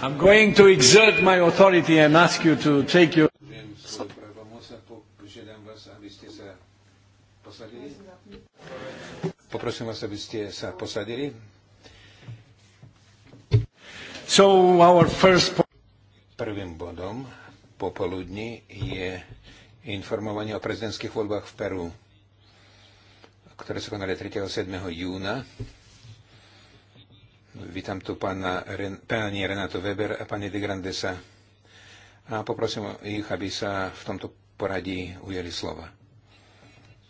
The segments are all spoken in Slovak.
I'm going to exert my authority and ask you to take your... Poprosím vás, aby ste sa posadili. So our first... Prvým bodom popoludní je informovanie o prezidentských voľbách v Peru, ktoré sa konali 3. a 7. júna Vítam tu pána, Ren- pani Renato Weber a pani de Grandesa a poprosím ich, aby sa v tomto poradí ujeli slova.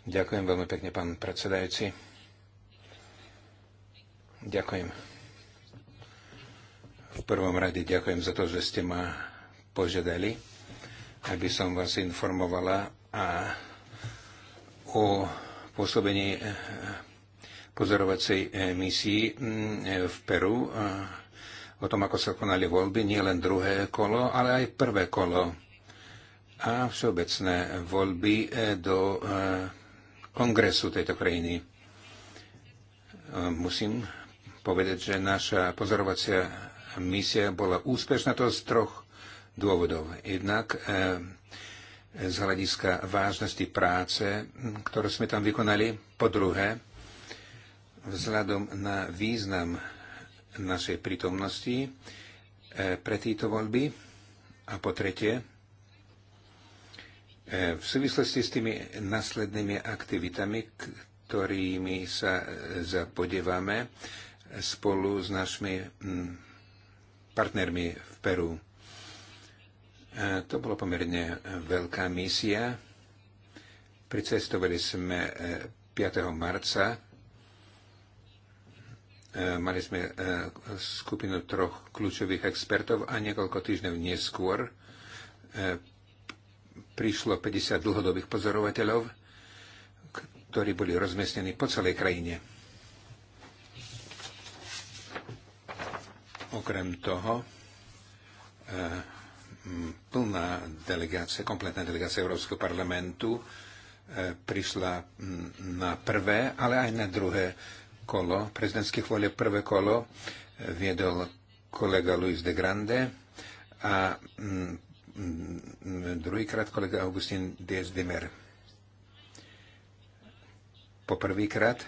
Ďakujem veľmi pekne, pán predsedajúci. Ďakujem. V prvom rade ďakujem za to, že ste ma požiadali, aby som vás informovala a o pôsobení eh, pozorovacej eh, misii mm, eh, v Peru eh, o tom, ako sa konali voľby, nie len druhé kolo, ale aj prvé kolo a všeobecné voľby do kongresu tejto krajiny. Musím povedať, že naša pozorovacia misia bola úspešná to z troch dôvodov. Jednak z hľadiska vážnosti práce, ktorú sme tam vykonali. Po druhé, vzhľadom na význam našej prítomnosti e, pre tieto voľby. A po tretie, e, v súvislosti s tými následnými aktivitami, ktorými sa e, zapodievame spolu s našimi partnermi v Peru. To bolo pomerne veľká misia. Pricestovali sme 5. marca E, mali sme e, skupinu troch kľúčových expertov a niekoľko týždňov neskôr e, prišlo 50 dlhodobých pozorovateľov, ktorí boli rozmiestnení po celej krajine. Okrem toho, plná delegácia, kompletná delegácia Európskeho parlamentu prišla na prvé, ale aj na druhé kolo prezidentských volieb. Prvé kolo eh, viedol kolega Luis de Grande a mm, mm, druhýkrát kolega Augustin Diez de Mer. Poprvýkrát eh,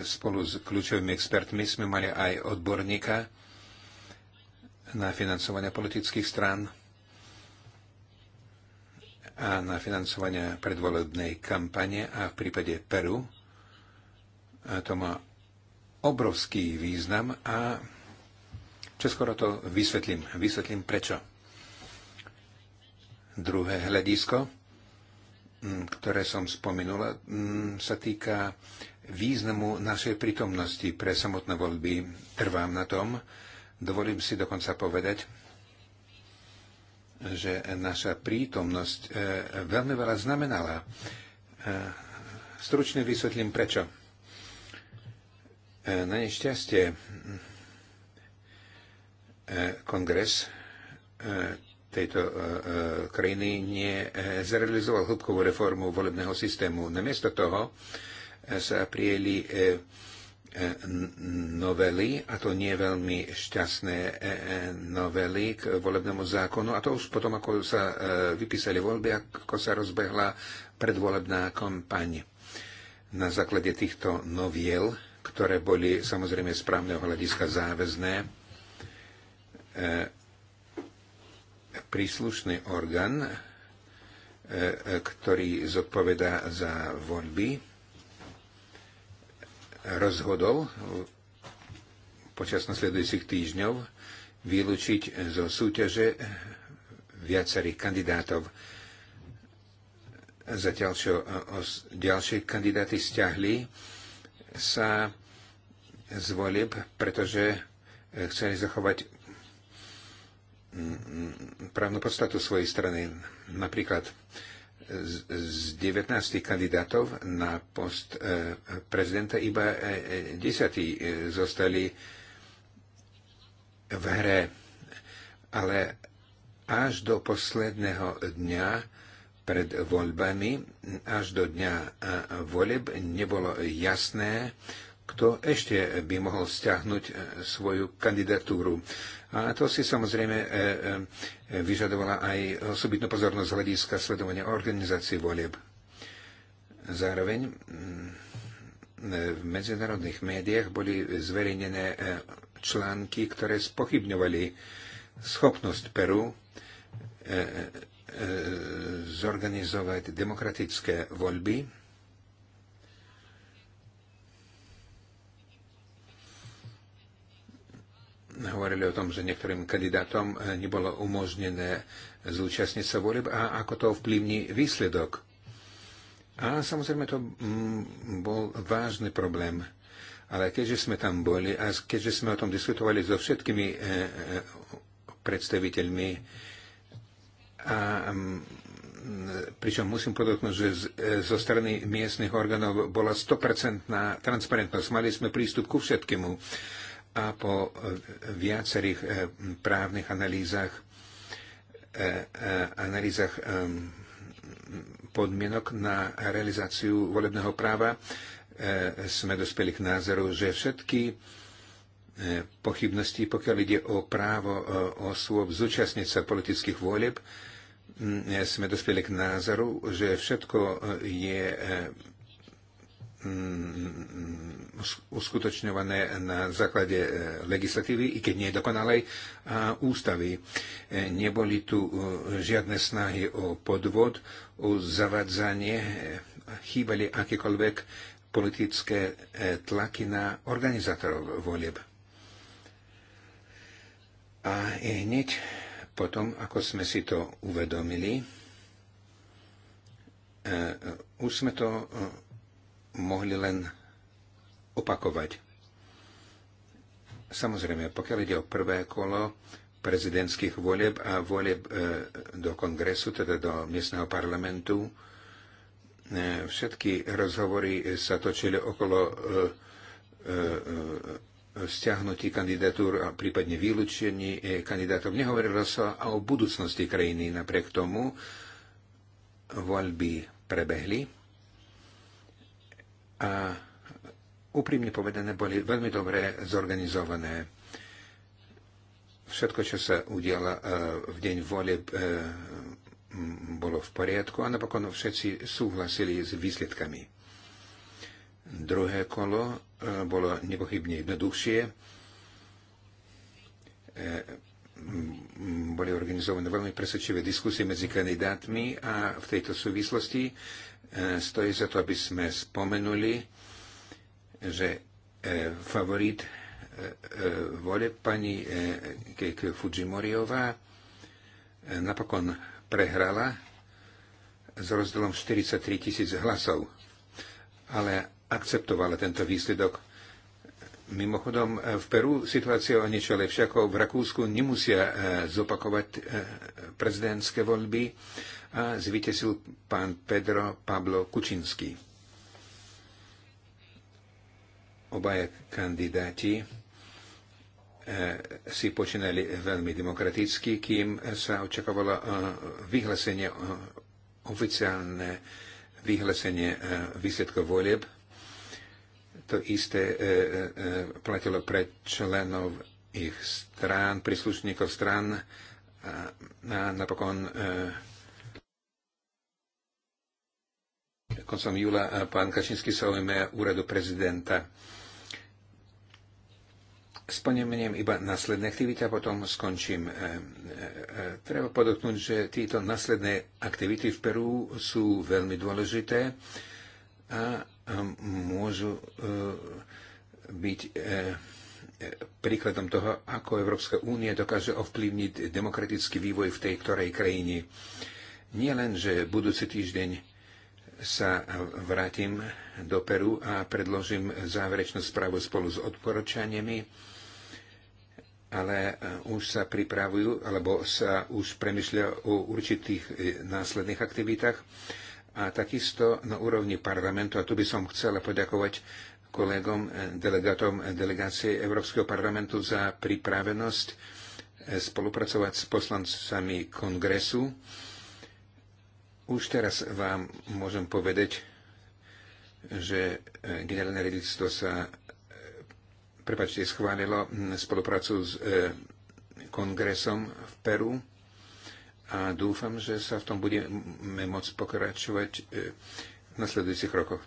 spolu s kľúčovými expertmi sme mali aj odborníka na financovanie politických strán a na financovanie predvolebnej kampane a v prípade Peru to má obrovský význam a čoskoro to vysvetlím. Vysvetlím prečo. Druhé hľadisko, mm, ktoré som spomenula, mm, sa týka významu našej prítomnosti pre samotné voľby. Trvám na tom. Dovolím si dokonca povedať, že naša prítomnosť e, veľmi veľa znamenala. E, stručne vysvetlím prečo. E, na nešťastie e, kongres e, tejto krajiny nezrealizoval hĺbkovú reformu volebného systému. Namiesto toho sa prijeli novely, a to nie veľmi šťastné novely k volebnému zákonu, a to už potom, ako sa vypísali voľby, ako sa rozbehla predvolebná kampaň. Na základe týchto noviel ktoré boli samozrejme z právneho hľadiska záväzné. E, príslušný orgán, e, ktorý zodpovedá za voľby, rozhodol počas nasledujúcich týždňov vylúčiť zo súťaže viacerých kandidátov. Zatiaľ, čo ďalšie kandidáty stiahli, sa z volieb, pretože e, chceli zachovať mm, právnu podstatu svojej strany. Napríklad z 19 kandidátov na post e, prezidenta iba 10 e, zostali v hre. Ale až do posledného dňa pred voľbami až do dňa voleb nebolo jasné, kto ešte by mohol stiahnuť e, svoju kandidatúru. A to si samozrejme e, e, vyžadovala aj osobitnú pozornosť z hľadiska sledovania organizácií voleb. Zároveň mm, v medzinárodných médiách boli zverejnené články, ktoré spochybňovali schopnosť Peru E, zorganizovať demokratické voľby. Hovorili o tom, že niektorým kandidátom e, nebolo umožnené zúčastniť sa voľb a ako to vplyvní výsledok. A samozrejme to mm, bol vážny problém. Ale keďže sme tam boli a keďže sme o tom diskutovali so všetkými e, predstaviteľmi a pričom musím podotknúť, že e, zo strany miestnych orgánov bola 100% transparentnosť. Mali sme prístup ku všetkému. A po e, viacerých e, právnych analýzach, analýzach podmienok na realizáciu volebného práva sme dospeli k názoru, že všetky pochybnosti, pokiaľ ide o právo osôb zúčastniť sa politických volieb, sme dospeli k názoru, že všetko je mm, uskutočňované na základe e, legislatívy, i keď nie dokonalej, a ústavy. E, neboli tu e, žiadne snahy o podvod, o zavadzanie, chýbali akékoľvek politické tlaky na organizátorov volieb. A hneď potom, ako sme si to uvedomili, e, e, už sme to e, mohli len opakovať. Samozrejme, pokiaľ ide o prvé kolo prezidentských volieb a volieb do kongresu, teda do miestneho parlamentu, všetky rozhovory sa točili okolo stiahnutí kandidatúr a prípadne vylúčení e, kandidátov. Nehovorilo sa o budúcnosti krajiny. Napriek tomu voľby prebehli a úprimne povedané boli veľmi dobre zorganizované. Všetko, čo sa udiala e, v deň voľe, bolo v poriadku a napokon všetci súhlasili s výsledkami. Druhé kolo bolo nepochybne jednoduchšie. E, boli organizované veľmi presvedčivé diskusie medzi kandidátmi a v tejto súvislosti e, stojí za to, aby sme spomenuli, že e, favorit vole pani Keiko Fujimoriová napokon prehrala s rozdielom 43 tisíc hlasov. Ale akceptovala tento výsledok. Mimochodom, v Peru situácia o niečo lepšia ako v Rakúsku. Nemusia e, zopakovať e, prezidentské voľby a zvytesil pán Pedro Pablo Kučinský. Obaja kandidáti e, si počínali veľmi demokraticky, kým sa očakovalo vyhlásenie, oficiálne vyhlásenie výsledkov volieb to isté e, e, e, platilo pre členov ich strán, príslušníkov strán a napokon koncom júla pán Kačinský sa ujme úradu prezidenta. Spomeniem iba následné aktivity a potom skončím. Treba podotknúť, že títo následné aktivity v Peru sú veľmi dôležité a môžu eh, byť eh, príkladom toho, ako Európska únia dokáže ovplyvniť demokratický vývoj v tej ktorej krajine. Nie len, že budúci týždeň sa vrátim do Peru a predložím záverečnú správu spolu s odporúčaniami, ale eh, už sa pripravujú, alebo sa už premyšľa o určitých následných aktivitách a takisto na úrovni parlamentu, a tu by som chcela poďakovať kolegom, eh, delegátom eh, delegácie Európskeho parlamentu za pripravenosť eh, spolupracovať s poslancami kongresu. Už teraz vám môžem povedať, že generálne riaditeľstvo sa prepačte, schválilo hm, spoluprácu s kongresom v Peru a dúfam, že sa v tom budeme môcť pokračovať e, v nasledujúcich rokoch.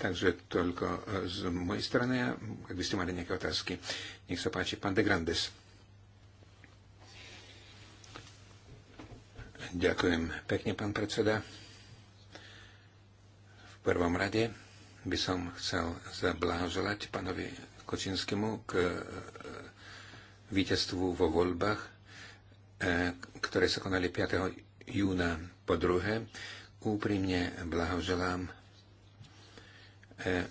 Takže toľko e, z mojej strany a ak by ste mali nejaké otázky, nech sa páči pán de Grandes. Ďakujem pekne, pán predseda. V prvom rade by som chcel zablahoželať pánovi Kočinskému k e, víťazstvu vo voľbách E, ktoré sa konali 5. júna. Po druhé, úprimne blahoželám e,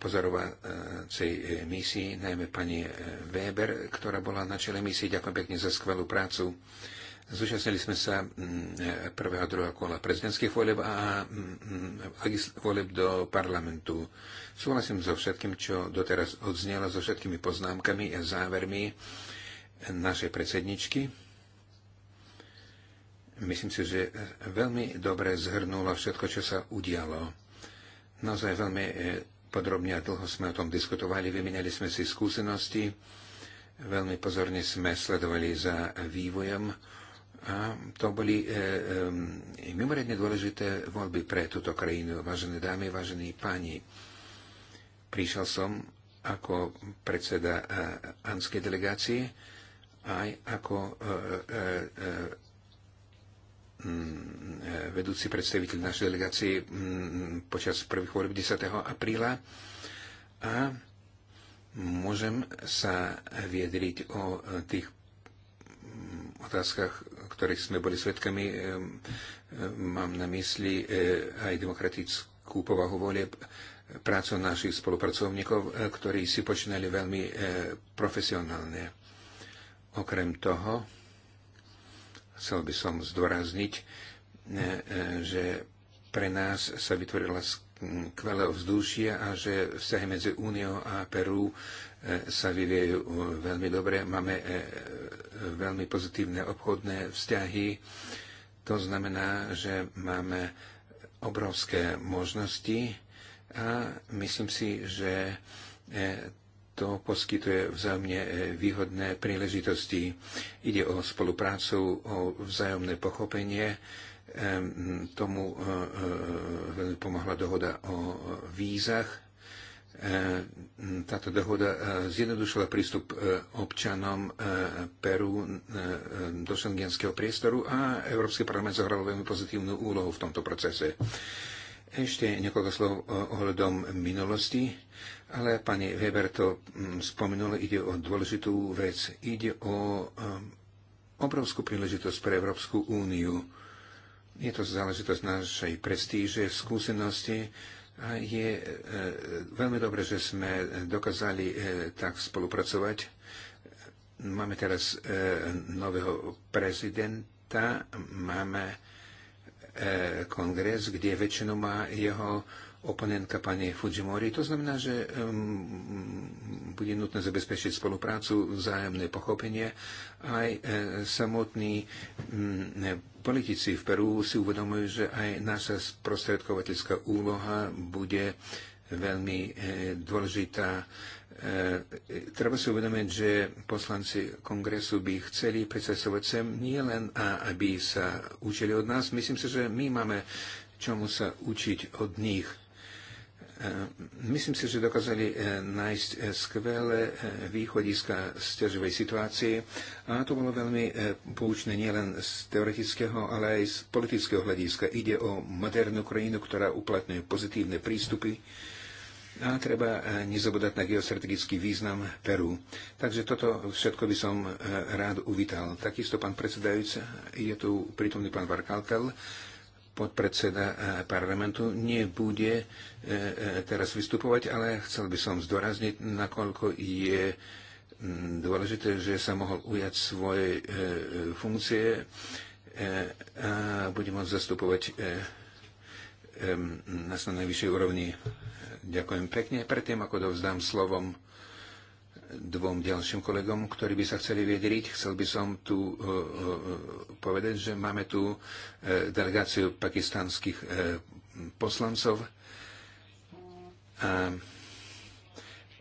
pozorovacej e, misii, najmä pani Weber, ktorá bola na čele misie. Ďakujem pekne za skvelú prácu. Zúčastnili sme sa prvého a druhého kola prezidentských volieb a volieb do parlamentu. Súhlasím so všetkým, čo doteraz odznelo, so všetkými poznámkami a závermi našej predsedničky. Myslím si, že veľmi dobre zhrnula všetko, čo sa udialo. Naozaj veľmi e, podrobne a dlho sme o tom diskutovali, vymenili sme si skúsenosti, veľmi pozorne sme sledovali za vývojom a to boli e, e, mimoriadne dôležité voľby pre túto krajinu. Vážené dámy, vážení páni, prišiel som ako predseda e, anskej delegácie aj ako e, e, e, Mm, vedúci predstaviteľ našej delegácie mm, počas prvých volieb 10. apríla a môžem sa viedriť o tých mm, otázkach, ktorých sme boli svetkami. Mám na mysli eh, aj demokratickú povahu volieb, prácu našich spolupracovníkov, eh, ktorí si počínali veľmi eh, profesionálne. Okrem toho, Chcel by som zdôrazniť, e, e, že pre nás sa vytvorila skvelé vzdušia a že vzťahy medzi Úniou a Peru e, sa vyviejú veľmi dobre. Máme veľmi pozitívne obchodné vzťahy. To znamená, že máme obrovské možnosti a myslím si, že to poskytuje vzájomne e, výhodné príležitosti. Ide o spoluprácu, o vzájomné pochopenie. Tomu e, e, veľmi pomohla dohoda o vízach. Táto dohoda zjednodušila prístup občanom Peru do šengenského priestoru a Európsky parlament zohral veľmi pozitívnu úlohu v tomto procese. Ešte niekoľko slov ohľadom minulosti, ale pani Weber to mm, spomenul, ide o dôležitú vec. Ide o obrovskú príležitosť pre Európsku úniu. Je to záležitosť našej prestíže, skúsenosti a je e, veľmi dobre, že sme dokázali e, tak spolupracovať. Máme teraz e, nového prezidenta, máme E, kongres, kde väčšinu má jeho oponentka pani Fujimori. To znamená, že bude nutné zabezpečiť spoluprácu, vzájomné pochopenie. Aj e, samotní politici v Peru si uvedomujú, že aj naša sprostredkovateľská úloha bude veľmi e, dôležitá E, e, treba si uvedomiť, že poslanci kongresu by chceli pricestovať sem nie len, a aby sa učili od nás. Myslím si, že my máme čomu sa učiť od nich. E, myslím si, že dokázali nájsť skvelé východiska z ťaživej situácie a to bolo veľmi poučné nielen z teoretického, ale aj z politického hľadiska. Ide o modernú krajinu, ktorá uplatňuje pozitívne prístupy, a treba e, nezabúdať na geostrategický význam Peru. Takže toto všetko by som e, rád uvítal. Takisto pán predsedajúca, je tu prítomný pán Varkaltel, podpredseda e, parlamentu, nebude teraz vystupovať, ale chcel by som zdôrazniť, nakoľko je dôležité, že sa mohol ujať svoje funkcie a bude môcť zastupovať na najvyššej úrovni Ďakujem pekne. Predtým, ako dovzdám slovom dvom ďalším kolegom, ktorí by sa chceli vyjadriť. Chcel by som tu eh, eh, povedať, že máme tu eh, delegáciu pakistanských poslancov a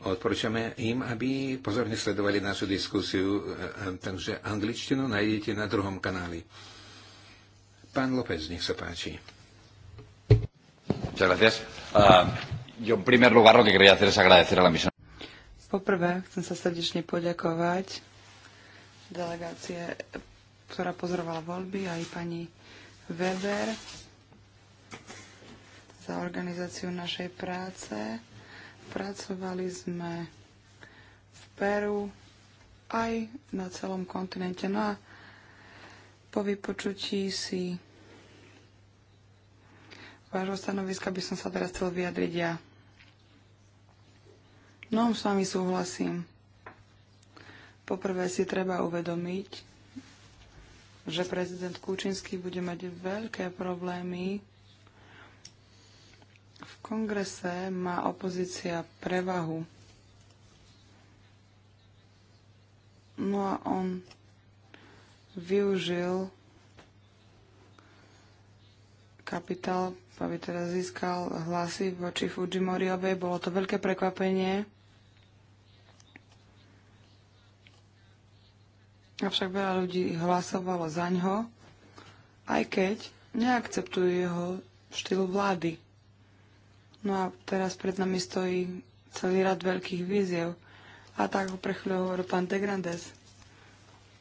odporúčame im, aby pozorne sledovali našu diskusiu, takže angličtinu nájdete na druhom kanáli. Pán López, nech sa páči. Muchas gracias. Uh... Yo, en primer lugar, lo que quería hacer es agradecer a la misión. Poprvé chcem sa srdečne poďakovať delegácie, ktorá pozorovala voľby, aj pani Weber za organizáciu našej práce. Pracovali sme v Peru aj na celom kontinente. No a po vypočutí si vášho stanoviska by som sa teraz chcel vyjadriť ja. No, s vami súhlasím. Poprvé si treba uvedomiť, že prezident Kúčinský bude mať veľké problémy. V kongrese má opozícia prevahu. No a on využil kapitál aby teda získal hlasy voči Fujimoriovej. Bolo to veľké prekvapenie. Avšak veľa ľudí hlasovalo za ňo, aj keď neakceptujú jeho štýl vlády. No a teraz pred nami stojí celý rad veľkých víziev. A tak ho pre chvíľu hovoril pán Grandes,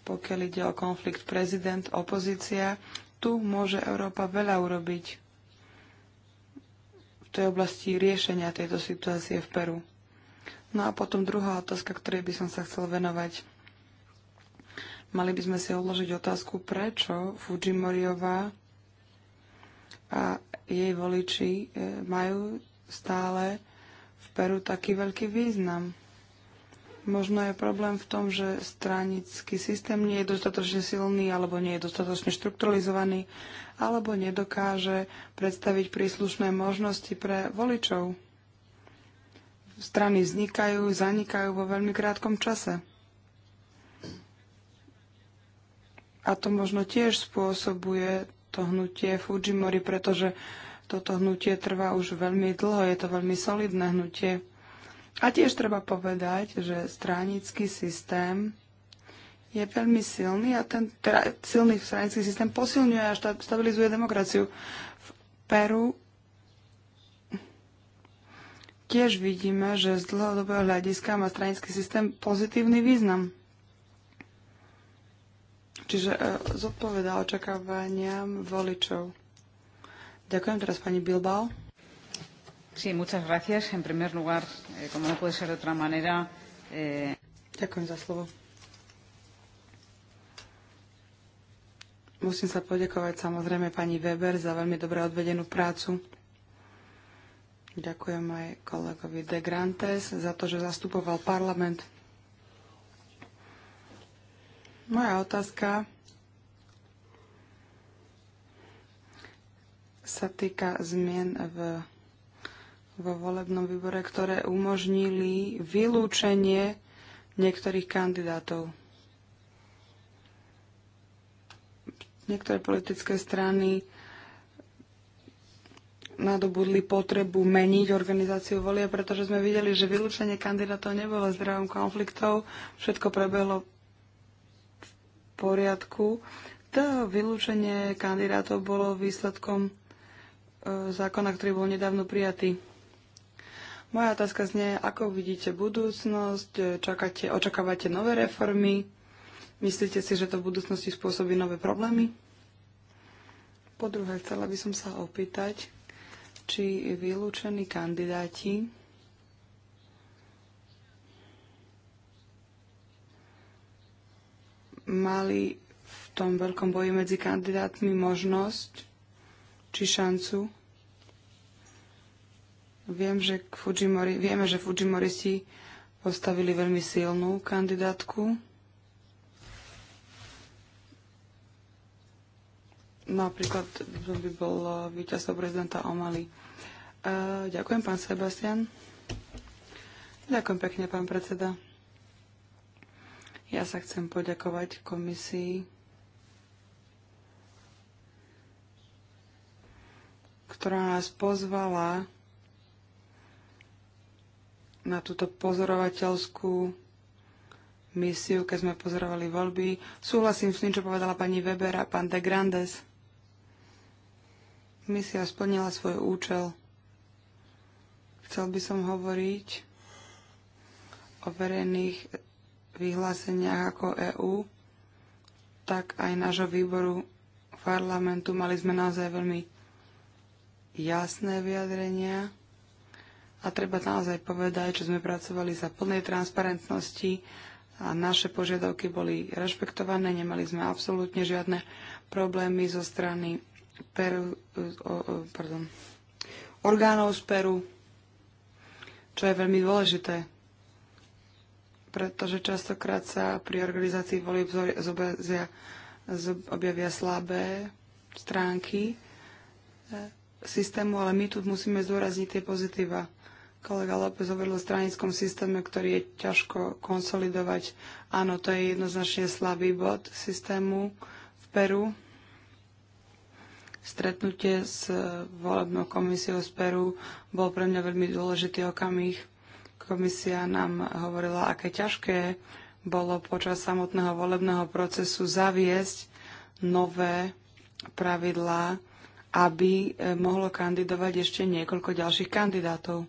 Pokiaľ ide o konflikt prezident-opozícia, tu môže Európa veľa urobiť tej oblasti riešenia tejto situácie v Peru. No a potom druhá otázka, ktorej by som sa chcel venovať. Mali by sme si odložiť otázku, prečo Fujimoriová a jej voliči e, majú stále v Peru taký veľký význam. Možno je problém v tom, že stranický systém nie je dostatočne silný, alebo nie je dostatočne štrukturalizovaný, alebo nedokáže predstaviť príslušné možnosti pre voličov. Strany vznikajú, zanikajú vo veľmi krátkom čase. A to možno tiež spôsobuje to hnutie Fujimori, pretože toto hnutie trvá už veľmi dlho, je to veľmi solidné hnutie a tiež treba povedať, že stranický systém je veľmi silný a ten teda silný stranický systém posilňuje a stabilizuje demokraciu. V Peru tiež vidíme, že z dlhodobého hľadiska má stranický systém pozitívny význam. Čiže e, zodpovedá očakávaniam voličov. Ďakujem teraz pani Bilbao. Sí, muchas gracias. En primer lugar, eh, como no puede ser de otra manera... Eh... Ďakujem za slovo. Musím sa poďakovať samozrejme pani Weber za veľmi dobre odvedenú prácu. Ďakujem aj kolegovi De Grantes za to, že zastupoval parlament. Moja otázka sa týka zmien v vo volebnom výbore, ktoré umožnili vylúčenie niektorých kandidátov. Niektoré politické strany nadobudli potrebu meniť organizáciu volie, pretože sme videli, že vylúčenie kandidátov nebolo zdravým konfliktov, všetko prebehlo v poriadku. To vylúčenie kandidátov bolo výsledkom e, zákona, ktorý bol nedávno prijatý. Moja otázka znie, ako vidíte budúcnosť, čakáte, očakávate nové reformy, myslíte si, že to v budúcnosti spôsobí nové problémy? Po druhé, chcela by som sa opýtať, či vylúčení kandidáti mali v tom veľkom boji medzi kandidátmi možnosť či šancu Viem, že Fujimori, vieme, že Fujimori si postavili veľmi silnú kandidátku. Napríklad by bol eh, víťazstvo prezidenta Omaly. Eh, ďakujem, pán Sebastian. Ďakujem pekne, pán predseda. Ja sa chcem poďakovať komisii, ktorá nás pozvala na túto pozorovateľskú misiu, keď sme pozorovali voľby. Súhlasím s tým, čo povedala pani Weber a pán de Grandes. Misia splnila svoj účel. Chcel by som hovoriť o verejných vyhláseniach ako EÚ, tak aj nášho výboru parlamentu mali sme naozaj veľmi jasné vyjadrenia a treba naozaj povedať, že sme pracovali za plnej transparentnosti a naše požiadavky boli rešpektované, nemali sme absolútne žiadne problémy zo strany Peru, pardon, orgánov z Peru, čo je veľmi dôležité, pretože častokrát sa pri organizácii volieb objavia slabé stránky e, systému, ale my tu musíme zdôrazniť tie pozitíva kolega López hovoril o stranickom systéme, ktorý je ťažko konsolidovať. Áno, to je jednoznačne slabý bod systému v Peru. Stretnutie s e, volebnou komisiou z Peru bol pre mňa veľmi dôležitý okamih. Komisia nám hovorila, aké ťažké bolo počas samotného volebného procesu zaviesť nové pravidlá, aby e, mohlo kandidovať ešte niekoľko ďalších kandidátov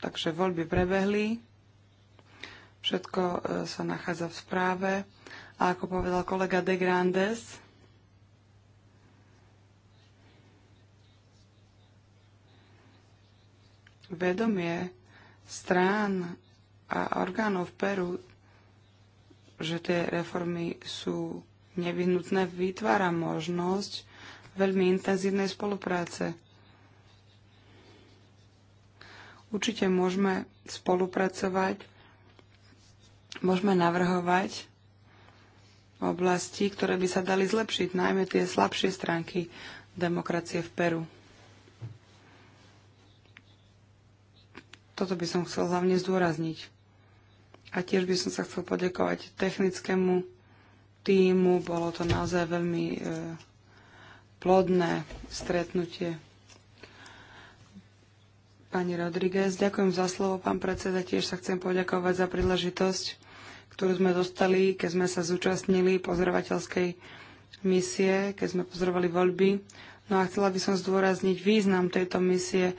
Takže voľby prebehli, všetko e, sa nachádza v správe a ako povedal kolega De Grandes, vedomie strán a orgánov v Peru, že tie reformy sú nevyhnutné, vytvára možnosť veľmi intenzívnej spolupráce Určite môžeme spolupracovať, môžeme navrhovať oblasti, ktoré by sa dali zlepšiť, najmä tie slabšie stránky demokracie v Peru. Toto by som chcel hlavne zdôrazniť. A tiež by som sa chcel poďakovať technickému týmu. Bolo to naozaj veľmi e, plodné stretnutie. Pani Rodriguez, ďakujem za slovo, pán predseda. Tiež sa chcem poďakovať za príležitosť, ktorú sme dostali, keď sme sa zúčastnili pozorovateľskej misie, keď sme pozorovali voľby. No a chcela by som zdôrazniť význam tejto misie.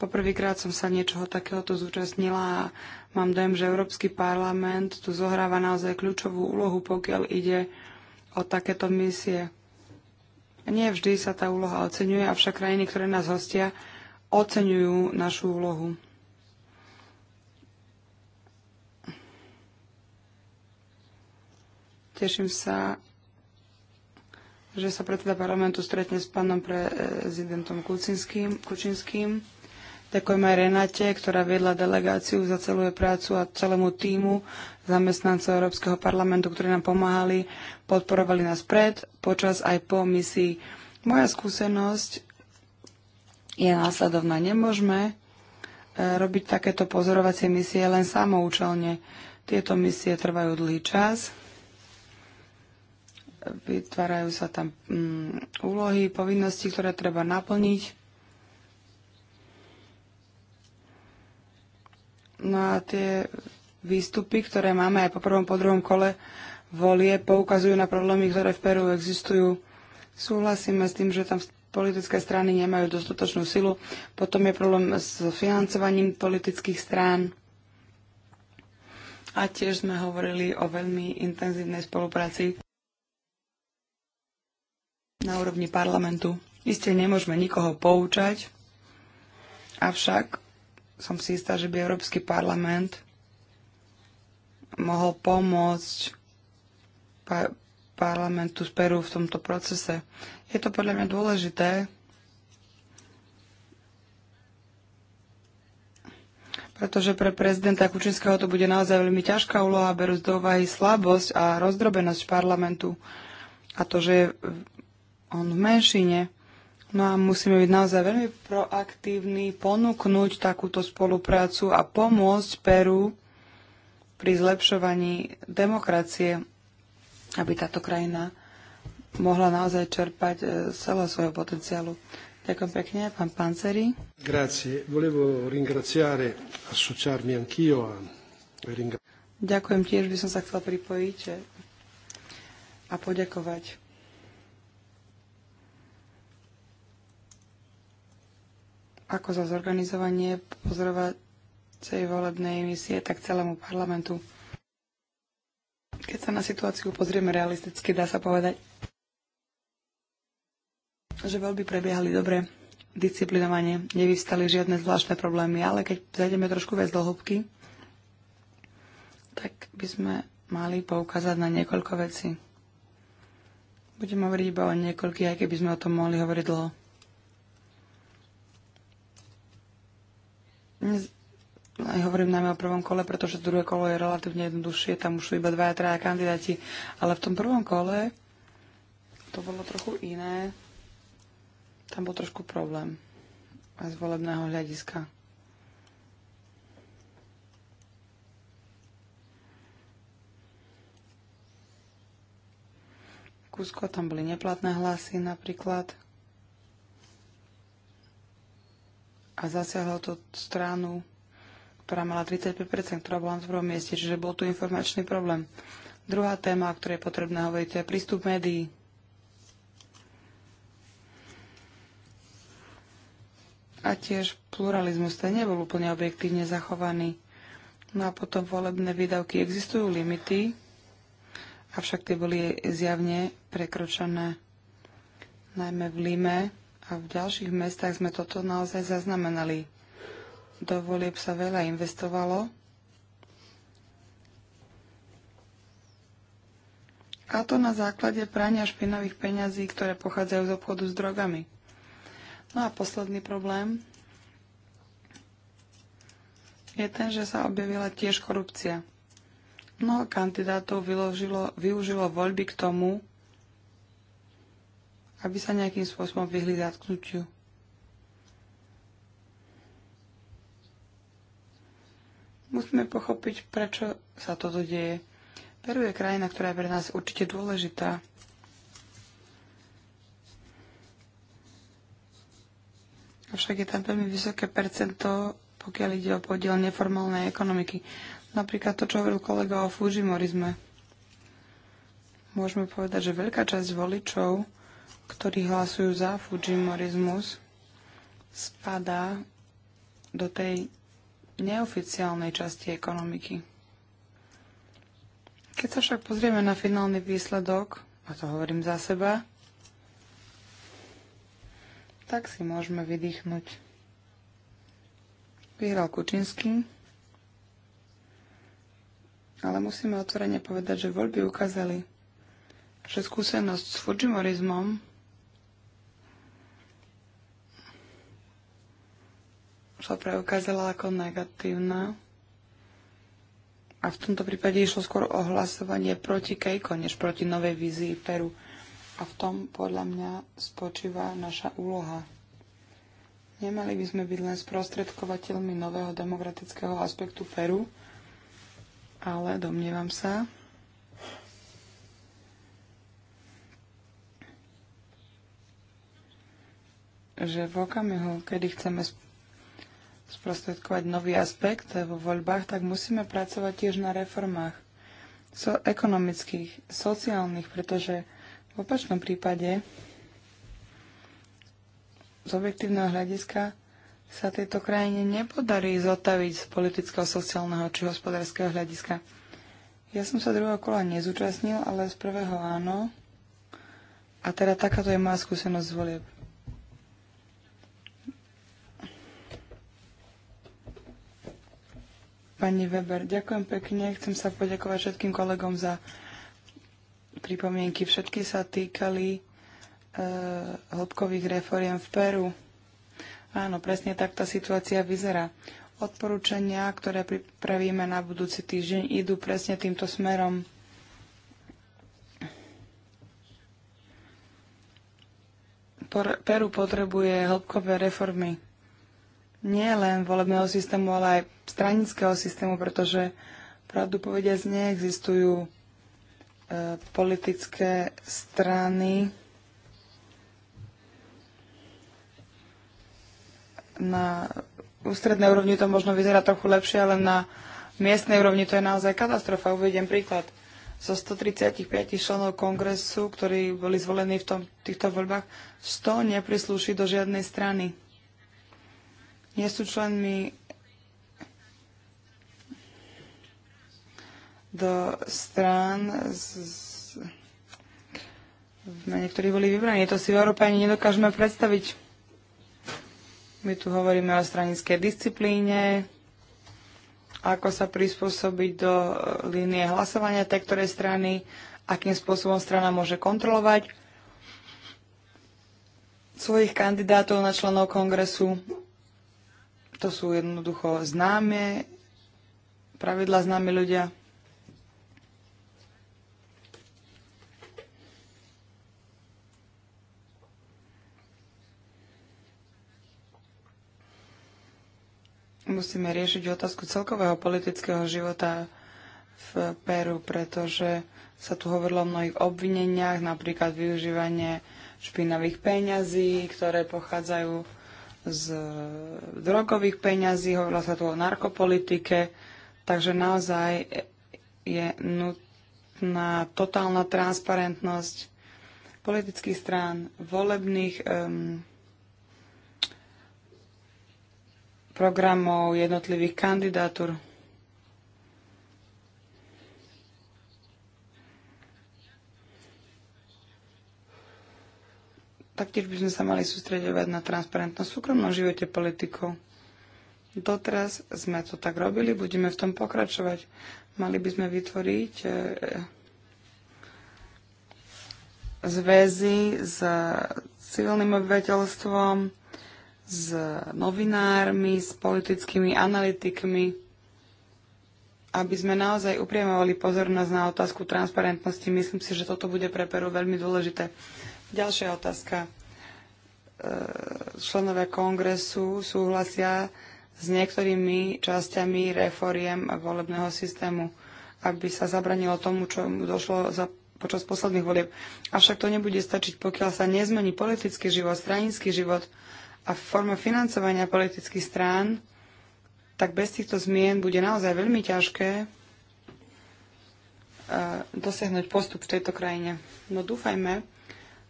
Poprvýkrát som sa niečoho takéhoto zúčastnila a mám dojem, že Európsky parlament tu zohráva naozaj kľúčovú úlohu, pokiaľ ide o takéto misie. Nie vždy sa tá úloha oceňuje, avšak krajiny, ktoré nás hostia, oceňujú našu úlohu. Teším sa, že sa predseda parlamentu stretne s pánom prezidentom Kučinským. Kučinským. Ďakujem aj Renate, ktorá viedla delegáciu za celú jej prácu a celému týmu zamestnancov Európskeho parlamentu, ktorí nám pomáhali, podporovali nás pred, počas aj po misii. Moja skúsenosť je následovná. Nemôžeme e, robiť takéto pozorovacie misie len samoučelne. Tieto misie trvajú dlhý čas, vytvárajú sa tam mm, úlohy, povinnosti, ktoré treba naplniť. No a tie výstupy, ktoré máme aj po prvom, po druhom kole volie, poukazujú na problémy, ktoré v Peru existujú. Súhlasíme s tým, že tam politické strany nemajú dostatočnú silu. Potom je problém s financovaním politických strán. A tiež sme hovorili o veľmi intenzívnej spolupráci na úrovni parlamentu. Isté nemôžeme nikoho poučať, avšak som si istá, že by Európsky parlament mohol pomôcť parlamentu z Peru v tomto procese. Je to podľa mňa dôležité. pretože pre prezidenta Kučinského to bude naozaj veľmi ťažká úloha, berú do úvahy slabosť a rozdrobenosť parlamentu a to, že je on v menšine. No a musíme byť naozaj veľmi proaktívni, ponúknuť takúto spoluprácu a pomôcť Peru pri zlepšovaní demokracie aby táto krajina mohla naozaj čerpať e, z celého svojho potenciálu. Ďakujem pekne, pán Panceri. Grazie. Volevo ringraziare, associarmi anch'io a Ďakujem, tiež by som sa chcel pripojiť e, a poďakovať. ako za zorganizovanie pozorovacej volebnej emisie tak celému parlamentu. Keď sa na situáciu pozrieme realisticky, dá sa povedať, že voľby prebiehali dobre, disciplinovanie, nevystali žiadne zvláštne problémy, ale keď zajdeme trošku viac do hĺbky, tak by sme mali poukázať na niekoľko vecí. Budem hovoriť iba o niekoľkých, aj keby sme o tom mohli hovoriť dlho. hovorím najmä o prvom kole, pretože druhé kolo je relatívne jednoduchšie, tam už sú iba dvaja, traja kandidáti, ale v tom prvom kole to bolo trochu iné, tam bol trošku problém z volebného hľadiska. Kusko, tam boli neplatné hlasy napríklad. a zasiahlo to stranu, ktorá mala 35%, ktorá bola na prvom mieste, čiže bol tu informačný problém. Druhá téma, o ktorej je potrebné hovoriť, to je prístup médií. A tiež pluralizmus ten nebol úplne objektívne zachovaný. No a potom volebné výdavky existujú limity, avšak tie boli zjavne prekročené. Najmä v Lime a v ďalších mestách sme toto naozaj zaznamenali do volieb sa veľa investovalo. A to na základe prania špinavých peňazí, ktoré pochádzajú z obchodu s drogami. No a posledný problém je ten, že sa objavila tiež korupcia. Mnoho kandidátov vyložilo, využilo voľby k tomu, aby sa nejakým spôsobom vyhli zatknutiu. Musíme pochopiť, prečo sa toto deje. Peru je krajina, ktorá je pre nás určite dôležitá. Avšak je tam veľmi vysoké percento, pokiaľ ide o podiel neformálnej ekonomiky. Napríklad to, čo hovoril kolega o Fujimorizme. Môžeme povedať, že veľká časť voličov, ktorí hlasujú za Fujimorizmus, spadá do tej neoficiálnej časti ekonomiky. Keď sa však pozrieme na finálny výsledok, a to hovorím za seba, tak si môžeme vydýchnuť. Vyhral Kučinský, ale musíme otvorene povedať, že voľby ukázali, že skúsenosť s Fujimorizmom sa preukázala ako negatívna. A v tomto prípade išlo skôr o hlasovanie proti Kejko, než proti novej vízii Peru. A v tom podľa mňa spočíva naša úloha. Nemali by sme byť len sprostredkovateľmi nového demokratického aspektu Peru, ale domnievam sa, že v okamihu, kedy chceme sprostredkovať nový aspekt vo voľbách, tak musíme pracovať tiež na reformách so, ekonomických, sociálnych, pretože v opačnom prípade z objektívneho hľadiska sa tejto krajine nepodarí zotaviť z politického, sociálneho či hospodárskeho hľadiska. Ja som sa druhého kola nezúčastnil, ale z prvého áno. A teda takáto je moja skúsenosť z volieb. Pani Weber, ďakujem pekne. Chcem sa poďakovať všetkým kolegom za pripomienky. Všetky sa týkali e, hĺbkových reforiem v Peru. Áno, presne tak tá situácia vyzerá. Odporúčania, ktoré pripravíme na budúci týždeň, idú presne týmto smerom. Peru potrebuje hĺbkové reformy nie len volebného systému, ale aj stranického systému, pretože pravdu povediac neexistujú e, politické strany na ústrednej úrovni to možno vyzerá trochu lepšie, ale na miestnej úrovni to je naozaj katastrofa. Uvediem príklad. Zo 135 členov kongresu, ktorí boli zvolení v tom, týchto voľbách, 100 neprisluší do žiadnej strany nie sú členmi do strán, z, z mene ktorých boli vybraní. To si v Európe ani nedokážeme predstaviť. My tu hovoríme o stranickej disciplíne, ako sa prispôsobiť do línie hlasovania tej ktorej strany, akým spôsobom strana môže kontrolovať svojich kandidátov na členov kongresu to sú jednoducho známe pravidla, známe ľudia. musíme riešiť otázku celkového politického života v Peru, pretože sa tu hovorilo o mnohých obvineniach, napríklad využívanie špinavých peňazí, ktoré pochádzajú z drogových peňazí, hovorila sa tu o narkopolitike, takže naozaj je nutná totálna transparentnosť politických strán, volebných um, programov, jednotlivých kandidatúr. Taktiež by sme sa mali sústredovať na transparentnosť v súkromnom živote politikov. Doteraz sme to tak robili, budeme v tom pokračovať. Mali by sme vytvoriť e, zväzy s civilným obyvateľstvom, s novinármi, s politickými analytikmi, aby sme naozaj upriemovali pozornosť na otázku transparentnosti. Myslím si, že toto bude pre Peru veľmi dôležité. Ďalšia otázka. E, členovia kongresu súhlasia s niektorými časťami reforiem volebného systému, aby sa zabranilo tomu, čo mu došlo za, počas posledných volieb. Avšak to nebude stačiť, pokiaľ sa nezmení politický život, stranický život a forma financovania politických strán, tak bez týchto zmien bude naozaj veľmi ťažké e, dosiahnuť postup v tejto krajine. No dúfajme,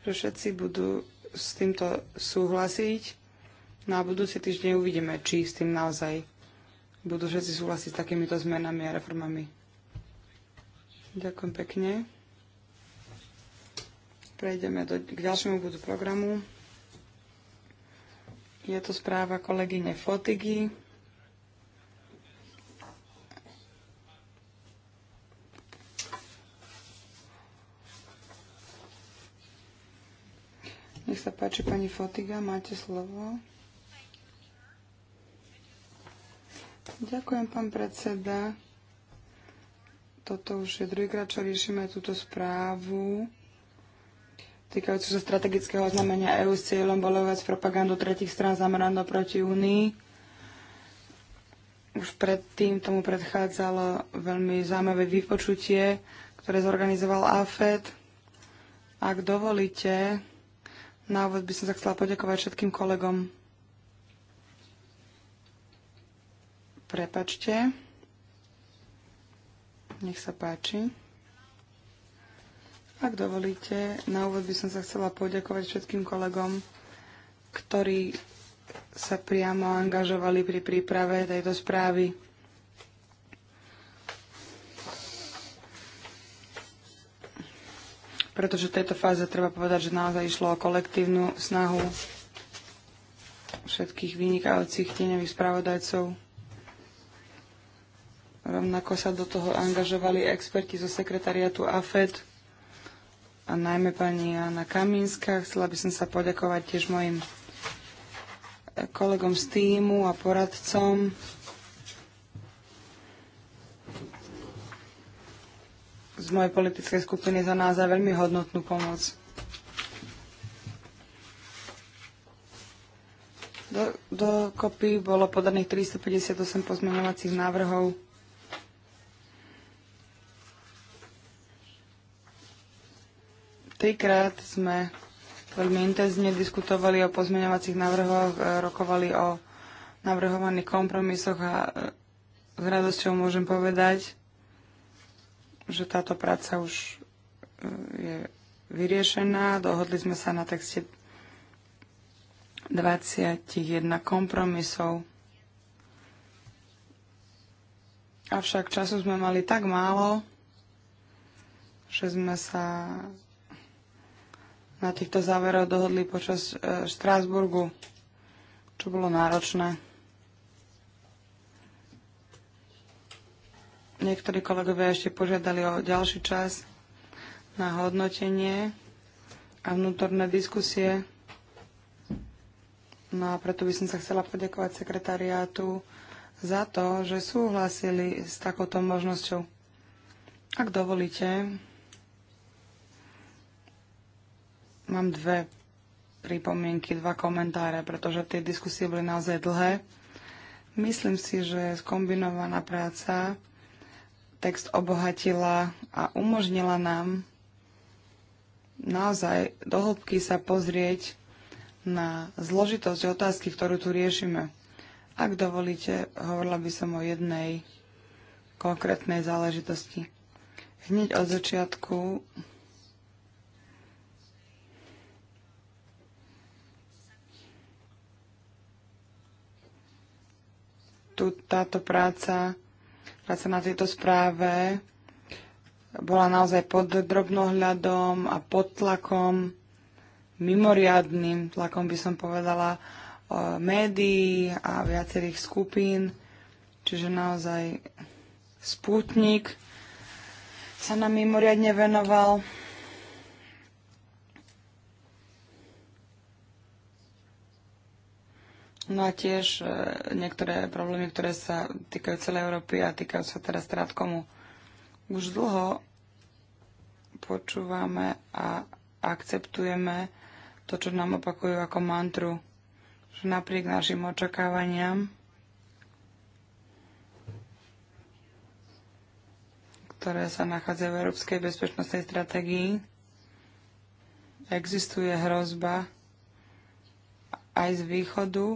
že všetci budú s týmto súhlasiť. Na no budúci týždeň uvidíme, či s tým naozaj budú všetci súhlasiť s takýmito zmenami a reformami. Ďakujem pekne. Prejdeme do, k ďalšiemu bodu programu. Je to správa kolegyne Fotigy Nech sa páči, pani Fotiga, máte slovo. Ďakujem, pán predseda. Toto už je druhýkrát, čo riešime túto správu týkajúcu sa strategického oznámenia EU s cieľom bojovať s propagandou tretich strán zameranou proti Únii. Už predtým tomu predchádzalo veľmi zaujímavé vypočutie, ktoré zorganizoval AFED. Ak dovolíte, na úvod by som sa chcela poďakovať všetkým kolegom. Prepačte. Nech sa páči. Ak dovolíte, na úvod by som sa chcela poďakovať všetkým kolegom, ktorí sa priamo angažovali pri príprave tejto správy pretože v tejto fáze treba povedať, že naozaj išlo o kolektívnu snahu všetkých vynikajúcich tieňových spravodajcov. Rovnako sa do toho angažovali experti zo sekretariatu AFED a najmä pani Jana Kamínska. Chcela by som sa poďakovať tiež mojim kolegom z týmu a poradcom. z mojej politickej skupiny za nás za veľmi hodnotnú pomoc. Do, do kopy bolo podaných 358 pozmeňovacích návrhov. Trikrát sme veľmi intenzívne diskutovali o pozmeňovacích návrhoch, e, rokovali o navrhovaných kompromisoch a e, s radosťou môžem povedať, že táto práca už e, je vyriešená. Dohodli sme sa na texte 21 kompromisov. Avšak času sme mali tak málo, že sme sa na týchto záveroch dohodli počas e, Štrásburgu, čo bolo náročné. Niektorí kolegovia ešte požiadali o ďalší čas na hodnotenie a vnútorné diskusie. No a preto by som sa chcela podiakovať sekretariátu za to, že súhlasili s takouto možnosťou. Ak dovolíte, mám dve pripomienky, dva komentáre, pretože tie diskusie boli naozaj dlhé. Myslím si, že skombinovaná práca text obohatila a umožnila nám naozaj dohlbky sa pozrieť na zložitosť otázky, ktorú tu riešime. Ak dovolíte, hovorila by som o jednej konkrétnej záležitosti. Hneď od začiatku tu táto práca Práca na tejto správe bola naozaj pod drobnohľadom a pod tlakom, mimoriadným tlakom by som povedala, e, médií a viacerých skupín. Čiže naozaj spútnik sa nám mimoriadne venoval No a tiež e, niektoré problémy, ktoré sa týkajú celej Európy a týkajú sa teraz Stratkomu. Už dlho počúvame a akceptujeme to, čo nám opakujú ako mantru, že napriek našim očakávaniam, ktoré sa nachádzajú v Európskej bezpečnostnej stratégii, existuje hrozba aj z východu,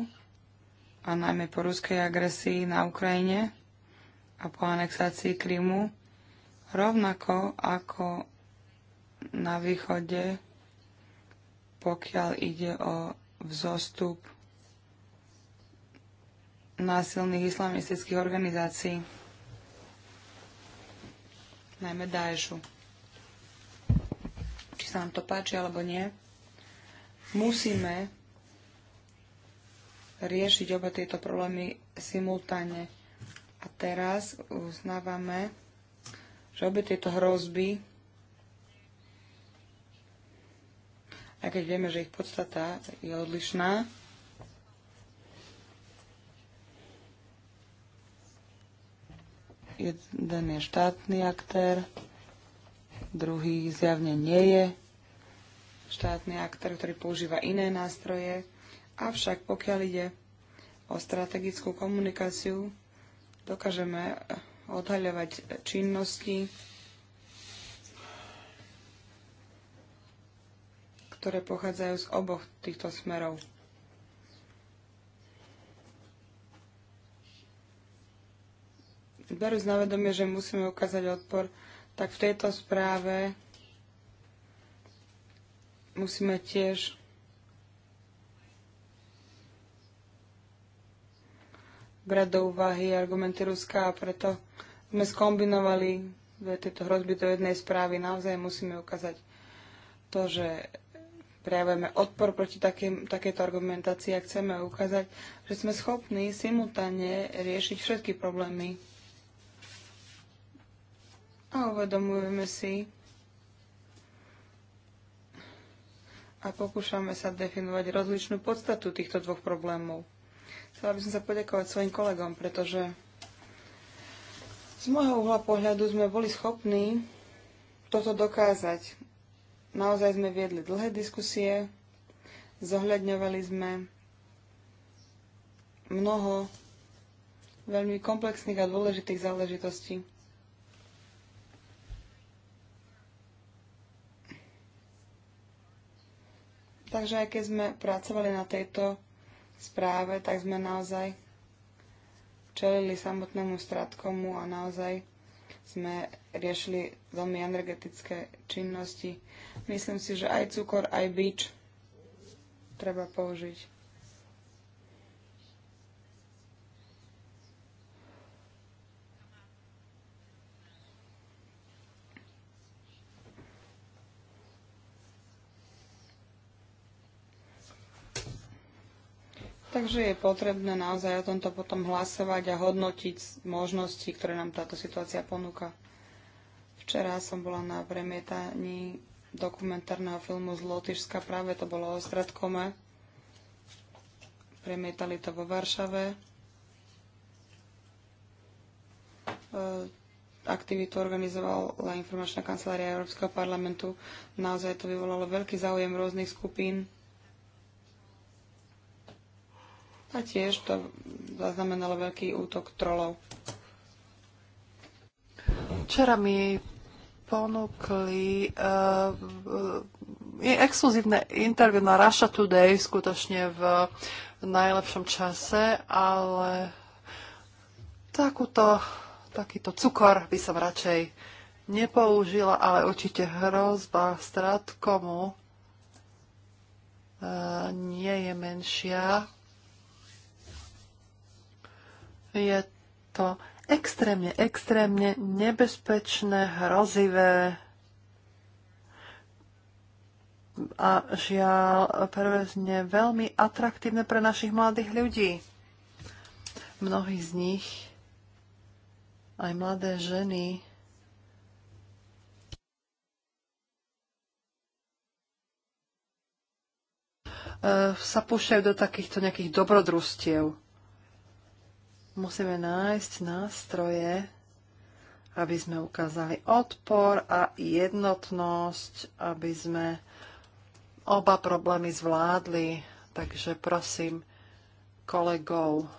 a najmä po ruskej agresii na Ukrajine a po anexácii Krymu, rovnako ako na východe, pokiaľ ide o vzostup násilných islamistických organizácií, najmä Daešu. Či sa nám to páči alebo nie, musíme riešiť oba tieto problémy simultáne. A teraz uznávame, že obe tieto hrozby, aj keď vieme, že ich podstata je odlišná, jeden je štátny aktér, druhý zjavne nie je štátny aktér, ktorý používa iné nástroje Avšak pokiaľ ide o strategickú komunikáciu, dokážeme eh, odhaľovať činnosti, ktoré pochádzajú z oboch týchto smerov. Berú z navedomie, že musíme ukázať odpor, tak v tejto správe musíme tiež brať do úvahy argumenty Ruska a preto sme skombinovali tieto hrozby do jednej správy. Naozaj musíme ukázať to, že prejavujeme odpor proti takej, takéto argumentácii a chceme ukázať, že sme schopní simultáne riešiť všetky problémy. A uvedomujeme si a pokúšame sa definovať rozličnú podstatu týchto dvoch problémov. Chcela by som sa poďakovať svojim kolegom, pretože z môjho uhla pohľadu sme boli schopní toto dokázať. Naozaj sme viedli dlhé diskusie, zohľadňovali sme mnoho veľmi komplexných a dôležitých záležitostí. Takže aj keď sme pracovali na tejto správe, tak sme naozaj čelili samotnému stratkomu a naozaj sme riešili veľmi energetické činnosti. Myslím si, že aj cukor, aj bič treba použiť. Takže je potrebné naozaj o tomto potom hlasovať a hodnotiť možnosti, ktoré nám táto situácia ponúka. Včera som bola na premietaní dokumentárneho filmu z Lotyšska, práve to bolo o Stratkome. Premietali to vo Varšave. E, aktivitu organizovala informačná kancelária Európskeho parlamentu. Naozaj to vyvolalo veľký záujem rôznych skupín A tiež to zaznamenalo veľký útok trolov. Včera mi ponúkli uh, uh, exkluzívne interview na Russia Today, skutočne v najlepšom čase, ale takúto, takýto cukor by som radšej nepoužila, ale určite hrozba komu uh, nie je menšia je to extrémne, extrémne nebezpečné, hrozivé a žiaľ prevezne veľmi atraktívne pre našich mladých ľudí. Mnohí z nich, aj mladé ženy, e, sa púšťajú do takýchto nejakých dobrodružstiev. Musíme nájsť nástroje, aby sme ukázali odpor a jednotnosť, aby sme oba problémy zvládli. Takže prosím kolegov,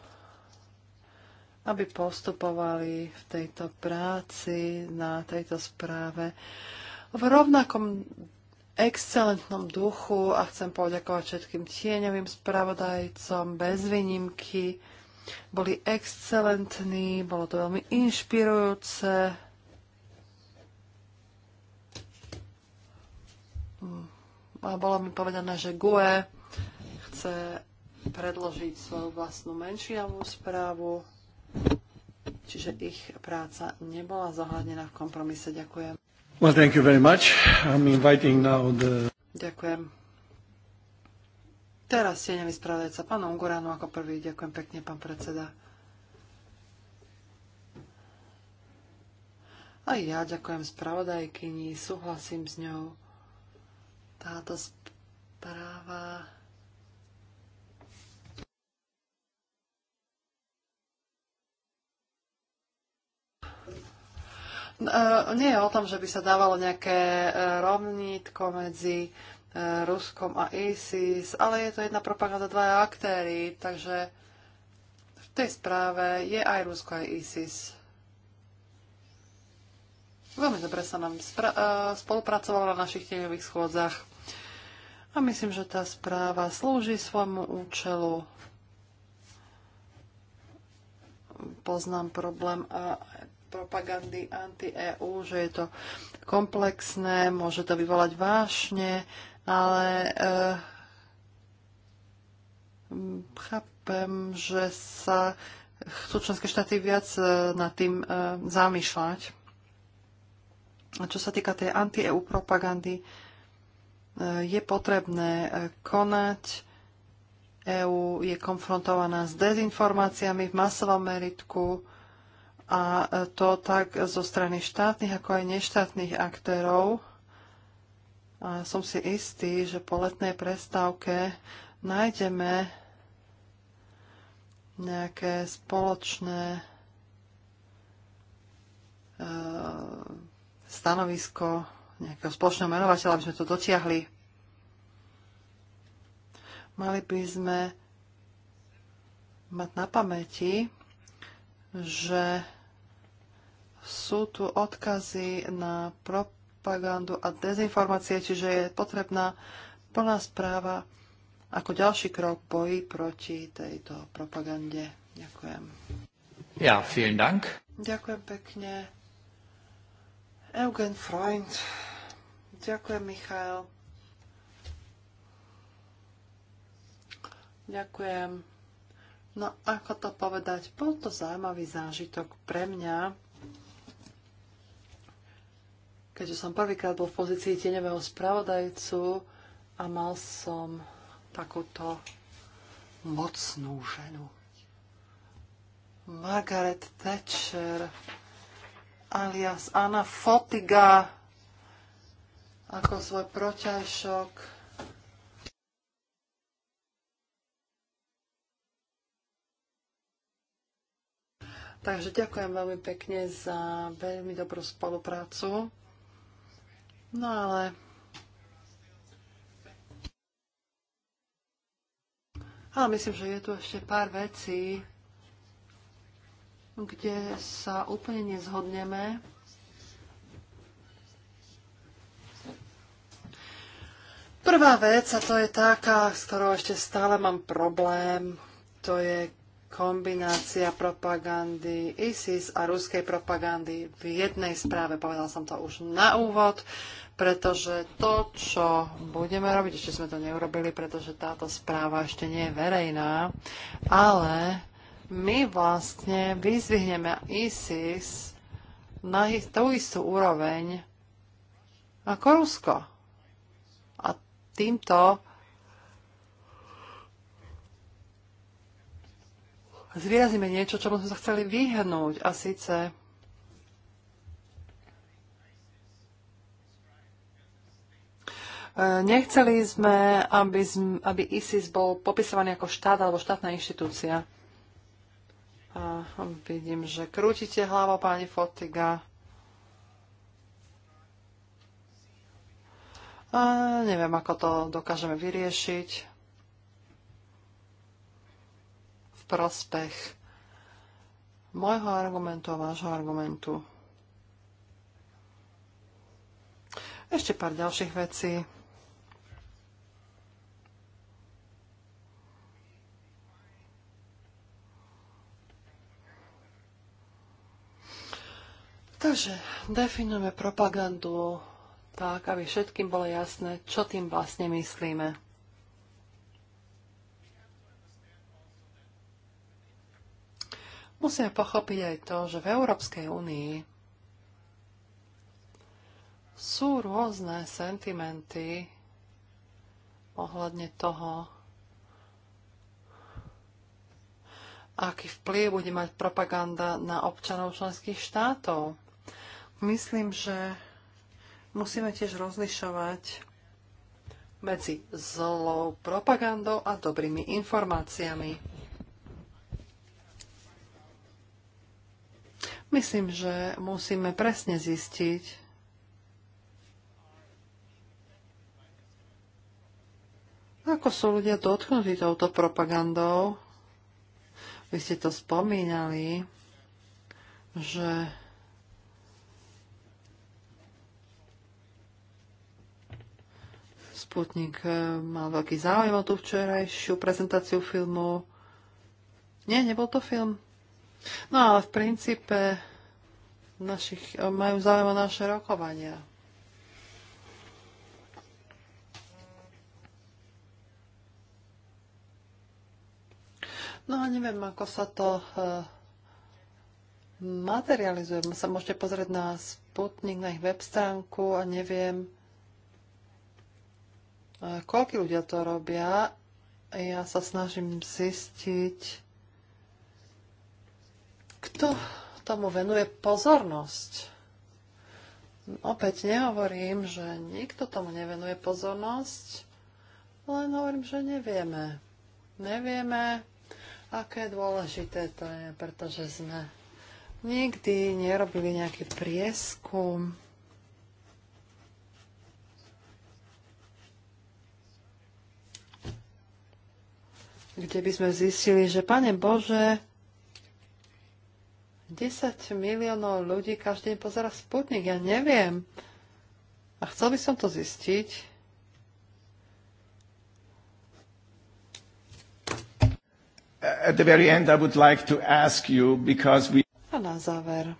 aby postupovali v tejto práci, na tejto správe v rovnakom excelentnom duchu a chcem poďakovať všetkým tieňovým spravodajcom bez výnimky boli excelentní, bolo to veľmi inšpirujúce. A bolo mi povedané, že GUE chce predložiť svoju vlastnú menšinovú správu, čiže ich práca nebola zohľadnená v kompromise. Ďakujem. Well, thank you very much. I'm inviting now the... Ďakujem. Teraz tieňový spravodajca, pán Unguranu ako prvý. Ďakujem pekne, pán predseda. A ja ďakujem spravodajkyni, súhlasím s ňou. Táto správa... E, nie je o tom, že by sa dávalo nejaké e, rovnítko medzi E, Ruskom a ISIS, ale je to jedna propaganda, dva aktéry, takže v tej správe je aj Rusko, aj ISIS. Veľmi dobre sa nám e, spolupracovalo na našich tieňových schôdzach a myslím, že tá správa slúži svojmu účelu. Poznám problém a propagandy anti-EU, že je to komplexné, môže to vyvolať vášne, ale e, chápem, že sa chcú členské štáty viac e, nad tým e, zamýšľať. A čo sa týka tej anti-EU propagandy, je potrebné konať. EÚ je konfrontovaná s dezinformáciami v masovom meritku a to tak zo strany štátnych ako aj neštátnych aktérov. A som si istý, že po letnej prestávke nájdeme nejaké spoločné e, stanovisko nejakého spoločného menovateľa, aby sme to dotiahli. Mali by sme mať na pamäti, že sú tu odkazy na pro- propagandu a dezinformácie, čiže je potrebná plná správa ako ďalší krok boji proti tejto propagande. Ďakujem. Ja, vielen Dank. Ďakujem pekne. Eugen Freund. Ďakujem, Michael. Ďakujem. No, ako to povedať, bol to zaujímavý zážitok pre mňa keďže som prvýkrát bol v pozícii tieňového spravodajcu a mal som takúto mocnú ženu. Margaret Thatcher alias Anna Fotiga ako svoj proťažok Takže ďakujem veľmi pekne za veľmi dobrú spoluprácu. No ale Ale myslím, že je tu ešte pár vecí, kde sa úplne nezhodneme. Prvá vec, a to je taká, s ktorou ešte stále mám problém, to je kombinácia propagandy ISIS a ruskej propagandy v jednej správe. Povedal som to už na úvod pretože to, čo budeme robiť, ešte sme to neurobili, pretože táto správa ešte nie je verejná, ale my vlastne vyzvihneme ISIS na tú istú úroveň ako Rusko. A týmto zvýrazíme niečo, čomu sme sa chceli vyhnúť. A síce E, nechceli sme, aby, aby ISIS bol popisovaný ako štát alebo štátna inštitúcia. A vidím, že krútite hlavo, pani Fotiga. A neviem, ako to dokážeme vyriešiť v prospech môjho argumentu a vášho argumentu. Ešte pár ďalších vecí. Takže definujeme propagandu tak, aby všetkým bolo jasné, čo tým vlastne myslíme. Musíme pochopiť aj to, že v Európskej únii sú rôzne sentimenty ohľadne toho, aký vplyv bude mať propaganda na občanov členských štátov. Myslím, že musíme tiež rozlišovať medzi zlou propagandou a dobrými informáciami. Myslím, že musíme presne zistiť, ako sú ľudia dotknutí touto propagandou. Vy ste to spomínali, že Sputnik eh, mal veľký záujem o tú včerajšiu prezentáciu filmu. Nie, nebol to film. No ale v princípe našich, eh, majú záujem o naše rokovania. No a neviem, ako sa to uh, materializuje. Sa môžete pozrieť na Sputnik, na ich web stránku a neviem, Koľko ľudia to robia? Ja sa snažím zistiť, kto tomu venuje pozornosť. Opäť nehovorím, že nikto tomu nevenuje pozornosť, len hovorím, že nevieme. Nevieme, aké dôležité to je, pretože sme nikdy nerobili nejaký prieskum kde by sme zistili, že Pane Bože, 10 miliónov ľudí každý deň pozera Sputnik, ja neviem. A chcel by som to zistiť. At the very end I would like to ask you because we A na záver.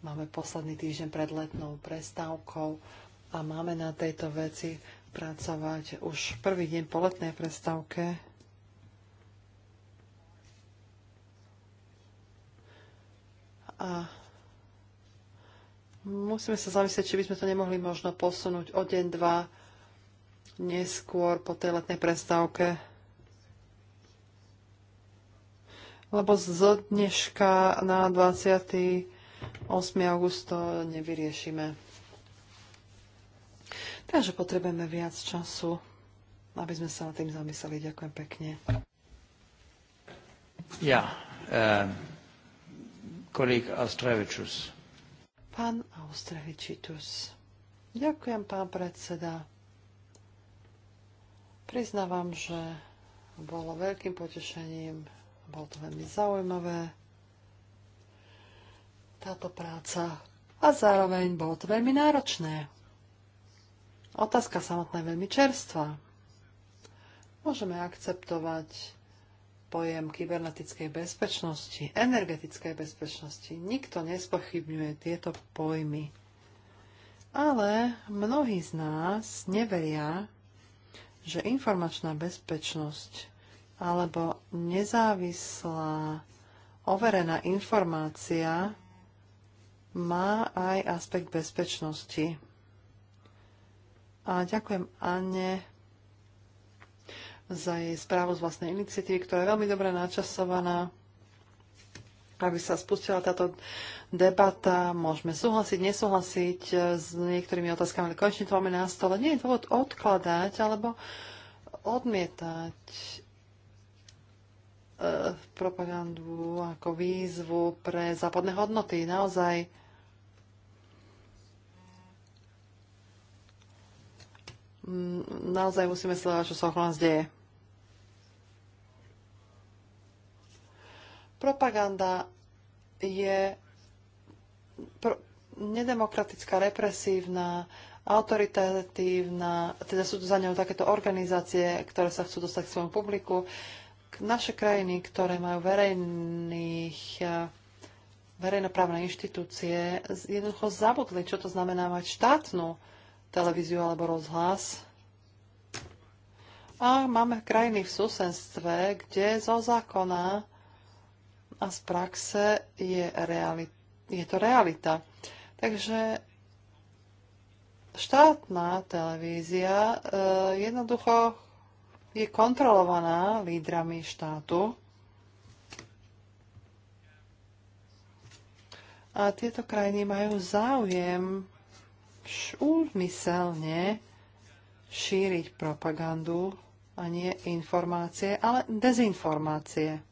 Máme posledný týždeň pred letnou prestávkou a máme na tejto veci pracovať už prvý deň po letnej prestávke. A musíme sa zamyslieť, či by sme to nemohli možno posunúť o deň, dva neskôr po tej letnej prestávke. Lebo z dneška na 28. augusto nevyriešime. Takže potrebujeme viac času, aby sme sa nad tým zamysleli. Ďakujem pekne. Ja, eh, kolík Austrevičus. Pán Austrevičitus. Ďakujem, pán predseda. Priznávam, že bolo veľkým potešením, bolo to veľmi zaujímavé táto práca a zároveň bolo to veľmi náročné. Otázka samotná je veľmi čerstvá. Môžeme akceptovať pojem kybernetickej bezpečnosti, energetickej bezpečnosti. Nikto nespochybňuje tieto pojmy. Ale mnohí z nás neveria, že informačná bezpečnosť alebo nezávislá overená informácia má aj aspekt bezpečnosti a ďakujem Anne za jej správu z vlastnej iniciatívy, ktorá je veľmi dobre načasovaná, aby sa spustila táto debata. Môžeme súhlasiť, nesúhlasiť s niektorými otázkami, ale konečne to máme na stole. Nie je dôvod odkladať alebo odmietať eh, propagandu ako výzvu pre západné hodnoty. Naozaj Mm, naozaj musíme sledovať, čo sa okolo nás deje. Propaganda je pro, nedemokratická, represívna, autoritatívna, teda sú tu za ňou takéto organizácie, ktoré sa chcú dostať k svojmu publiku. Naše krajiny, ktoré majú verejných verejnoprávne inštitúcie, jednoducho zabudli, čo to znamená mať štátnu televíziu alebo rozhlas. A máme krajiny v susenstve, kde zo zákona a z praxe je, realit- je to realita. Takže štátna televízia e, jednoducho je kontrolovaná lídrami štátu. A tieto krajiny majú záujem úmyselne šíriť propagandu a nie informácie, ale dezinformácie.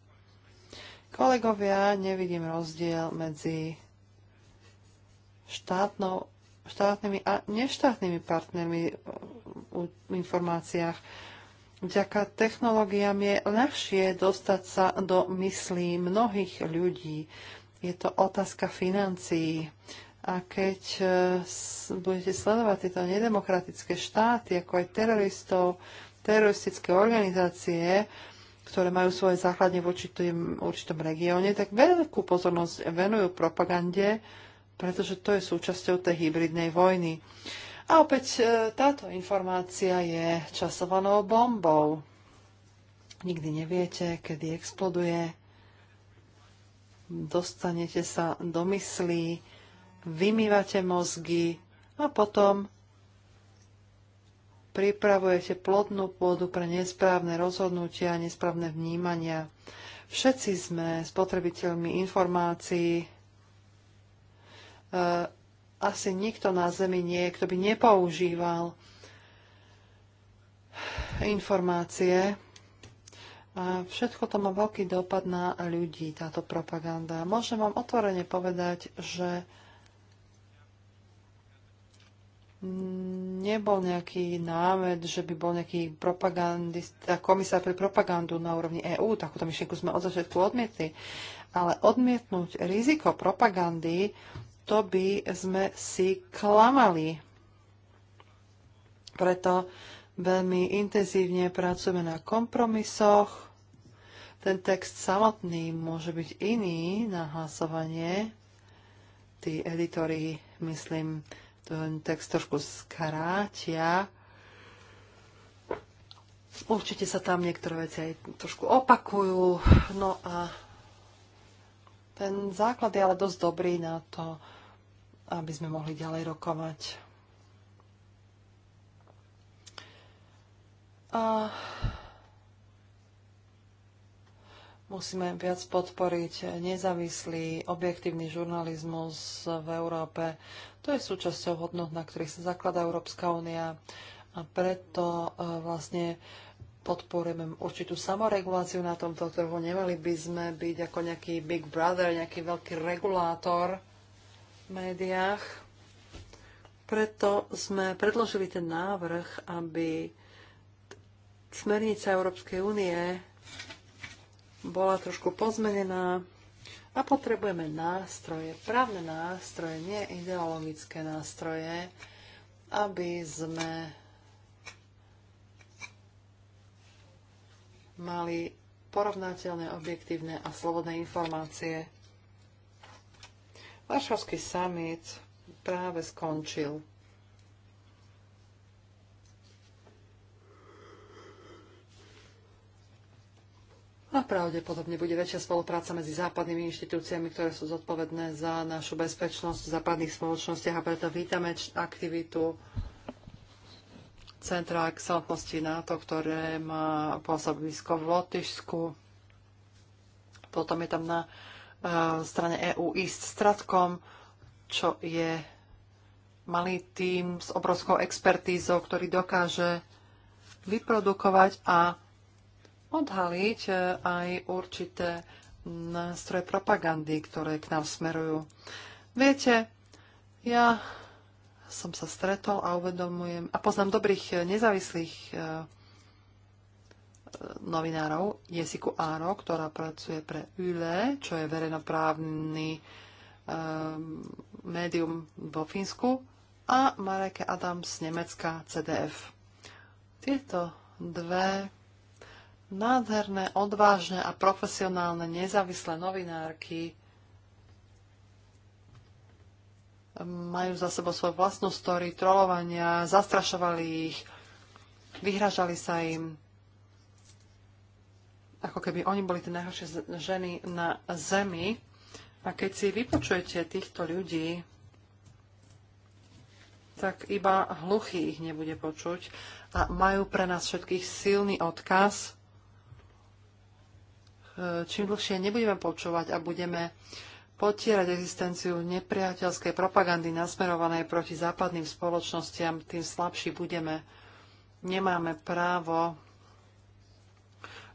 Kolegovia, nevidím rozdiel medzi štátnou, štátnymi a neštátnymi partnermi v informáciách. Vďaka technológiám je ľahšie dostať sa do myslí mnohých ľudí. Je to otázka financií, a keď e, budete sledovať tieto nedemokratické štáty, ako aj teroristov, teroristické organizácie, ktoré majú svoje základne v určitým, určitom regióne, tak veľkú pozornosť venujú propagande, pretože to je súčasťou tej hybridnej vojny. A opäť e, táto informácia je časovanou bombou. Nikdy neviete, kedy exploduje. Dostanete sa do myslí vymývate mozgy a potom pripravujete plodnú pôdu pre nesprávne rozhodnutia a nesprávne vnímania. Všetci sme spotrebiteľmi informácií. E, asi nikto na Zemi nie, kto by nepoužíval informácie. A všetko to má veľký dopad na ľudí, táto propaganda. Môžem vám otvorene povedať, že nebol nejaký námed, že by bol nejaký propagandista, komisár pre propagandu na úrovni EÚ. Takúto myšlienku sme od začiatku odmietli. Ale odmietnúť riziko propagandy, to by sme si klamali. Preto veľmi intenzívne pracujeme na kompromisoch. Ten text samotný môže byť iný na hlasovanie. Tí editori, myslím, ten text trošku skrátia. Určite sa tam niektoré veci aj trošku opakujú. No a ten základ je ale dosť dobrý na to, aby sme mohli ďalej rokovať. A Musíme viac podporiť nezávislý, objektívny žurnalizmus v Európe. To je súčasťou hodnot, na ktorých sa zakladá Európska únia a preto e, vlastne podporujeme určitú samoreguláciu na tomto trhu. Nemali by sme byť ako nejaký Big Brother, nejaký veľký regulátor v médiách. Preto sme predložili ten návrh, aby smernica Európskej únie bola trošku pozmenená a potrebujeme nástroje, právne nástroje, nie ideologické nástroje, aby sme mali porovnateľné, objektívne a slobodné informácie. Varšovský summit práve skončil. a pravdepodobne bude väčšia spolupráca medzi západnými inštitúciami, ktoré sú zodpovedné za našu bezpečnosť v západných spoločnostiach a preto vítame aktivitu Centra excelentnosti NATO, ktoré má pôsobisko v Lotyšsku. Potom je tam na uh, strane EU East Stratcom, čo je malý tím s obrovskou expertízou, ktorý dokáže vyprodukovať a odhaliť e, aj určité nástroje propagandy, ktoré k nám smerujú. Viete, ja som sa stretol a uvedomujem a poznám dobrých e, nezávislých e, novinárov Jesiku Áro, ktorá pracuje pre ULE, čo je verejnoprávny um, médium vo Fínsku, a Mareke Adams z Nemecka CDF. Tieto dve nádherné, odvážne a profesionálne nezávislé novinárky majú za sebou svoju vlastnú story trolovania, zastrašovali ich, vyhražali sa im, ako keby oni boli tie najhoršie ženy na zemi. A keď si vypočujete týchto ľudí, tak iba hluchý ich nebude počuť a majú pre nás všetkých silný odkaz – čím dlhšie nebudeme počúvať a budeme potierať existenciu nepriateľskej propagandy nasmerovanej proti západným spoločnostiam, tým slabší budeme. Nemáme právo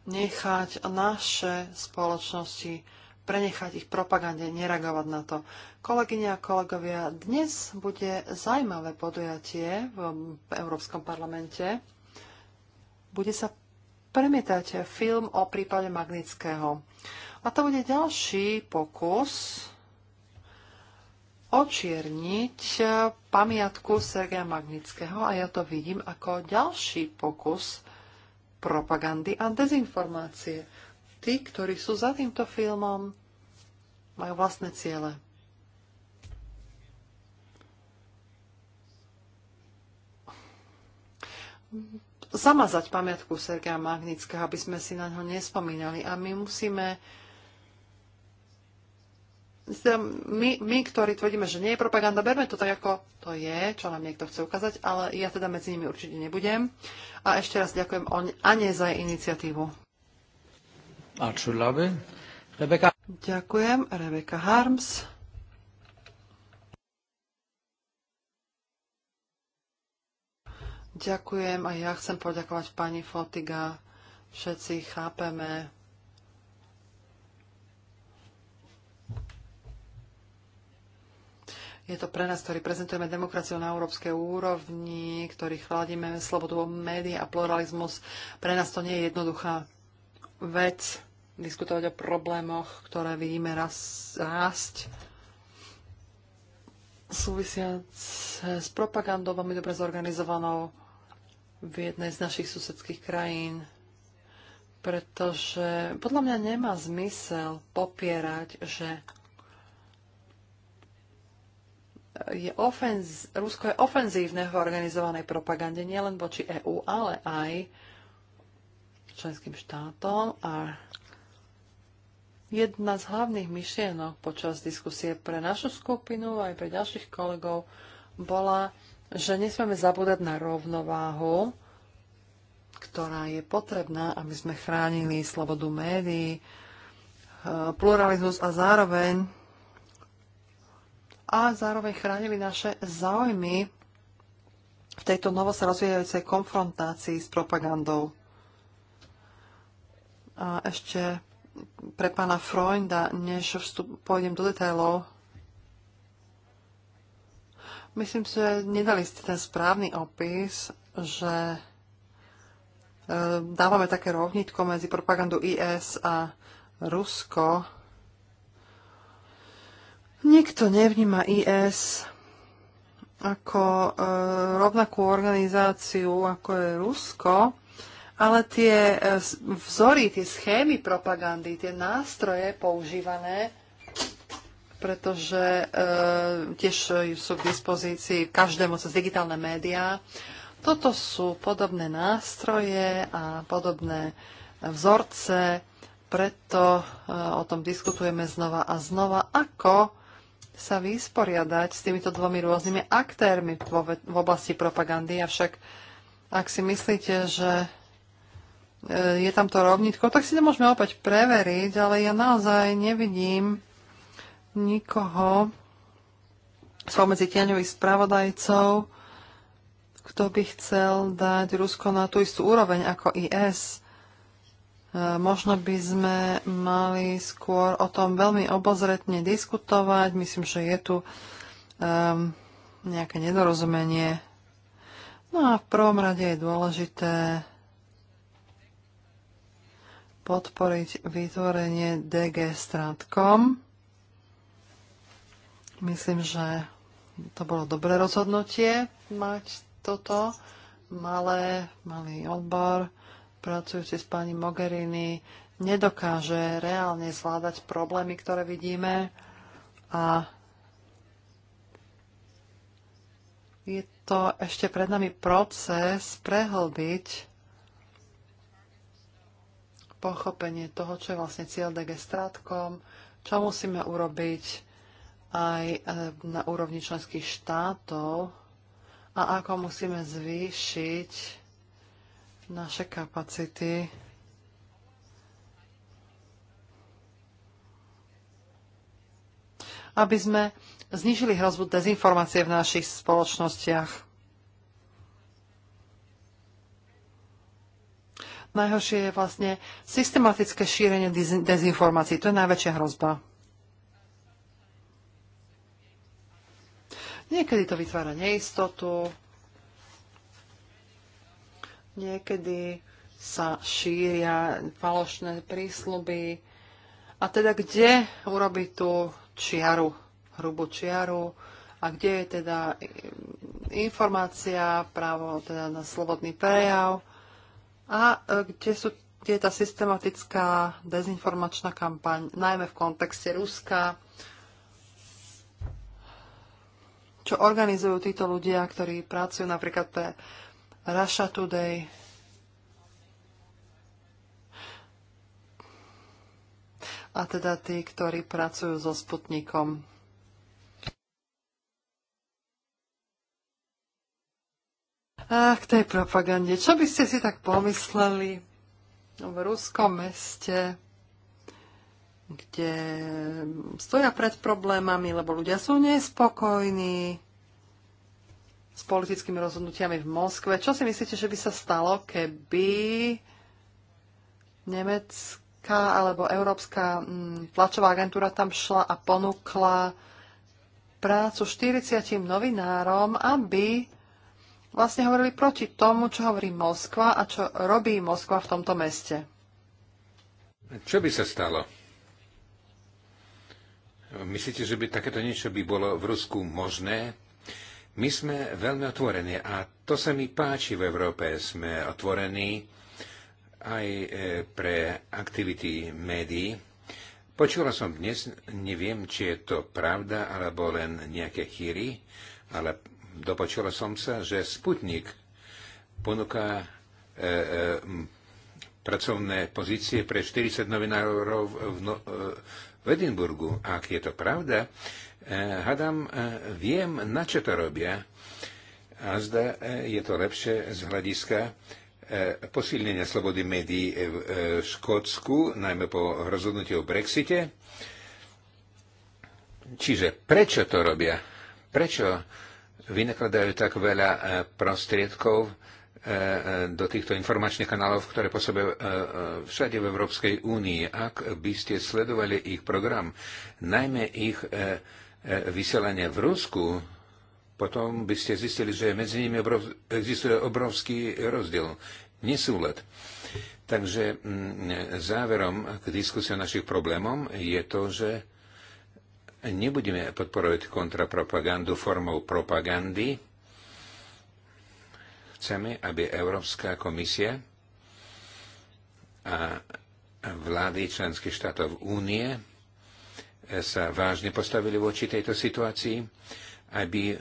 nechať naše spoločnosti, prenechať ich propagande, nereagovať na to. Kolegyne a kolegovia, dnes bude zaujímavé podujatie v Európskom parlamente. Bude sa premietate film o prípade Magnického. A to bude ďalší pokus očierniť pamiatku Sergeja Magnického a ja to vidím ako ďalší pokus propagandy a dezinformácie. Tí, ktorí sú za týmto filmom, majú vlastné ciele. Mm-hmm zamazať pamiatku Sergeja Magnického, aby sme si na ňo nespomínali. A my musíme my, my, ktorí tvrdíme, že nie je propaganda, berme to tak, ako to je, čo nám niekto chce ukázať, ale ja teda medzi nimi určite nebudem. A ešte raz ďakujem Ane za jej iniciatívu. A čo Rebeka... Ďakujem, Rebeka Harms. Ďakujem a ja chcem poďakovať pani Fotiga. Všetci chápeme. Je to pre nás, ktorí prezentujeme demokraciu na európskej úrovni, ktorí chladíme slobodu médií a pluralizmus. Pre nás to nie je jednoduchá vec diskutovať o problémoch, ktoré vidíme rásť súvisiac s propagandou veľmi dobre zorganizovanou v jednej z našich susedských krajín. Pretože podľa mňa nemá zmysel popierať, že je ofenz, Rusko je ofenzívne v organizovanej propagande nielen voči EÚ, ale aj členským štátom a jedna z hlavných myšlienok počas diskusie pre našu skupinu aj pre ďalších kolegov bola, že nesmieme zabúdať na rovnováhu, ktorá je potrebná, aby sme chránili slobodu médií, eh, pluralizmus a zároveň a zároveň chránili naše záujmy v tejto novo sa rozvíjajúcej konfrontácii s propagandou. A ešte pre pána Freunda, než vstup, pôjdem do detailov, Myslím, že nedali ste ten správny opis, že e, dávame také rovnitko medzi propagandu IS a Rusko. Nikto nevníma IS ako e, rovnakú organizáciu, ako je Rusko, ale tie e, vzory, tie schémy propagandy, tie nástroje používané pretože e, tiež sú k dispozícii každému cez digitálne médiá. Toto sú podobné nástroje a podobné vzorce, preto e, o tom diskutujeme znova a znova, ako sa vysporiadať s týmito dvomi rôznymi aktérmi v oblasti propagandy. Avšak ak si myslíte, že e, je tam to rovnitko, tak si to môžeme opäť preveriť, ale ja naozaj nevidím nikoho spomedzi tieňových spravodajcov, kto by chcel dať Rusko na tú istú úroveň ako IS. E, možno by sme mali skôr o tom veľmi obozretne diskutovať. Myslím, že je tu um, nejaké nedorozumenie. No a v prvom rade je dôležité podporiť vytvorenie DG Stratcom Myslím, že to bolo dobré rozhodnutie mať toto malé, malý odbor pracujúci s pani Mogherini nedokáže reálne zvládať problémy, ktoré vidíme a je to ešte pred nami proces prehlbiť pochopenie toho, čo je vlastne cieľ DG čo musíme urobiť, aj e, na úrovni členských štátov a ako musíme zvýšiť naše kapacity aby sme znižili hrozbu dezinformácie v našich spoločnostiach. Najhoršie je vlastne systematické šírenie dezinformácií. To je najväčšia hrozba. Niekedy to vytvára neistotu, niekedy sa šíria falošné prísľuby. A teda kde urobiť tú čiaru, hrubú čiaru a kde je teda informácia, právo teda na slobodný prejav a e, kde, sú, kde je tá systematická dezinformačná kampaň, najmä v kontexte Ruska, čo organizujú títo ľudia, ktorí pracujú napríklad pre Russia Today. A teda tí, ktorí pracujú so Sputnikom. Ach, k tej propagande. Čo by ste si tak pomysleli v ruskom meste? kde stoja pred problémami, lebo ľudia sú nespokojní s politickými rozhodnutiami v Moskve. Čo si myslíte, že by sa stalo, keby nemecká alebo európska mm, tlačová agentúra tam šla a ponúkla prácu 40 novinárom, aby vlastne hovorili proti tomu, čo hovorí Moskva a čo robí Moskva v tomto meste? Čo by sa stalo? Myslíte, že by takéto niečo by bolo v Rusku možné? My sme veľmi otvorení a to sa mi páči v Európe. Sme otvorení aj e, pre aktivity médií. Počula som dnes, neviem, či je to pravda alebo len nejaké chýry, ale dopočula som sa, že Sputnik ponúka e, e, pracovné pozície pre 40 novinárov v, no, e, v Edinburgu. Ak je to pravda, hadám, eh, eh, viem, na čo to robia. A zda eh, je to lepšie z hľadiska posilnenia slobody médií v Škótsku, najmä po rozhodnutí o Brexite. Čiže prečo to robia? Prečo vynakladajú tak veľa prostriedkov do týchto informačných kanálov, ktoré pôsobia eh, eh, všade v Európskej únii. Ak by ste sledovali ich program, najmä ich eh, vysielanie v Rusku, potom by ste zistili, že medzi nimi obrov, existuje obrovský rozdiel, nesúlad. Takže mm, záverom k diskusii o našich problémom je to, že nebudeme podporovať kontrapropagandu formou propagandy, Chceme, aby Európska komisia a vlády členských štátov únie sa vážne postavili voči tejto situácii, aby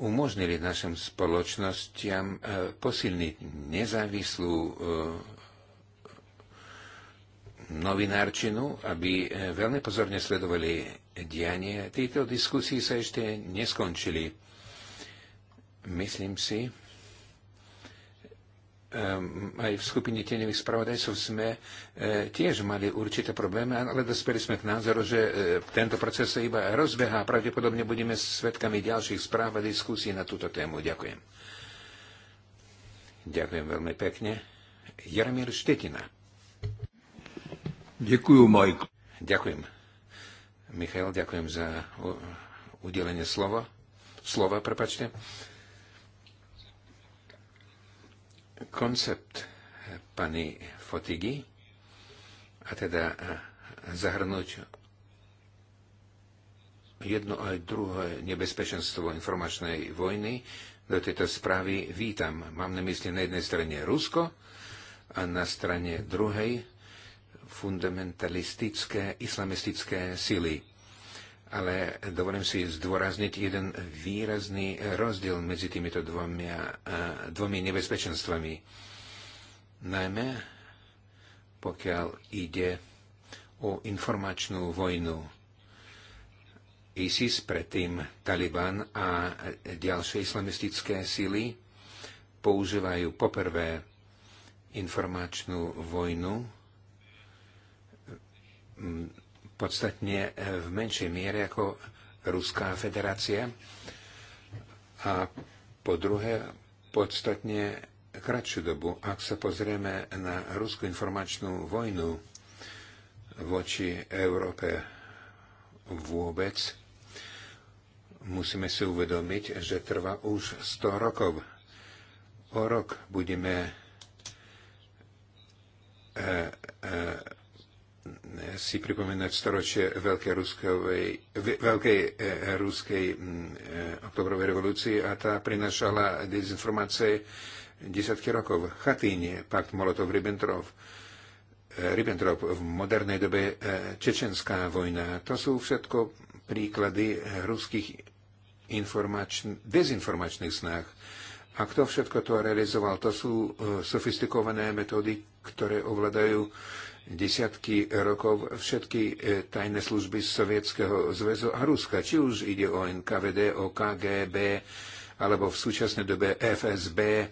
umožnili našim spoločnostiam e, posilniť nezávislú e, novinárčinu, aby e, veľmi pozorne sledovali dianie. Tieto diskusie sa ešte neskončili. Myslím si, um, aj v skupine tieňových spravodajcov sme e, tiež mali určité problémy, ale dospeli sme k názoru, že e, tento proces sa iba rozbehá a pravdepodobne budeme svetkami ďalších správ a diskusí na túto tému. Ďakujem. Ďakujem veľmi pekne. Jaromír Štetina. Ďakujem, Michael. Ďakujem. Michal, ďakujem za udelenie slova. Slova, prepačte. Koncept pani Fotigy, a teda eh, zahrnúť jedno aj druhé nebezpečenstvo informačnej vojny do tejto správy vítam. Mám na mysli na jednej strane Rusko a na strane druhej fundamentalistické islamistické sily ale dovolím si zdôrazniť jeden výrazný rozdiel medzi týmito dvomia, dvomi nebezpečenstvami. Najmä pokiaľ ide o informačnú vojnu. ISIS, predtým Taliban a ďalšie islamistické síly používajú poprvé informačnú vojnu podstatne eh, v menšej miere ako Ruská federácia a po druhé podstatne kratšiu dobu. Ak sa pozrieme na ruskú informačnú vojnu voči Európe vôbec, musíme si uvedomiť, že trvá už 100 rokov. O rok budeme e, e, si pripomenúť storočie Veľkej ruskej, veľkej eh, ruskej mm, eh, oktobrovej revolúcii a tá prinašala dezinformácie desiatky rokov. Chatýne, pakt Molotov-Ribbentrop, eh, Ribbentrop v modernej dobe Čečenská vojna. To sú všetko príklady ruských informačn- dezinformačných snách. A kto všetko to realizoval? To sú sofistikované metódy, ktoré ovládajú desiatky rokov všetky e, tajné služby Sovietskeho zväzu a Ruska, či už ide o NKVD, o KGB, alebo v súčasnej dobe FSB,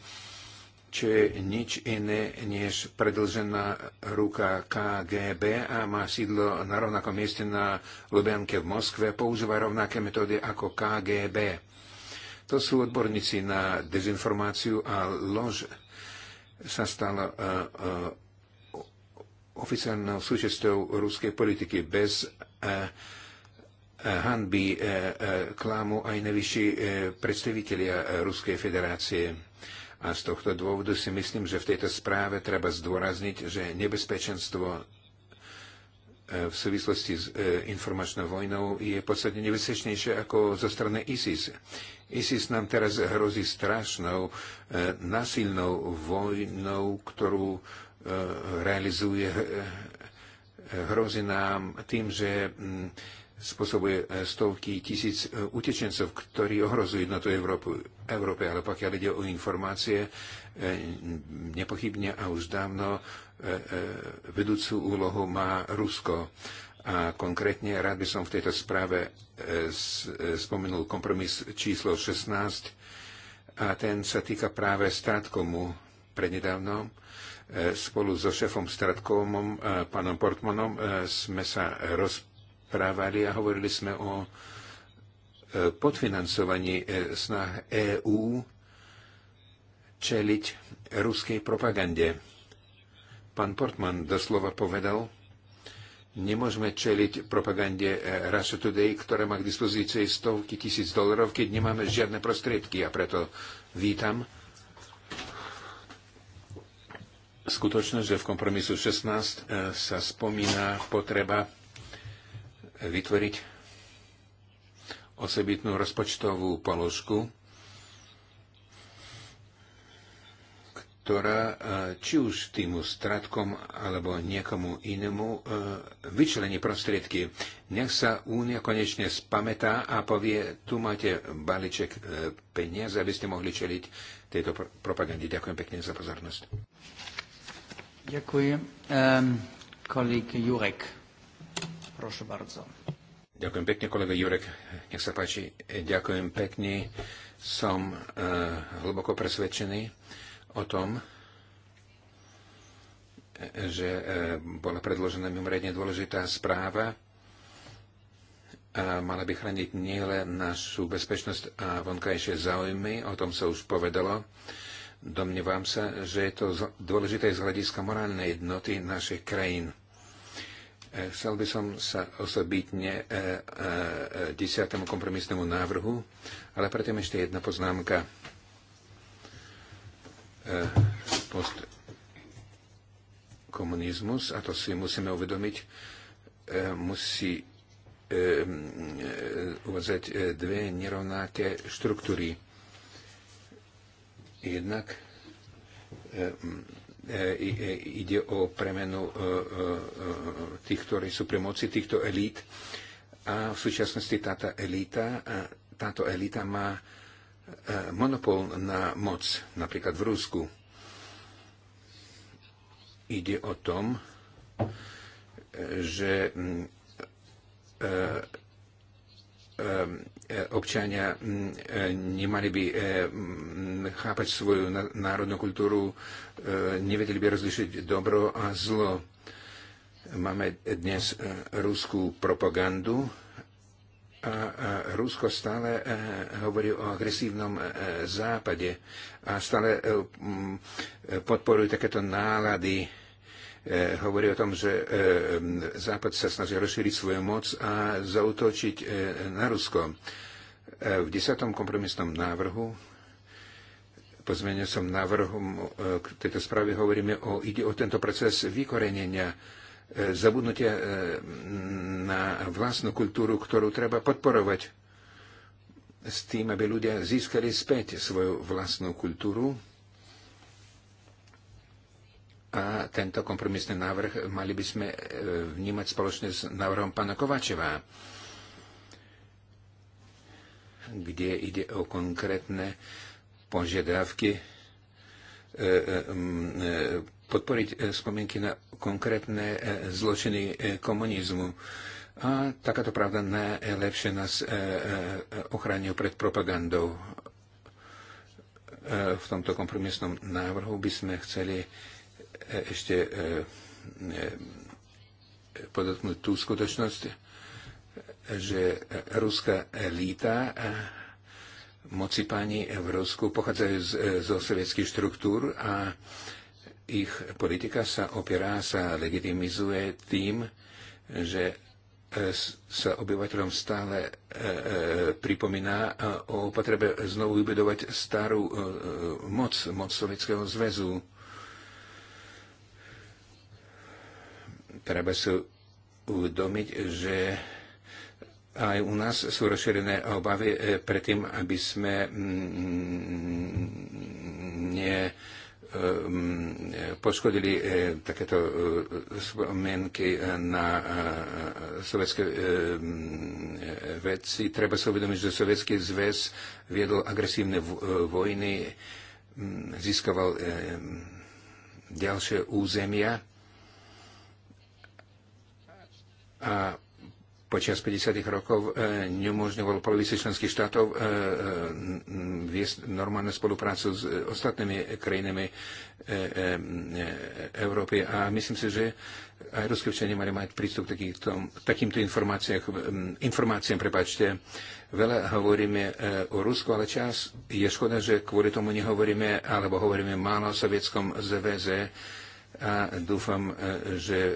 čo je nič iné než predlžená ruka KGB a má sídlo na rovnakom mieste na Lubianke v Moskve, používa rovnaké metódy ako KGB. To sú odborníci na dezinformáciu a lož sa stalo e, e, oficiálnou súčasťou ruskej politiky bez e, e, hanby e, klamu aj najvyšší predstavitelia Ruskej federácie. A z tohto dôvodu si myslím, že v tejto správe treba zdôrazniť, že nebezpečenstvo v súvislosti s informačnou vojnou je podstatne nebezpečnejšie ako zo strany ISIS. ISIS nám teraz hrozí strašnou, násilnou vojnou, ktorú realizuje, eh, eh, hrozí nám tým, že mm, spôsobuje eh, stovky tisíc utečencov, ktorí ohrozujú jednotu Európu, Európe. Ale pokiaľ ide o informácie, nepochybne a už dávno vedúcu úlohu má Rusko. A konkrétne rád by som v tejto správe spomenul kompromis číslo 16 a ten sa týka práve státkomu prednedávno E, spolu so šefom Stratkovom, e, pánom Portmanom, e, sme sa rozprávali a hovorili sme o podfinancovaní snah EÚ čeliť ruskej propagande. Pán Portman doslova povedal, nemôžeme čeliť propagande Russia Today, ktorá má k dispozícii stovky tisíc dolarov, keď nemáme žiadne prostriedky. A preto vítam skutočnosť, že v kompromisu 16 e, sa spomína potreba vytvoriť osobitnú rozpočtovú položku, ktorá e, či už týmu stratkom alebo niekomu inému e, vyčlení prostriedky. Nech sa Únia konečne spametá a povie, tu máte balíček peniaz, aby ste mohli čeliť tejto propagandy. Ďakujem pekne za pozornosť. Ďakujem. Um, kolik Jurek. Proszę bardzo. Ďakujem pekne, kolega Jurek. Nech sa páči. Ďakujem pekne. Som uh, hlboko presvedčený o tom, že uh, bola predložená mimoriadne dôležitá správa a mala by chrániť nielen našu bezpečnosť a vonkajšie záujmy, o tom sa už povedalo. Uh, Domnievam sa, že je to dôležité z hľadiska morálnej jednoty našich krajín. E, chcel by som sa osobitne e, e, desiatému kompromisnému návrhu, ale predtým ešte jedna poznámka. Post komunizmus, a to si musíme uvedomiť, musí uvazať dve nerovnaké štruktúry. Jednak e, e, e, ide o premenu tých, ktorí sú pri moci, týchto elít. A v súčasnosti táto elita, táto elita má monopol na moc, napríklad v Rusku. Ide o tom, že Ehm, e, občania e, nemali by e, chápať svoju národnú kultúru, nevedeli by rozlišiť dobro a zlo. Máme dnes rúskú propagandu a Rusko stále hovorí o agresívnom západe a stále podporujú takéto nálady E, hovorí o tom, že e, Západ sa snaží rozšíriť svoju moc a zautočiť e, na Rusko. V desiatom kompromisnom návrhu pozmeňujúcom návrhu k tejto správe hovoríme o, ide o tento proces vykorenenia, zabudnutia na vlastnú kultúru, ktorú treba podporovať s tým, aby ľudia získali späť svoju vlastnú kultúru a tento kompromisný návrh mali by sme e, vnímať spoločne s návrhom pána Kovačeva, kde ide o konkrétne požiadavky e, e, podporiť spomienky na konkrétne zločiny komunizmu. A takáto pravda najlepšie nás ochránil pred propagandou. V tomto kompromisnom návrhu by sme chceli E, ešte e, e, podotknúť tú skutočnosť, že ruská elita moci páni v Rusku pochádzajú z, zo sovietských štruktúr a ich politika sa opierá, sa legitimizuje tým, že sa obyvateľom stále e, e, pripomína o potrebe znovu vybudovať starú e, moc, moc Sovietskeho zväzu. treba si uvedomiť, že aj u nás sú rozšírené obavy e, predtým, aby sme mm, mm, ne e, mm, poškodili e, takéto spomienky na sovietské veci. Treba sa uvedomiť, že Sovietský zväz viedol agresívne vojny, získaval ďalšie územia a počas 50. rokov e, neumožňovalo polovici členských štátov e, e, viesť normálne spoluprácu s e, ostatnými krajinami e, e, Európy. A myslím si, že aj ruské občania mali mať prístup k takýmto, takýmto informáciách, informáciám. Prepačte. Veľa hovoríme e, o Rusku, ale čas je škoda, že kvôli tomu nehovoríme, alebo hovoríme málo o sovietskom ZVZ. A dúfam, e, že e,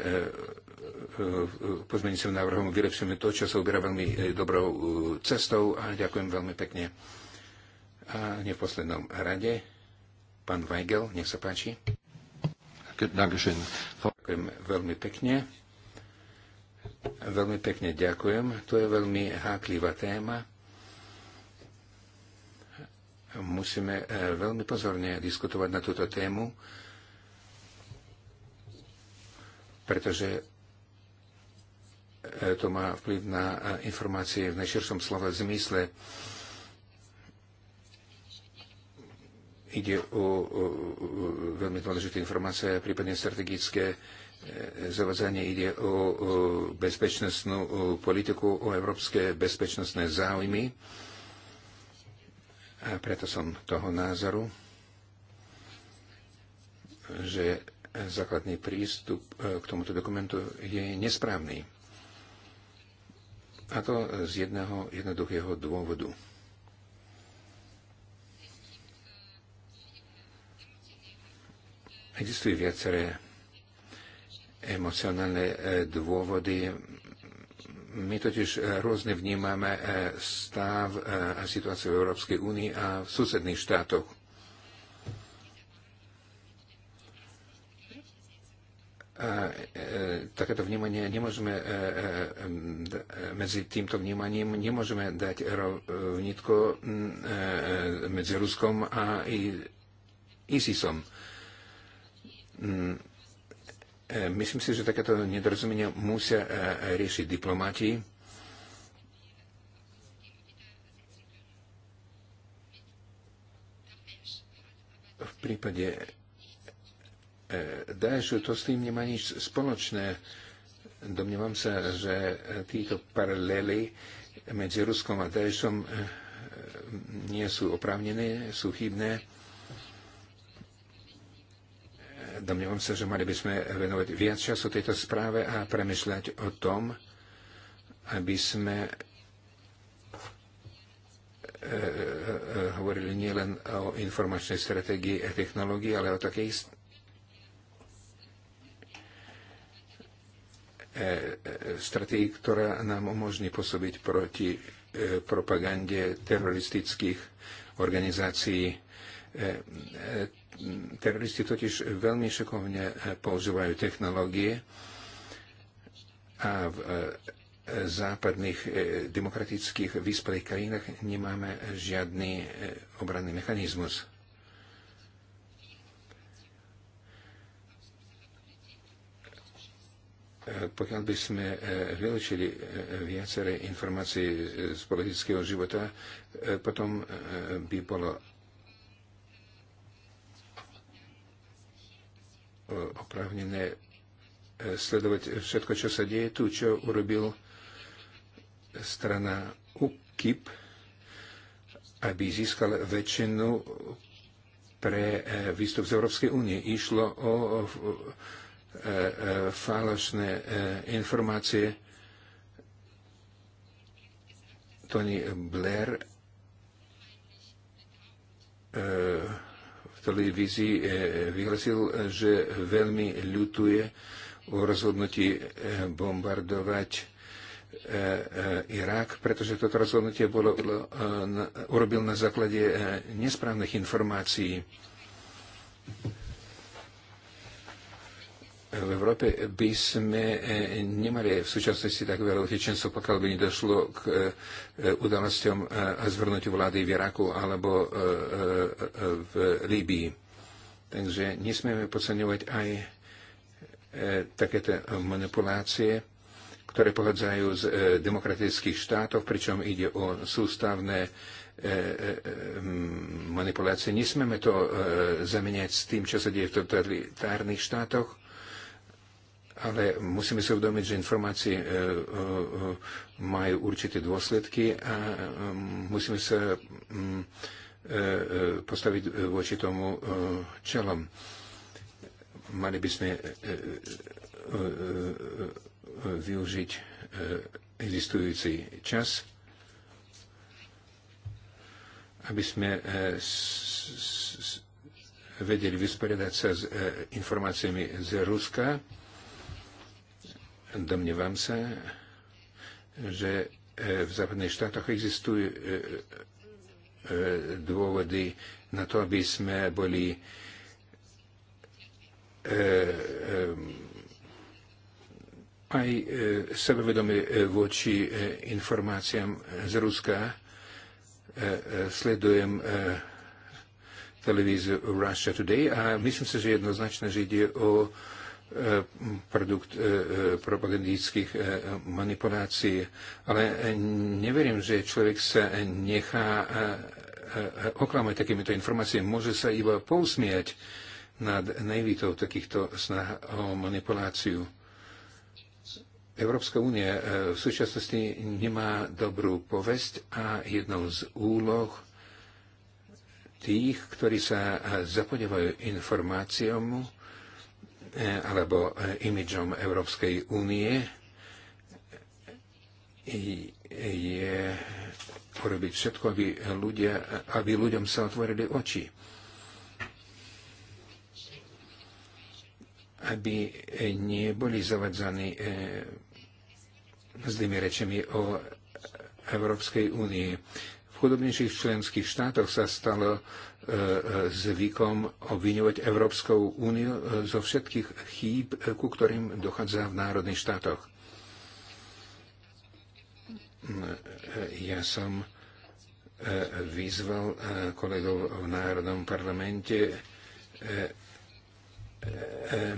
Eh, pozmeňujúcim návrhom vylepšujeme to, čo sa uberá veľmi eh, dobrou eh, cestou a ďakujem veľmi pekne. A ne v poslednom rade, pán Weigel, nech sa páči. Ďakujem veľmi pekne. Veľmi pekne ďakujem. To je veľmi háklivá téma. Musíme veľmi pozorne diskutovať na túto tému, pretože E, to má vplyv na e, informácie v najširšom slova zmysle. Ide o, o, o veľmi dôležité informácie, prípadne strategické e, zavadzanie ide o, o bezpečnostnú o politiku, o európske bezpečnostné záujmy. A preto som toho názoru, že základný prístup k tomuto dokumentu je nesprávny. A to z jedného jednoduchého dôvodu. Existujú viaceré emocionálne e, dôvody. My totiž e, rôzne vnímame e, stav a situáciu v Európskej únii a v susedných štátoch. E, takéto vnímanie nemôžeme e, e, medzi týmto vnímaním nemôžeme dať rovnitko medzi Ruskom a ISISom. Myslím si, že takéto nedorozumenia musia riešiť diplomati. V prípade E, Daešu, to s tým nemá nič spoločné. Domnievam sa, že tieto paralely medzi Ruskom a Daešom e, nie sú oprávnené, sú chybné. E, domnievam sa, že mali by sme venovať viac času tejto správe a premyšľať o tom, aby sme hovorili nielen o informačnej stratégii a technológii, ale o takej E, e, strategii, ktorá nám umožní pôsobiť proti e, propagande teroristických organizácií. Teroristi totiž veľmi šikovne používajú technológie a v západných demokratických vyspelých krajinách nemáme žiadny obranný mechanizmus. Pokiaľ by sme e, vylúčili e, viaceré informácie z politického života, e, potom by bolo oprávnené sledovať všetko, čo sa deje tu, čo urobil strana UKIP, aby získala väčšinu pre výstup z Európskej únie. Išlo o E, e, falošné e, informácie. Tony Blair v televízii vyhlasil, že veľmi ľutuje o rozhodnutí bombardovať Irak, pretože toto rozhodnutie bolo, urobil na základe nesprávnych informácií v Európe by sme e, nemali v súčasnosti tak veľa utečencov, pokiaľ by nedošlo k e, udalostiam a e, zvrnutiu vlády v Iraku alebo v Líbii. Takže nesmieme podceňovať aj takéto manipulácie, ktoré pochádzajú z demokratických štátov, pričom ide o sústavné manipulácie. Nesmieme to zameniať s tým, čo sa deje v totalitárnych štátoch, ale musíme si uvedomiť, že informácie e, e, majú určité dôsledky a e, musíme sa mm, postaviť voči tomu čelom. Mali by sme využiť existujúci čas, aby sme vedeli vysporiadať sa s informáciami z Ruska Domnievam sa, že e, v západných štátoch existujú e, e, dôvody na to, aby sme boli aj sebevedomí voči informáciám z Ruska. Sledujem televíziu Russia Today a myslím sa, že jednoznačne, že ide o Eh, produkt eh, eh, propagandických manipulácií. Ale neverím, že človek sa nechá oklamať takýmito informáciami. Môže sa iba pousmiať nad nejvitou takýchto snah o manipuláciu. Európska únia v súčasnosti nemá dobrú povesť a jednou z úloh tých, ktorí sa zapodívajú informáciom, alebo e, imidžom Európskej únie je urobiť všetko, aby, ľudia, aby ľuďom sa otvorili oči. Aby neboli zavadzaní e, zlými rečami o Európskej únie chudobnejších členských štátoch sa stalo e, e, zvykom obviňovať Európskou úniu e, zo všetkých chýb, ku ktorým dochádza v národných štátoch. No, ja som vyzval kolegov v Národnom parlamente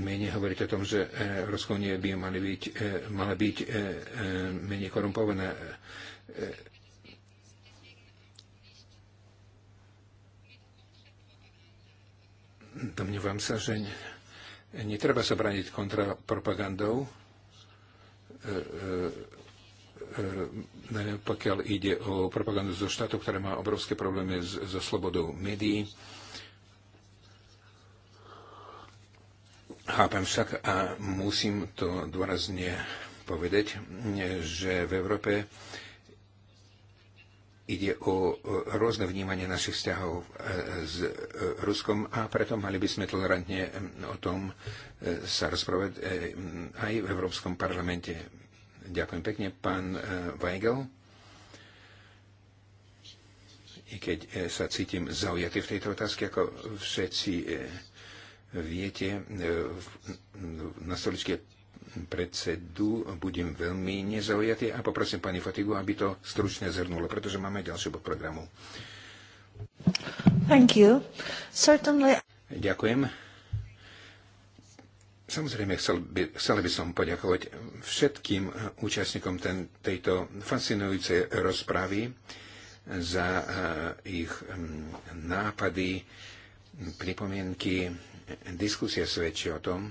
menej hovoriť o tom, že Európska únie by mala byť, mala byť menej korumpovaná Domnívam sa, že netreba sa braniť kontrapropagandou, najmä e, e, e, pokiaľ ide o propagandu zo štátu, ktorá má obrovské problémy so slobodou médií. Chápem však a musím to dôrazne povedať, že v Európe Ide o rôzne vnímanie našich vzťahov e, s e, Ruskom a preto mali by sme tolerantne o tom e, sa rozprávať aj v Európskom parlamente. Ďakujem pekne, pán Weigel. I keď sa cítim zaujatý v tejto otázke, ako všetci viete, na stoličke predsedu, budem veľmi nezaujatý a poprosím pani Fatigu, aby to stručne zhrnulo, pretože máme ďalší bod programu. Thank you. Certainly... Ďakujem. Samozrejme, chcel by, chcel by som poďakovať všetkým účastníkom ten, tejto fascinujúcej rozpravy za uh, ich um, nápady, pripomienky. Diskusia svedčí o tom,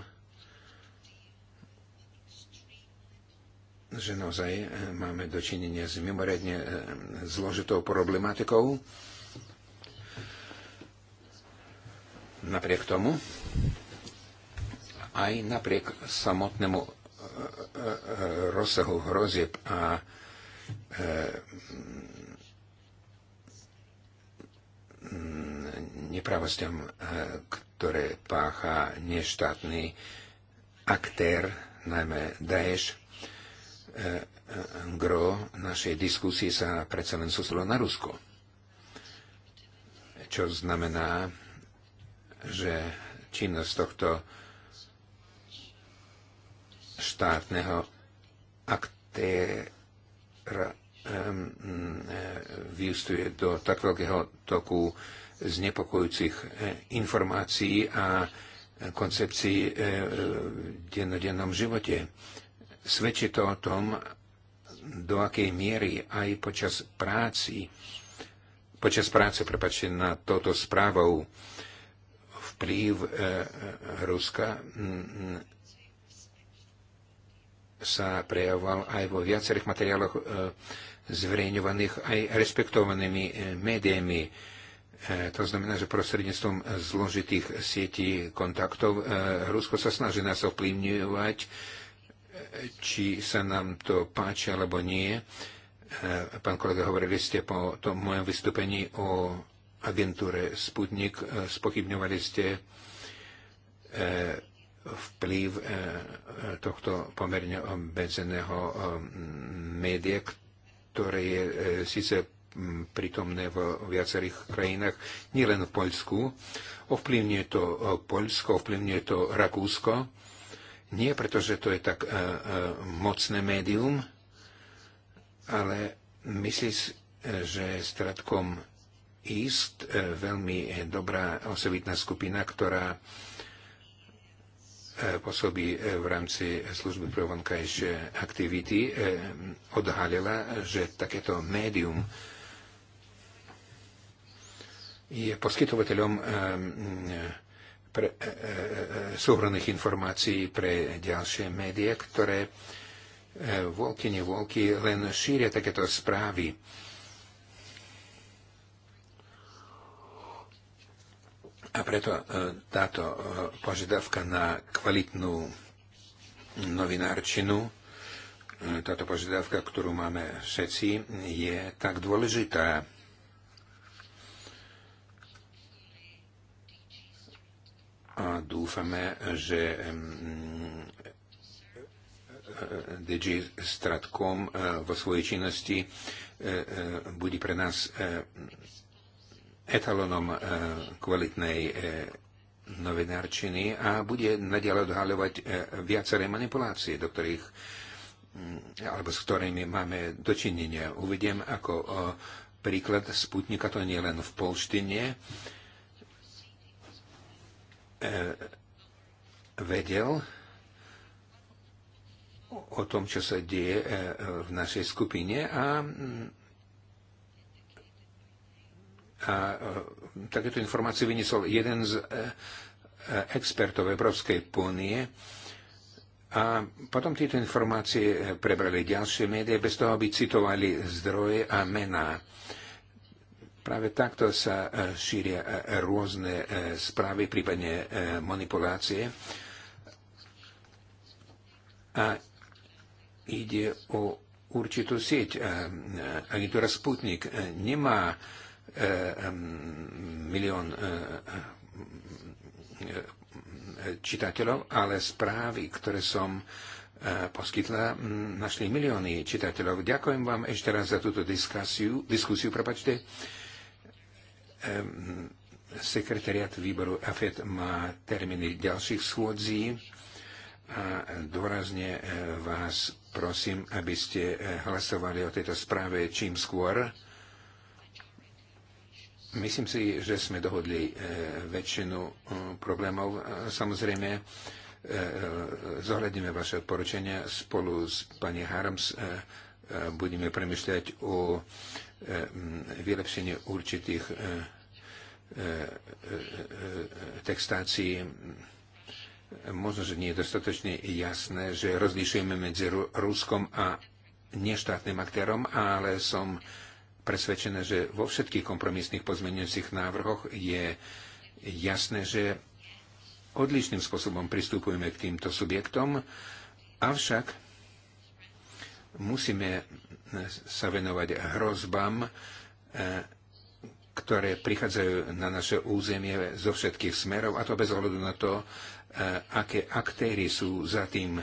že naozaj e, máme dočinenie s mimoriadne e, zložitou problematikou. Napriek tomu, aj napriek samotnému e, rozsahu hrozieb a mm, nepravostiam, ktoré pácha neštátny aktér, najmä Daesh, gro našej diskusie sa predsa len sústredilo na Rusko. Čo znamená, že činnosť tohto štátneho aktéra vyústuje do tak veľkého toku znepokojúcich e, informácií a koncepcií e, e, v dennodennom živote. Svedčí to o tom, do akej miery aj počas práci, počas práce, prepačte, na toto správou vplyv e, e Ruska m, sa prejavoval aj vo viacerých materiáloch e, zverejňovaných aj respektovanými e, médiami. E, to znamená, že prostredníctvom zložitých sietí kontaktov e, Rusko sa snaží nás ovplyvňovať e, či sa nám to páči alebo nie. E, pán kolega, hovorili ste po tom mojom vystúpení o agentúre Sputnik, e, spochybňovali ste e, vplyv tohto pomerne obmedzeného média, ktoré je síce prítomné v viacerých krajinách, nielen v Poľsku. Ovplyvňuje to Poľsko, ovplyvňuje to Rakúsko nie preto, že to je tak e, e, mocné médium, ale myslím, e, že stratkom East, e, veľmi dobrá osobitná skupina, ktorá e, pôsobí v rámci služby pre vonkajšie aktivity, odhalila, že takéto médium je poskytovateľom pre, e, e, e súhrných informácií pre ďalšie médiá, ktoré e, voľky, nevoľky len šíria takéto správy. A preto e, táto e, požiadavka na kvalitnú novinárčinu, e, táto požiadavka, ktorú máme všetci, je tak dôležitá A dúfame, že DG Stratcom eh, vo svojej činnosti eh, eh, bude pre nás etalonom kvalitnej novinárčiny a bude nadiaľ odhaľovať viaceré manipulácie, do ktorých mm, alebo s ktorými máme dočinenia. Uvediem ako príklad Sputnika, to nie len v polštine, E, vedel o tom, čo sa deje e, v našej skupine a, a e, takéto informácie vyniesol jeden z expertov Európskej únie a potom tieto informácie prebrali ďalšie médiá bez toho, aby citovali zdroje a mená. E, Práve takto sa e, šíria e, rôzne e, správy, prípadne manipulácie. A ide o určitú sieť. Agentúra Sputnik nemá milión čitateľov, ale správy, ktoré som poskytla, našli milióny čitateľov. Ďakujem vám ešte raz za túto diskusiu. diskusiu prepačte sekretariat výboru AFED má termíny ďalších schôdzí a dôrazne e, vás prosím, aby ste e, hlasovali o tejto správe čím skôr. Myslím si, že sme dohodli e, väčšinu problémov. Samozrejme, zohľadíme vaše odporúčania spolu s pani Harms. Budeme premyšľať o Eh, vylepšenie určitých eh, eh, textácií možno, že nie je dostatočne jasné, že rozlišujeme medzi Ruskom a neštátnym aktérom, ale som presvedčená, že vo všetkých kompromisných pozmeňujúcich návrhoch je jasné, že odlišným spôsobom pristupujeme k týmto subjektom, avšak musíme sa venovať hrozbám, e, ktoré prichádzajú na naše územie zo všetkých smerov, a to bez ohľadu na to, e, aké aktéry sú za tým.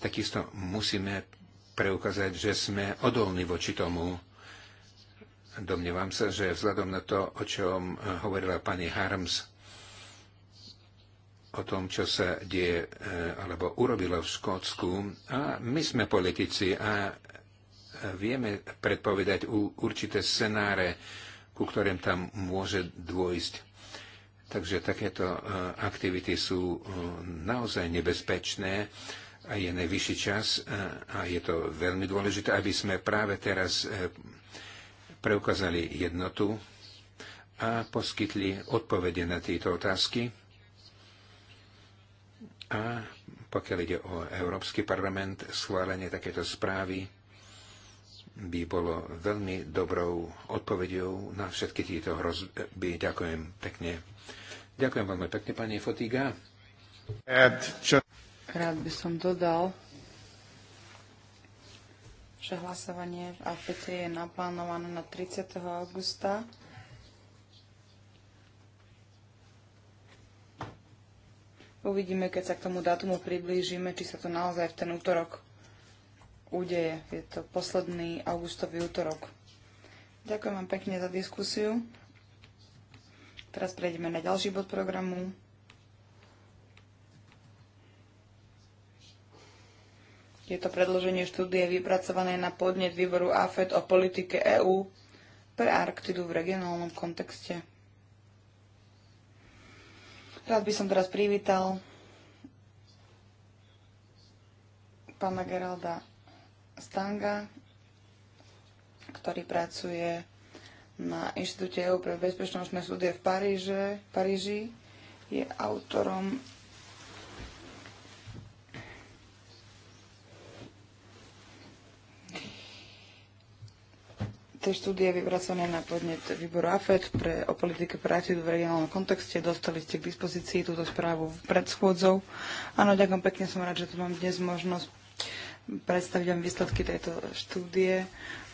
Takisto musíme preukázať, že sme odolní voči tomu. Domnievam sa, že vzhľadom na to, o čom hovorila pani Harms, o tom, čo sa die e, alebo urobilo v Škótsku. A my sme politici a vieme predpovedať určité scenáre, ku ktorým tam môže dôjsť. Takže takéto e, aktivity sú e, naozaj nebezpečné a je najvyšší čas e, a je to veľmi dôležité, aby sme práve teraz preukázali jednotu a poskytli odpovede na tieto otázky. A pokiaľ ide o Európsky parlament, schválenie takéto správy by bolo veľmi dobrou odpovedou na všetky tieto hrozby. Ďakujem pekne. Ďakujem veľmi pekne, pani Fotiga. Rád by som dodal, že hlasovanie v AFETE je naplánované na 30. augusta. Uvidíme, keď sa k tomu dátumu priblížime, či sa to naozaj v ten útorok udeje. Je to posledný augustový útorok. Ďakujem vám pekne za diskusiu. Teraz prejdeme na ďalší bod programu. Je to predloženie štúdie vypracované na podnet výboru AFED o politike EÚ pre Arktidu v regionálnom kontexte. Rád by som teraz privítal pána Geralda Stanga, ktorý pracuje na Inštitúte EU pre bezpečnostné súdie v Paríže, Paríži. Je autorom tej štúdie vypracované na podnet výboru AFED pre, o politike práci v regionálnom kontexte. Dostali ste k dispozícii túto správu pred schôdzou. Áno, ďakujem pekne, som rád, že tu mám dnes možnosť predstaviť vám výsledky tejto štúdie.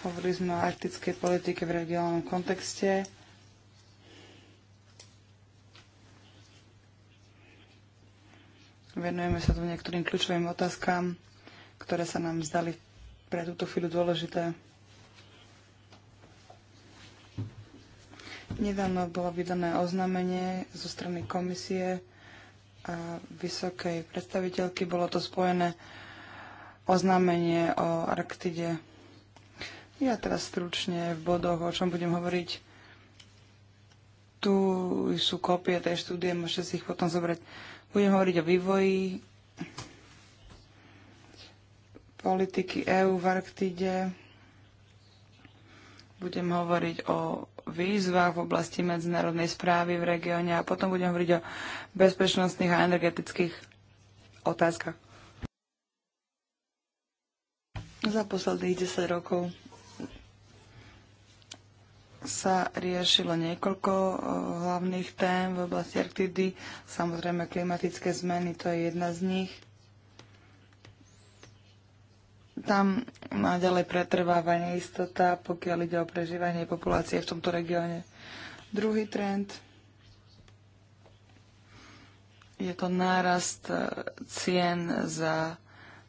Hovorili sme o arktickej politike v regionálnom kontexte. Venujeme sa tu niektorým kľúčovým otázkam, ktoré sa nám zdali pre túto chvíľu dôležité. Nedávno bolo vydané oznámenie zo strany komisie a vysokej predstaviteľky. Bolo to spojené oznámenie o Arktide. Ja teraz stručne v bodoch, o čom budem hovoriť. Tu sú kopie tej štúdie, môžete si ich potom zobrať. Budem hovoriť o vývoji politiky EÚ v Arktide. Budem hovoriť o výzvach v oblasti medzinárodnej správy v regióne a potom budem hovoriť o bezpečnostných a energetických otázkach. Za posledných 10 rokov sa riešilo niekoľko eh, hlavných tém v oblasti Arktidy. Samozrejme, klimatické zmeny, to je jedna z nich. Tam naďalej pretrváva neistota, pokiaľ ide o prežívanie populácie v tomto regióne. Druhý trend je to nárast eh, cien za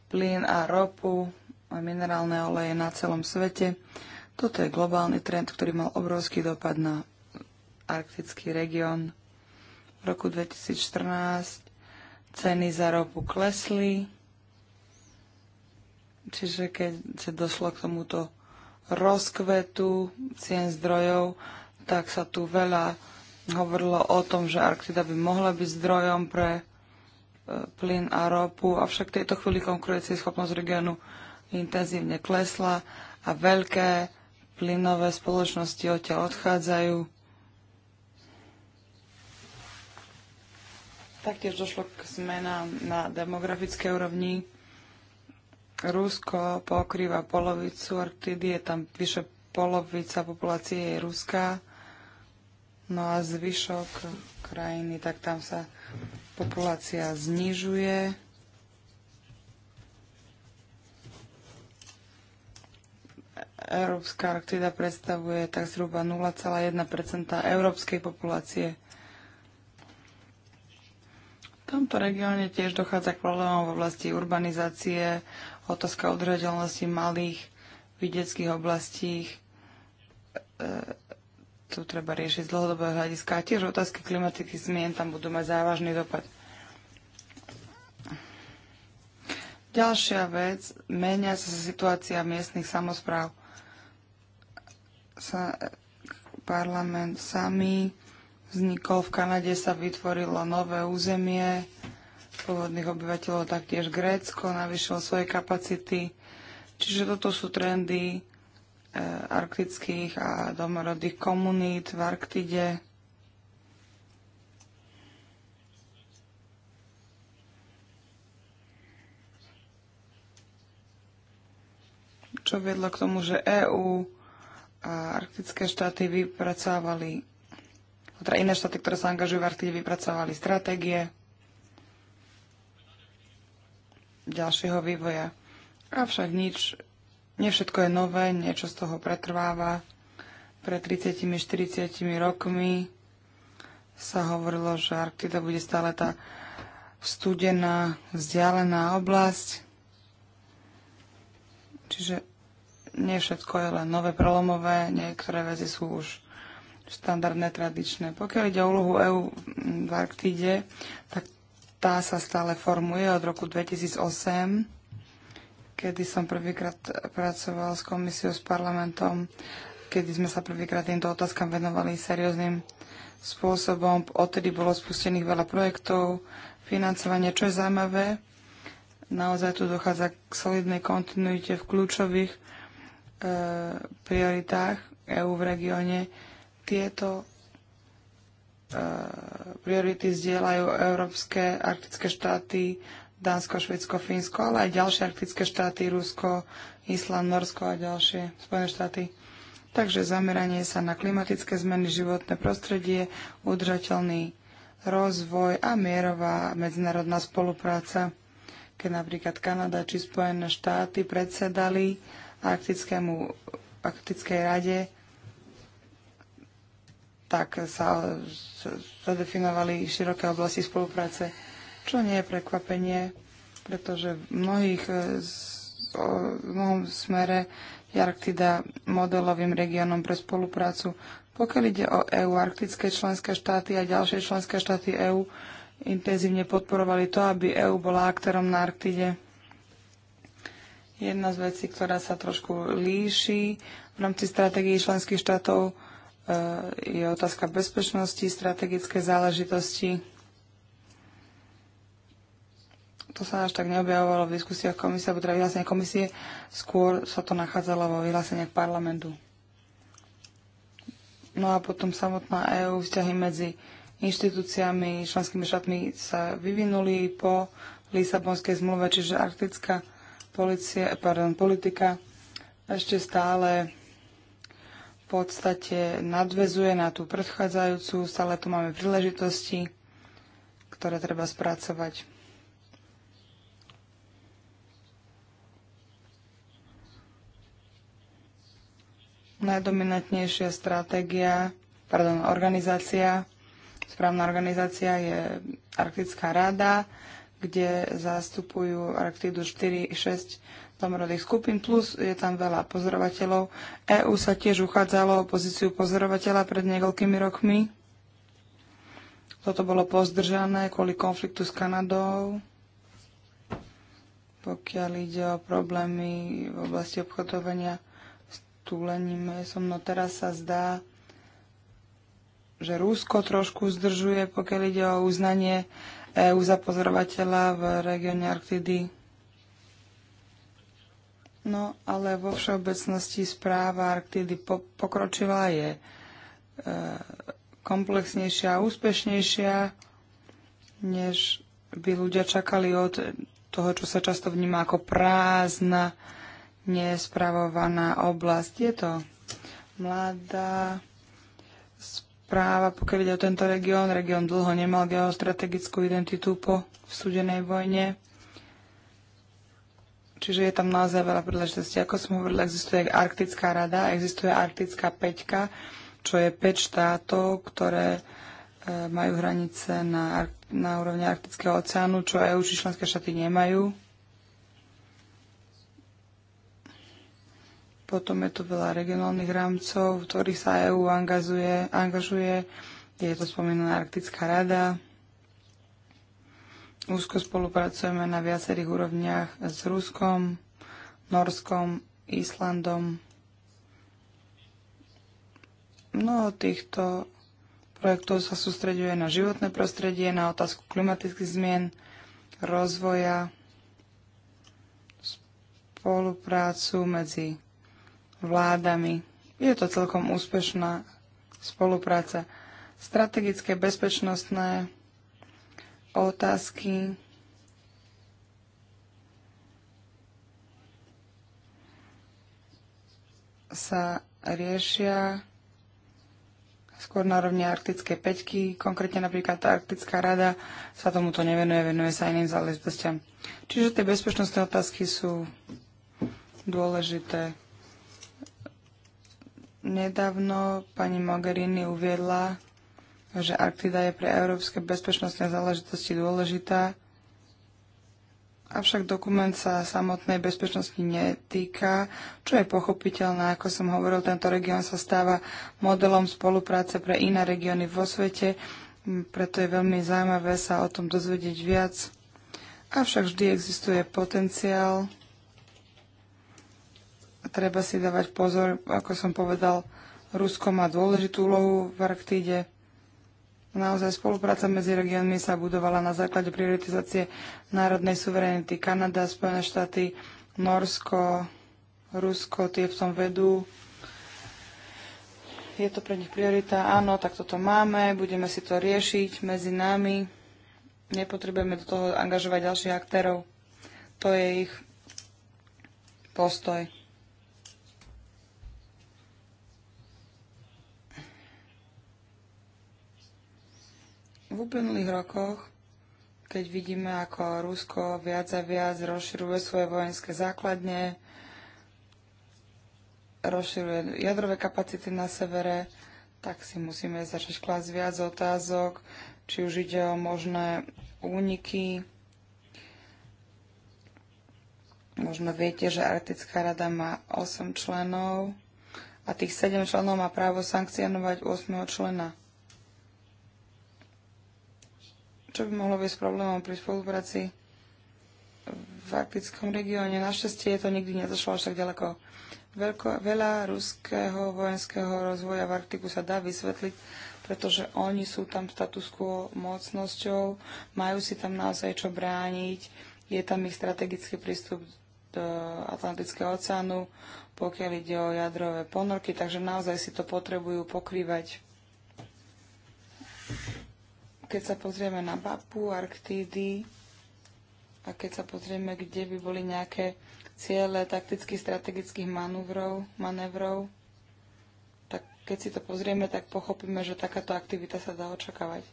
plyn a ropu a minerálne oleje na celom svete. Toto je globálny trend, ktorý mal obrovský dopad na arktický región. V roku 2014 ceny za ropu klesli, čiže keď sa došlo k tomuto rozkvetu cien zdrojov, tak sa tu veľa hovorilo o tom, že Arktida by mohla byť zdrojom pre e, plyn a ropu, avšak v tejto chvíli konkurencie schopnosť regiónu intenzívne klesla a veľké plynové spoločnosti odtiaľ odchádzajú. Taktiež došlo k zmenám na demografické úrovni. Rusko pokrýva polovicu Arktidy, je tam vyše polovica populácie je ruská. No a zvyšok krajiny, tak tam sa populácia znižuje. Európska Arktida predstavuje tak zhruba 0,1 európskej populácie. V tomto regióne tiež dochádza k problémom v oblasti urbanizácie, otázka udržateľnosti malých vidieckých oblastí. E, tu treba riešiť z dlhodobého hľadiska. A tiež otázky klimatických zmien tam budú mať závažný dopad. Ďalšia vec, menia sa situácia miestnych samozpráv sa parlament samý vznikol. V Kanade sa vytvorilo nové územie pôvodných obyvateľov, taktiež Grécko navyšilo svoje kapacity. Čiže toto sú trendy e, arktických a domorodých komunít v Arktide. Čo viedlo k tomu, že EÚ a arktické štáty vypracovali, teda iné štáty, ktoré sa angažujú v Arktide, vypracovali stratégie ďalšieho vývoja. Avšak nič, nie všetko je nové, niečo z toho pretrváva. Pred 30-40 rokmi sa hovorilo, že Arktida bude stále tá studená, vzdialená oblasť. Čiže nie všetko je len nové, prelomové, niektoré veci sú už štandardné, tradičné. Pokiaľ ide o úlohu EÚ v Arktíde, tak tá sa stále formuje od roku 2008, kedy som prvýkrát pracoval s komisiou, s parlamentom, kedy sme sa prvýkrát týmto otázkam venovali serióznym spôsobom. Odtedy bolo spustených veľa projektov, financovanie, čo je zaujímavé. Naozaj tu dochádza k solidnej kontinuite v kľúčových E, prioritách EÚ v regióne. Tieto e, priority zdieľajú európske arktické štáty, Dánsko, Švedsko, Fínsko, ale aj ďalšie arktické štáty, Rusko, Island, Norsko a ďalšie Spojené štáty. Takže zameranie sa na klimatické zmeny, životné prostredie, udržateľný rozvoj a mierová medzinárodná spolupráca. Keď napríklad Kanada či Spojené štáty predsedali arktickému, arktickej rade, tak sa zadefinovali široké oblasti spolupráce, čo nie je prekvapenie, pretože v mnohých v mnohom smere je Arktida modelovým regiónom pre spoluprácu. Pokiaľ ide o EÚ, arktické členské štáty a ďalšie členské štáty EÚ intenzívne podporovali to, aby EÚ bola aktérom na Arktide. Jedna z vecí, ktorá sa trošku líši v rámci stratégie členských štátov, e, je otázka bezpečnosti, strategické záležitosti. To sa až tak neobjavovalo v diskusiách komisie, alebo teda vyhlásenia komisie, skôr sa to nachádzalo vo vyhláseniach parlamentu. No a potom samotná EÚ, vzťahy medzi inštitúciami, členskými štátmi sa vyvinuli po Lisabonskej zmluve, čiže arktická policie, pardon, politika ešte stále v podstate nadvezuje na tú predchádzajúcu, stále tu máme príležitosti, ktoré treba spracovať. Najdominantnejšia stratégia, pardon, organizácia, správna organizácia je Arktická rada, kde zastupujú Arktidu 4-6 domorodých skupín, plus je tam veľa pozorovateľov. EÚ sa tiež uchádzalo o pozíciu pozorovateľa pred niekoľkými rokmi. Toto bolo pozdržané kvôli konfliktu s Kanadou, pokiaľ ide o problémy v oblasti obchodovania s túlením mesom. No teraz sa zdá, že Rusko trošku zdržuje, pokiaľ ide o uznanie EU za pozorovateľa v regióne Arktidy. No, ale vo všeobecnosti správa Arktidy po- pokročila je e, komplexnejšia a úspešnejšia, než by ľudia čakali od toho, čo sa často vníma ako prázdna, nespravovaná oblasť. Je to mladá, správa, pokiaľ ide o tento región. Región dlho nemal geostrategickú identitu po súdenej vojne. Čiže je tam naozaj veľa príležitostí. Ako som hovorila, existuje Arktická rada, existuje Arktická peťka, čo je 5 štátov, ktoré e, majú hranice na, na úrovni Arktického oceánu, čo EU či členské štáty nemajú. Potom je tu veľa regionálnych rámcov, v ktorých sa EÚ angažuje, angažuje. Je to spomínaná Arktická rada. Úzko spolupracujeme na viacerých úrovniach s Ruskom, Norskom, Islandom. Mnoho týchto projektov sa sústreďuje na životné prostredie, na otázku klimatických zmien, rozvoja, spoluprácu medzi vládami. Je to celkom úspešná spolupráca. Strategické bezpečnostné otázky sa riešia skôr na rovni arktické peťky, konkrétne napríklad tá Arktická rada sa tomuto nevenuje, venuje sa iným záležitostiam. Čiže tie bezpečnostné otázky sú dôležité. Nedávno pani Mogherini uviedla, že Arktida je pre európske bezpečnostné záležitosti dôležitá, avšak dokument sa samotnej bezpečnosti netýka, čo je pochopiteľné. Ako som hovoril, tento región sa stáva modelom spolupráce pre iné regióny vo svete, preto je veľmi zaujímavé sa o tom dozvedieť viac. Avšak vždy existuje potenciál treba si dávať pozor, ako som povedal, Rusko má dôležitú úlohu v Arktíde. Naozaj spolupráca medzi regiónmi sa budovala na základe prioritizácie národnej suverenity. Kanada, Spojené štáty, Norsko, Rusko, tie v tom vedú. Je to pre nich priorita, áno, tak toto máme, budeme si to riešiť medzi nami. Nepotrebujeme do toho angažovať ďalších aktérov. To je ich postoj. V uplynulých rokoch, keď vidíme, ako Rusko viac a viac rozširuje svoje vojenské základne, rozširuje jadrové kapacity na severe, tak si musíme začať klásť viac otázok, či už ide o možné úniky. Možno viete, že Arktická rada má 8 členov a tých 7 členov má právo sankcionovať 8 člena. čo by mohlo viesť problémom pri spolupráci v arktickom regióne. Našťastie to nikdy nezašlo až tak ďaleko. Veľko, veľa ruského vojenského rozvoja v Arktiku sa dá vysvetliť, pretože oni sú tam status quo mocnosťou, majú si tam naozaj čo brániť, je tam ich strategický prístup do Atlantického oceánu, pokiaľ ide o jadrové ponorky, takže naozaj si to potrebujú pokrývať keď sa pozrieme na Bapu, Arktídy a keď sa pozrieme, kde by boli nejaké ciele taktických, strategických manúvrov, manévrov, tak keď si to pozrieme, tak pochopíme, že takáto aktivita sa dá očakávať.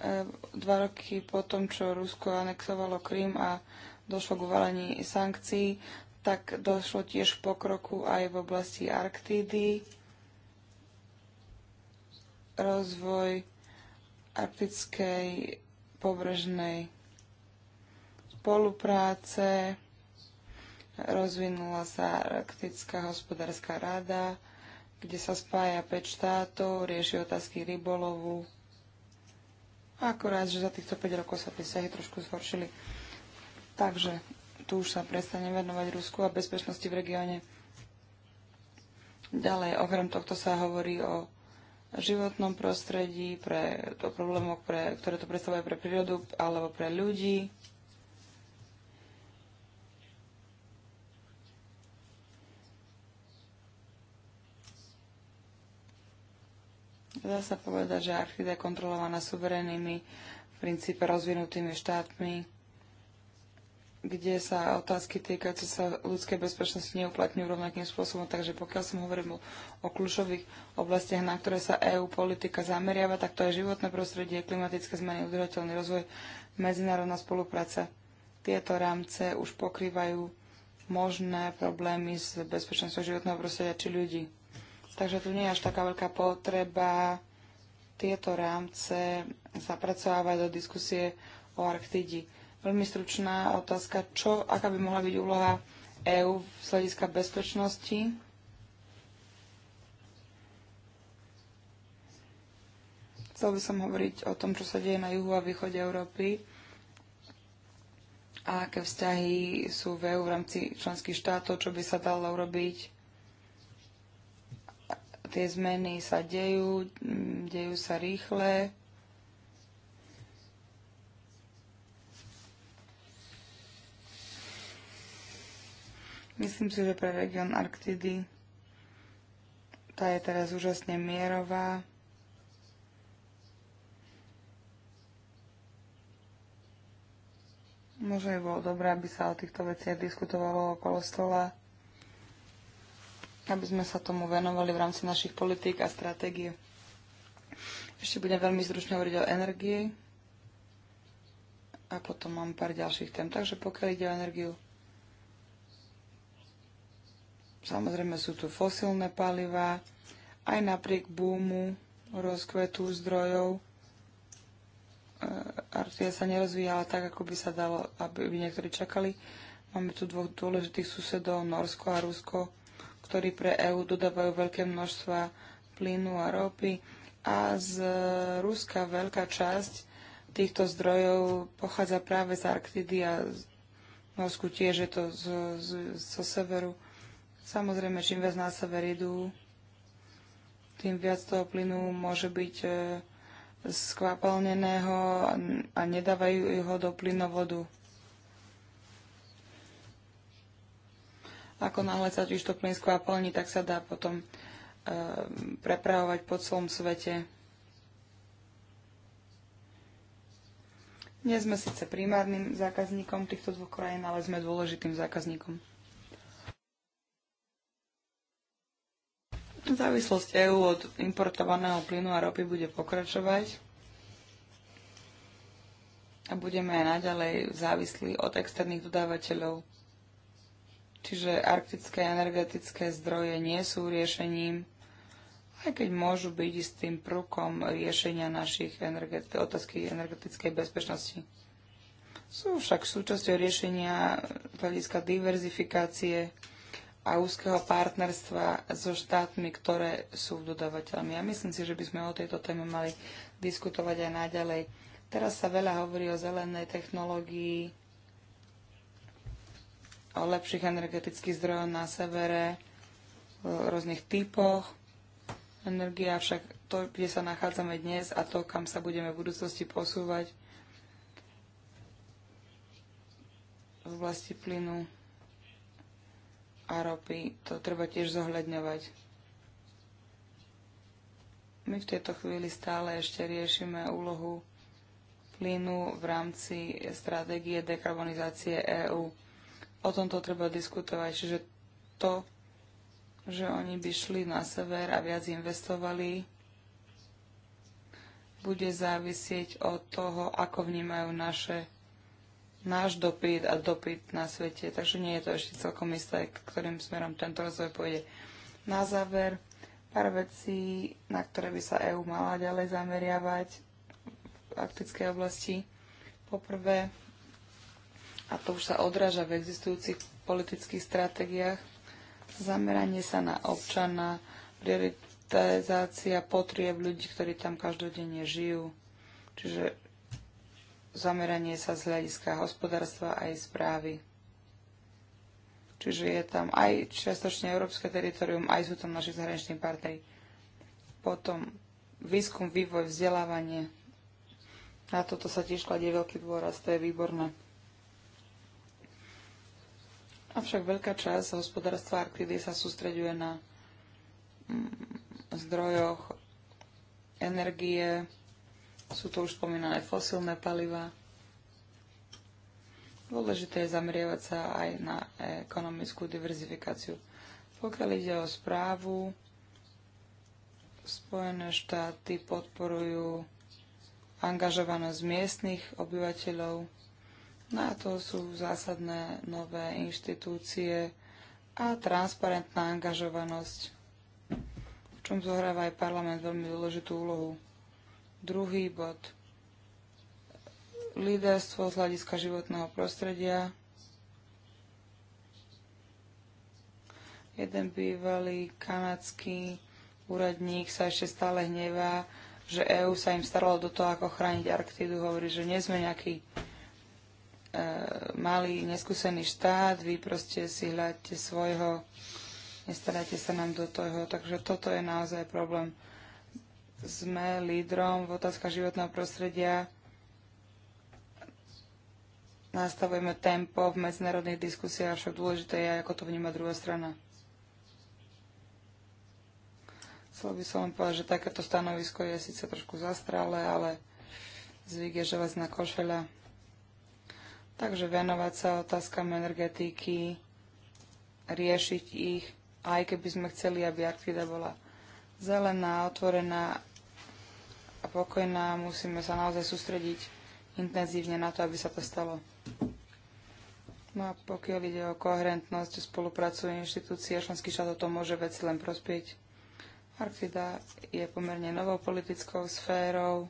E, dva roky po tom, čo Rusko anexovalo Krym a došlo k uvalení sankcií, tak došlo tiež k pokroku aj v oblasti Arktídy. Rozvoj arktickej pobrežnej spolupráce, rozvinula sa Arktická hospodárska rada, kde sa spája 5 štátov, rieši otázky rybolovu. Akorát, že za týchto 5 rokov sa tie vzťahy trošku zhoršili. Takže tu už sa prestane venovať Rusku a bezpečnosti v regióne. Ďalej, okrem tohto sa hovorí o životnom prostredí, pre to problémov, pre, ktoré to predstavuje pre prírodu alebo pre ľudí. Dá sa povedať, že Arktida je kontrolovaná suverénnymi, v princípe rozvinutými štátmi, kde sa otázky týkajúce sa ľudskej bezpečnosti neuplatňujú rovnakým spôsobom. Takže pokiaľ som hovoril o kľúčových oblastiach, na ktoré sa EÚ politika zameriava, tak to je životné prostredie, klimatické zmeny, udržateľný rozvoj, medzinárodná spolupráca. Tieto rámce už pokrývajú možné problémy s bezpečnosťou životného prostredia či ľudí. Takže tu nie je až taká veľká potreba tieto rámce zapracovávať do diskusie o Arktidii Veľmi stručná otázka, čo, aká by mohla byť úloha EÚ z hľadiska bezpečnosti? Chcel by som hovoriť o tom, čo sa deje na juhu a východe Európy a aké vzťahy sú v EÚ v rámci členských štátov, čo by sa dalo urobiť. Tie zmeny sa dejú, dejú sa rýchle Myslím si, že pre región Arktidy tá je teraz úžasne mierová. Možno by bolo dobré, aby sa o týchto veciach diskutovalo okolo stola, aby sme sa tomu venovali v rámci našich politík a stratégie. Ešte budem veľmi zručne hovoriť o energii a potom mám pár ďalších tém. Takže pokiaľ ide o energiu, Samozrejme sú tu fosilné paliva, aj napriek búmu rozkvetu zdrojov eh, Artia sa nerozvíjala tak, ako by sa dalo, aby by niektorí čakali. Máme tu dvoch dôležitých susedov, Norsko a Rusko, ktorí pre EÚ dodávajú veľké množstva plynu a ropy a z Ruska veľká časť týchto zdrojov pochádza práve z Arktidy a z Norsku tiež je to zo, zo, zo severu. Samozrejme, čím viac na sever idú, tým viac toho plynu môže byť e, skvapalneného a nedávajú ho do plynovodu. Ako náhle sa tiež to plyn skvapalní, tak sa dá potom e, prepravovať po celom svete. Nie sme síce primárnym zákazníkom týchto dvoch krajín, ale sme dôležitým zákazníkom. Závislosť EÚ od importovaného plynu a ropy bude pokračovať a budeme aj naďalej závislí od externých dodávateľov. Čiže arktické energetické zdroje nie sú riešením, aj keď môžu byť istým prvkom riešenia našich energeti- otázky energetickej bezpečnosti. Sú však súčasťou riešenia hľadiska diverzifikácie a úzkeho partnerstva so štátmi, ktoré sú dodávateľmi. Ja myslím si, že by sme o tejto téme mali diskutovať aj naďalej. Teraz sa veľa hovorí o zelenej technológii, o lepších energetických zdrojoch na severe, o rôznych typoch energie, avšak to, kde sa nachádzame dnes a to, kam sa budeme v budúcnosti posúvať v oblasti plynu, a ropy. To treba tiež zohľadňovať. My v tejto chvíli stále ešte riešime úlohu plynu v rámci stratégie dekarbonizácie EÚ. O tomto treba diskutovať, čiže to, že oni by šli na sever a viac investovali, bude závisieť od toho, ako vnímajú naše náš dopyt a dopyt na svete. Takže nie je to ešte celkom isté, ktorým smerom tento rozvoj pôjde. Na záver, pár vecí, na ktoré by sa EÚ mala ďalej zameriavať v arktickej oblasti. Poprvé, a to už sa odráža v existujúcich politických stratégiách, zameranie sa na občana, prioritizácia potrieb ľudí, ktorí tam každodenne žijú. Čiže zameranie sa z hľadiska hospodárstva aj správy. Čiže je tam aj čiastočne európske teritorium, aj sú tam naši zahraniční partnery. Potom výskum, vývoj, vzdelávanie. Na toto sa tiež kladie veľký dôraz, to je výborné. Avšak veľká časť hospodárstva Arktidy sa sústreďuje na mm, zdrojoch energie, sú to už spomínané fosílne paliva. Dôležité je zamrievať sa aj na ekonomickú diverzifikáciu. Pokiaľ ide o správu, Spojené štáty podporujú angažovanosť miestnych obyvateľov. Na to sú zásadné nové inštitúcie a transparentná angažovanosť, v čom zohráva aj parlament veľmi dôležitú úlohu. Druhý bod. Líderstvo z hľadiska životného prostredia. Jeden bývalý kanadský úradník sa ešte stále hnevá, že EÚ sa im staralo do toho, ako chrániť Arktidu. Hovorí, že nie sme nejaký e, malý, neskúsený štát, vy proste si hľadte svojho, nestarajte sa nám do toho. Takže toto je naozaj problém sme lídrom v otázkach životného prostredia. Nastavujeme tempo v medzinárodných diskusiách, však dôležité je, ako to vníma druhá strana. Chcel by som povedať, že takéto stanovisko je síce trošku zastralé, ale zvyk je železná košeľa. Takže venovať sa otázkam energetiky, riešiť ich, aj keby sme chceli, aby aktivita bola zelená, otvorená a pokojná. Musíme sa naozaj sústrediť intenzívne na to, aby sa to stalo. No a pokiaľ ide o koherentnosť spoluprácu inštitúcií a členských o to môže veci len prospieť. Arktida je pomerne novou politickou sférou.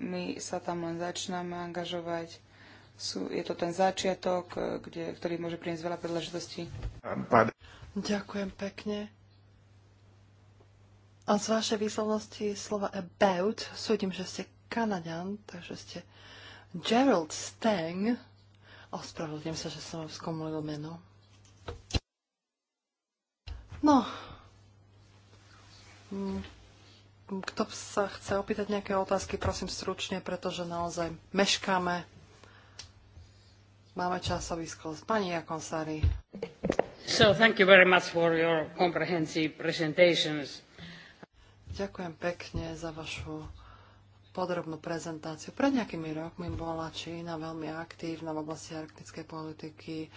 My sa tam len začíname angažovať. Sú, je to ten začiatok, kde, ktorý môže priniesť veľa príležitostí. Ďakujem pekne. A z vašej výslovnosti slova about, súdim, že ste Kanadian, takže ste Gerald Stang. Ospravedlňujem sa, že som vám skomolil meno. No, mm. kto sa chce opýtať nejaké otázky, prosím stručne, pretože naozaj meškáme. Máme časový sklos. Pani Jakonsari. So, thank you very much for your comprehensive presentations. Ďakujem pekne za vašu podrobnú prezentáciu. Pred nejakými rokmi bola Čína veľmi aktívna v oblasti arktickej politiky.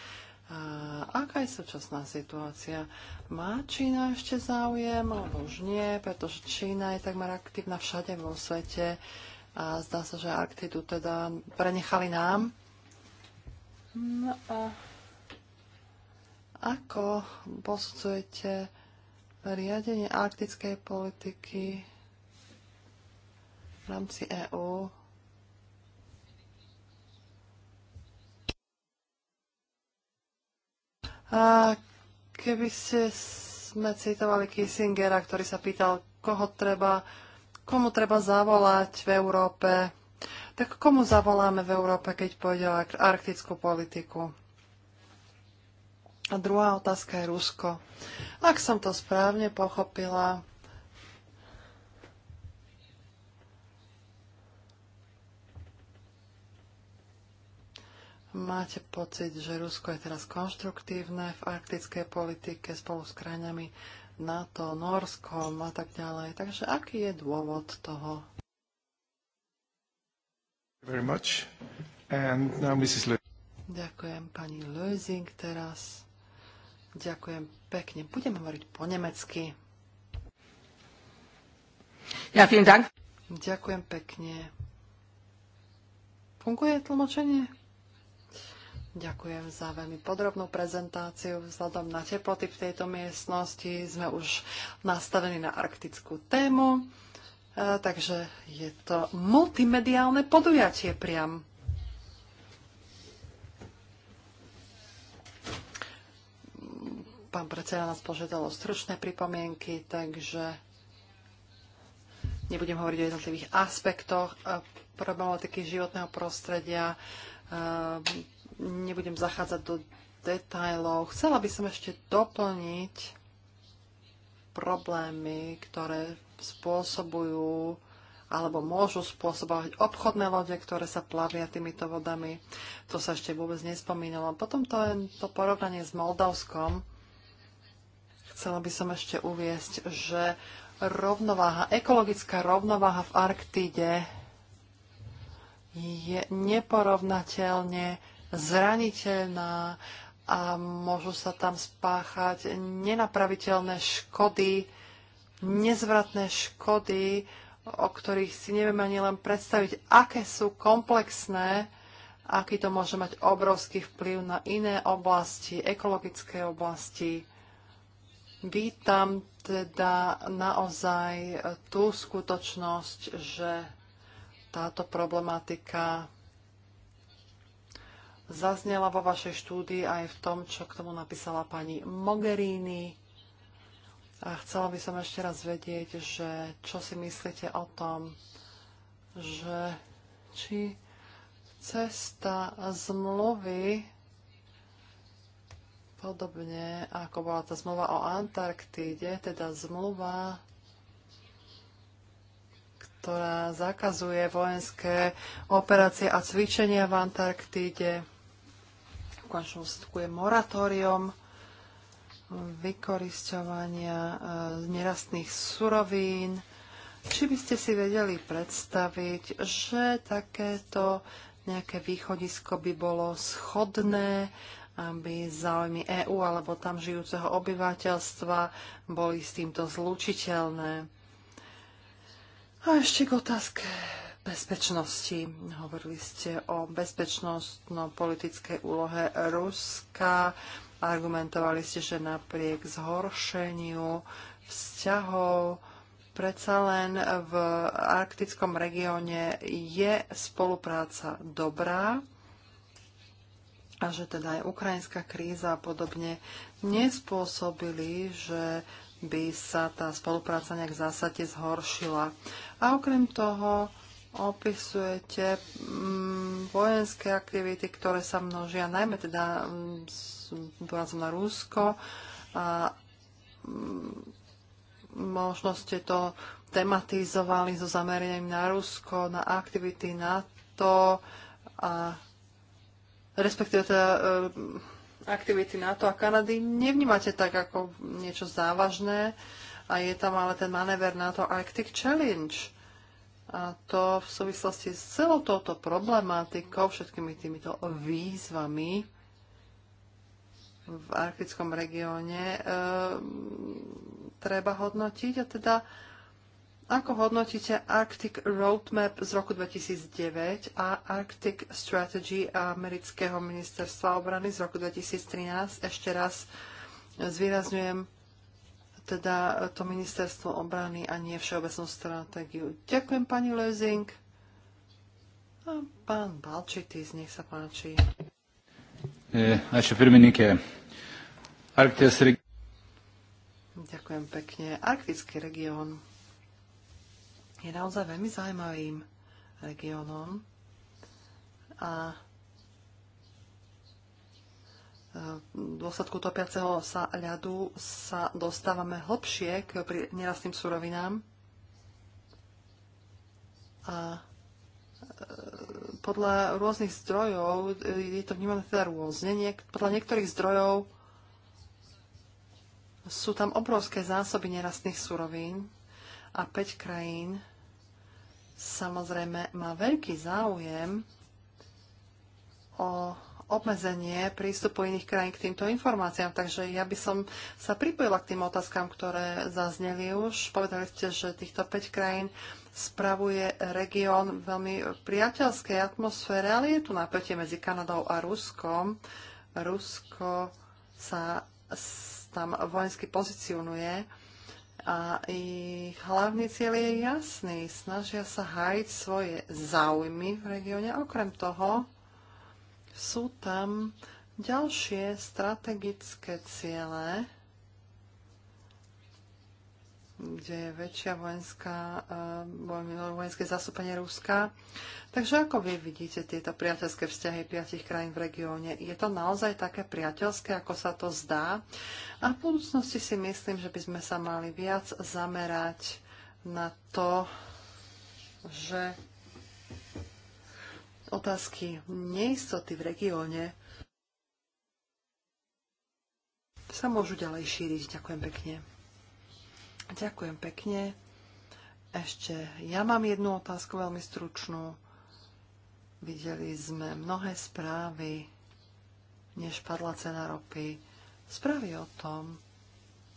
A aká je súčasná situácia? Má Čína ešte záujem, alebo už nie, pretože Čína je takmer aktívna všade vo svete a zdá sa, že Arktidu teda prenechali nám. No a ako posudzujete riadenie arktickej politiky v rámci EÚ A keby ste sme citovali Kissingera, ktorý sa pýtal, koho treba, komu treba zavolať v Európe, tak komu zavoláme v Európe, keď pôjde o arktickú politiku? A druhá otázka je Rusko. Ak som to správne pochopila, Máte pocit, že Rusko je teraz konštruktívne v arktickej politike spolu s krajinami NATO, Norskom a tak ďalej. Takže aký je dôvod toho? Ďakujem pani Lösing teraz. Ďakujem pekne. Budem hovoriť po nemecky. Ja, vielen Dank. Ďakujem pekne. Funguje tlmočenie? Ďakujem za veľmi podrobnú prezentáciu. Vzhľadom na teploty v tejto miestnosti sme už nastavení na arktickú tému, e, takže je to multimediálne podujatie priam. Pán predseda nás požiadal o stručné pripomienky, takže nebudem hovoriť o jednotlivých aspektoch eh, problematiky životného prostredia. Eh, nebudem zachádzať do detajlov. Chcela by som ešte doplniť problémy, ktoré spôsobujú alebo môžu spôsobovať obchodné lode, ktoré sa plavia týmito vodami. To sa ešte vôbec nespomínalo. Potom to, je to porovnanie s Moldavskom. Chcela by som ešte uviesť, že rovnováha, ekologická rovnováha v Arktíde je neporovnateľne zraniteľná a môžu sa tam spáchať nenapraviteľné škody, nezvratné škody, o ktorých si nevieme ani len predstaviť, aké sú komplexné, aký to môže mať obrovský vplyv na iné oblasti, ekologické oblasti. Vítam teda naozaj tú skutočnosť, že táto problematika zaznela vo vašej štúdii aj v tom, čo k tomu napísala pani Mogherini. A chcela by som ešte raz vedieť, že čo si myslíte o tom, že či cesta zmluvy Podobne ako bola tá zmluva o Antarktíde, teda zmluva, ktorá zakazuje vojenské operácie a cvičenia v Antarktíde. V končnom úsledku je moratórium vykoristovania e, nerastných surovín. Či by ste si vedeli predstaviť, že takéto nejaké východisko by bolo schodné aby záujmy EÚ alebo tam žijúceho obyvateľstva boli s týmto zlučiteľné. A ešte k otázke bezpečnosti. Hovorili ste o bezpečnostno-politickej úlohe Ruska. Argumentovali ste, že napriek zhoršeniu vzťahov predsa len v arktickom regióne je spolupráca dobrá a že teda aj ukrajinská kríza a podobne nespôsobili, že by sa tá spolupráca nejak v zásade zhoršila. A okrem toho opisujete mm, vojenské aktivity, ktoré sa množia, najmä teda mm, na Rusko a mm, možno ste to tematizovali so zameraním na Rusko, na aktivity NATO a respektíve teda e, aktivity NATO a Kanady nevnímate tak ako niečo závažné a je tam ale ten manéver NATO Arctic Challenge. A to v súvislosti s celou touto problematikou, všetkými týmito výzvami v arktickom regióne e, treba hodnotiť a teda ako hodnotíte Arctic Roadmap z roku 2009 a Arctic Strategy amerického ministerstva obrany z roku 2013? Ešte raz zvýrazňujem teda to ministerstvo obrany a nie všeobecnú stratégiu. Ďakujem pani Lezing. A pán z nech sa páči. Eh, Naše Ďakujem pekne. Arktický región je naozaj veľmi zaujímavým regiónom a e, v dôsledku topiaceho sa ľadu sa dostávame hlbšie k nerastným surovinám a e, podľa rôznych zdrojov e, je to vnímané teda rôzne. Niek- podľa niektorých zdrojov sú tam obrovské zásoby nerastných surovín a 5 krajín samozrejme má veľký záujem o obmedzenie prístupu iných krajín k týmto informáciám. Takže ja by som sa pripojila k tým otázkam, ktoré zazneli už. Povedali ste, že týchto 5 krajín spravuje región v veľmi priateľskej atmosfére, ale je tu napätie medzi Kanadou a Ruskom. Rusko sa tam vojensky pozicionuje a ich hlavný cieľ je jasný. Snažia sa hájiť svoje záujmy v regióne. Okrem toho sú tam ďalšie strategické ciele, kde je väčšia vojenská, eh, vojenské zastúpenie Ruska. Takže ako vy vidíte tieto priateľské vzťahy piatich krajín v regióne? Je to naozaj také priateľské, ako sa to zdá? A v budúcnosti si myslím, že by sme sa mali viac zamerať na to, že otázky neistoty v regióne sa môžu ďalej šíriť. Ďakujem pekne. Ďakujem pekne. Ešte ja mám jednu otázku veľmi stručnú. Videli sme mnohé správy, než padla cena ropy. Správy o tom,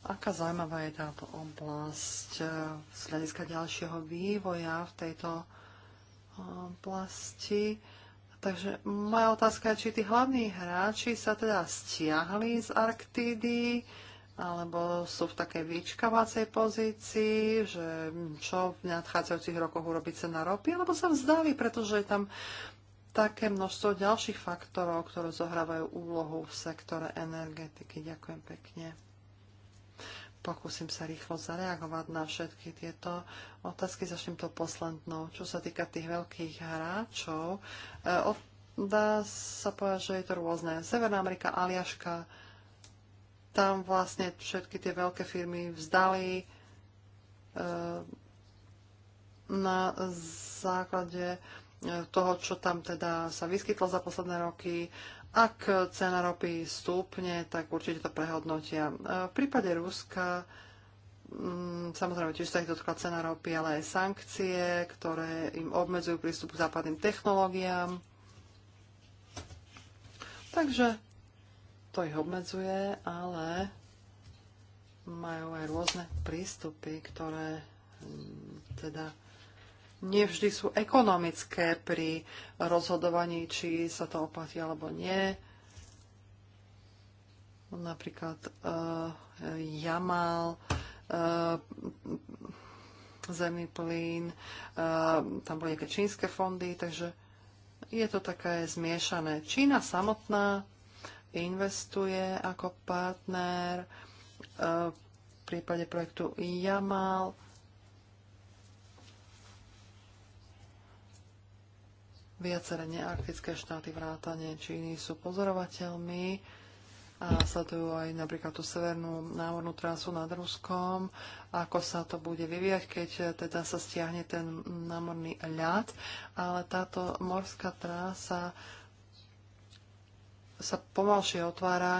aká zaujímavá je táto oblasť eh, z hľadiska ďalšieho vývoja v tejto eh, oblasti. Takže moja otázka je, či tí hlavní hráči sa teda stiahli z Arktídy, alebo sú v takej vyčkávacej pozícii, že čo v nadchádzajúcich rokoch urobiť sa na ropy, alebo sa vzdali, pretože je tam také množstvo ďalších faktorov, ktoré zohrávajú úlohu v sektore energetiky. Ďakujem pekne. Pokúsim sa rýchlo zareagovať na všetky tieto otázky. Začnem to poslednou. Čo sa týka tých veľkých hráčov, e, dá sa povedať, že je to rôzne. Severná Amerika, Aliaška, tam vlastne všetky tie veľké firmy vzdali e, na základe e, toho, čo tam teda sa vyskytlo za posledné roky. Ak cena ropy stúpne, tak určite to prehodnotia. E, v prípade Ruska mm, samozrejme tiež sa ich dotkla cena ropy, ale aj sankcie, ktoré im obmedzujú prístup k západným technológiám. Takže to ich obmedzuje, ale majú aj rôzne prístupy, ktoré hm, teda nevždy sú ekonomické pri rozhodovaní, či sa to oplatí alebo nie. Napríklad uh, Jamal, uh, eh, zemný plyn, uh, eh, tam boli nejaké čínske fondy, takže je to také zmiešané. Čína samotná investuje ako partner e, v prípade projektu Jamal. Viaceré nearktické štáty vrátane Číny sú pozorovateľmi a sledujú aj napríklad tú severnú námornú trasu nad Ruskom, ako sa to bude vyvíjať, keď teda sa stiahne ten námorný ľad. Ale táto morská trasa sa pomalšie otvára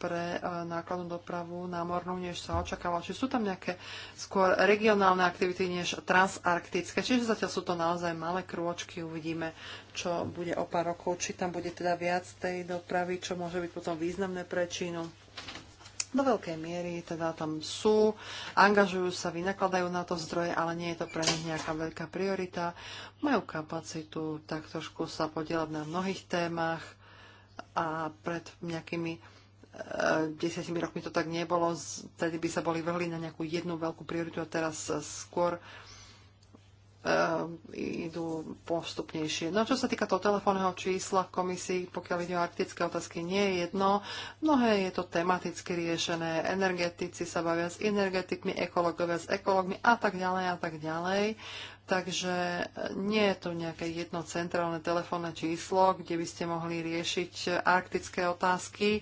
pre e, nákladnú dopravu námornú, než sa očakávalo. Čiže sú tam nejaké skôr regionálne aktivity než transarktické. Čiže zatiaľ sú to naozaj malé krôčky. Uvidíme, čo bude o pár rokov, či tam bude teda viac tej dopravy, čo môže byť potom významné pre Čínu. Do veľkej miery teda tam sú, angažujú sa, vynakladajú na to zdroje, ale nie je to pre nich nejaká veľká priorita. Majú kapacitu tak trošku sa podielať na mnohých témach, a pred nejakými eh, desiatimi rokmi to tak nebolo, vtedy by sa boli vrhli na nejakú jednu veľkú prioritu a teraz eh, skôr Ehm, idú postupnejšie. No čo sa týka toho telefónneho čísla v komisii, pokiaľ ide o arktické otázky, nie je jedno. Mnohé je to tematicky riešené. Energetici sa bavia s energetikmi, ekologovia s ekologmi a tak ďalej a tak ďalej. Takže eh, nie je to nejaké jedno centrálne telefónne číslo, kde by ste mohli riešiť eh, arktické otázky.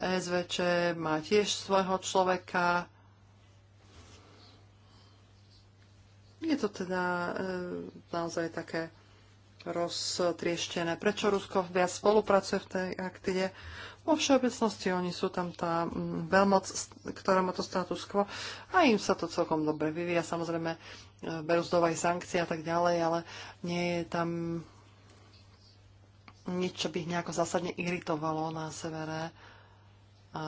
SVČ má tiež svojho človeka, Je to teda e, naozaj také roztrieštené. Prečo Rusko viac spolupracuje v tej aktide? Vo všeobecnosti oni sú tam tá mm, veľmoc, ktorá má to status quo a im sa to celkom dobre vyvíja. Samozrejme, e, berú z aj sankcie a tak ďalej, ale nie je tam nič, čo by ich nejako zásadne iritovalo na severe. A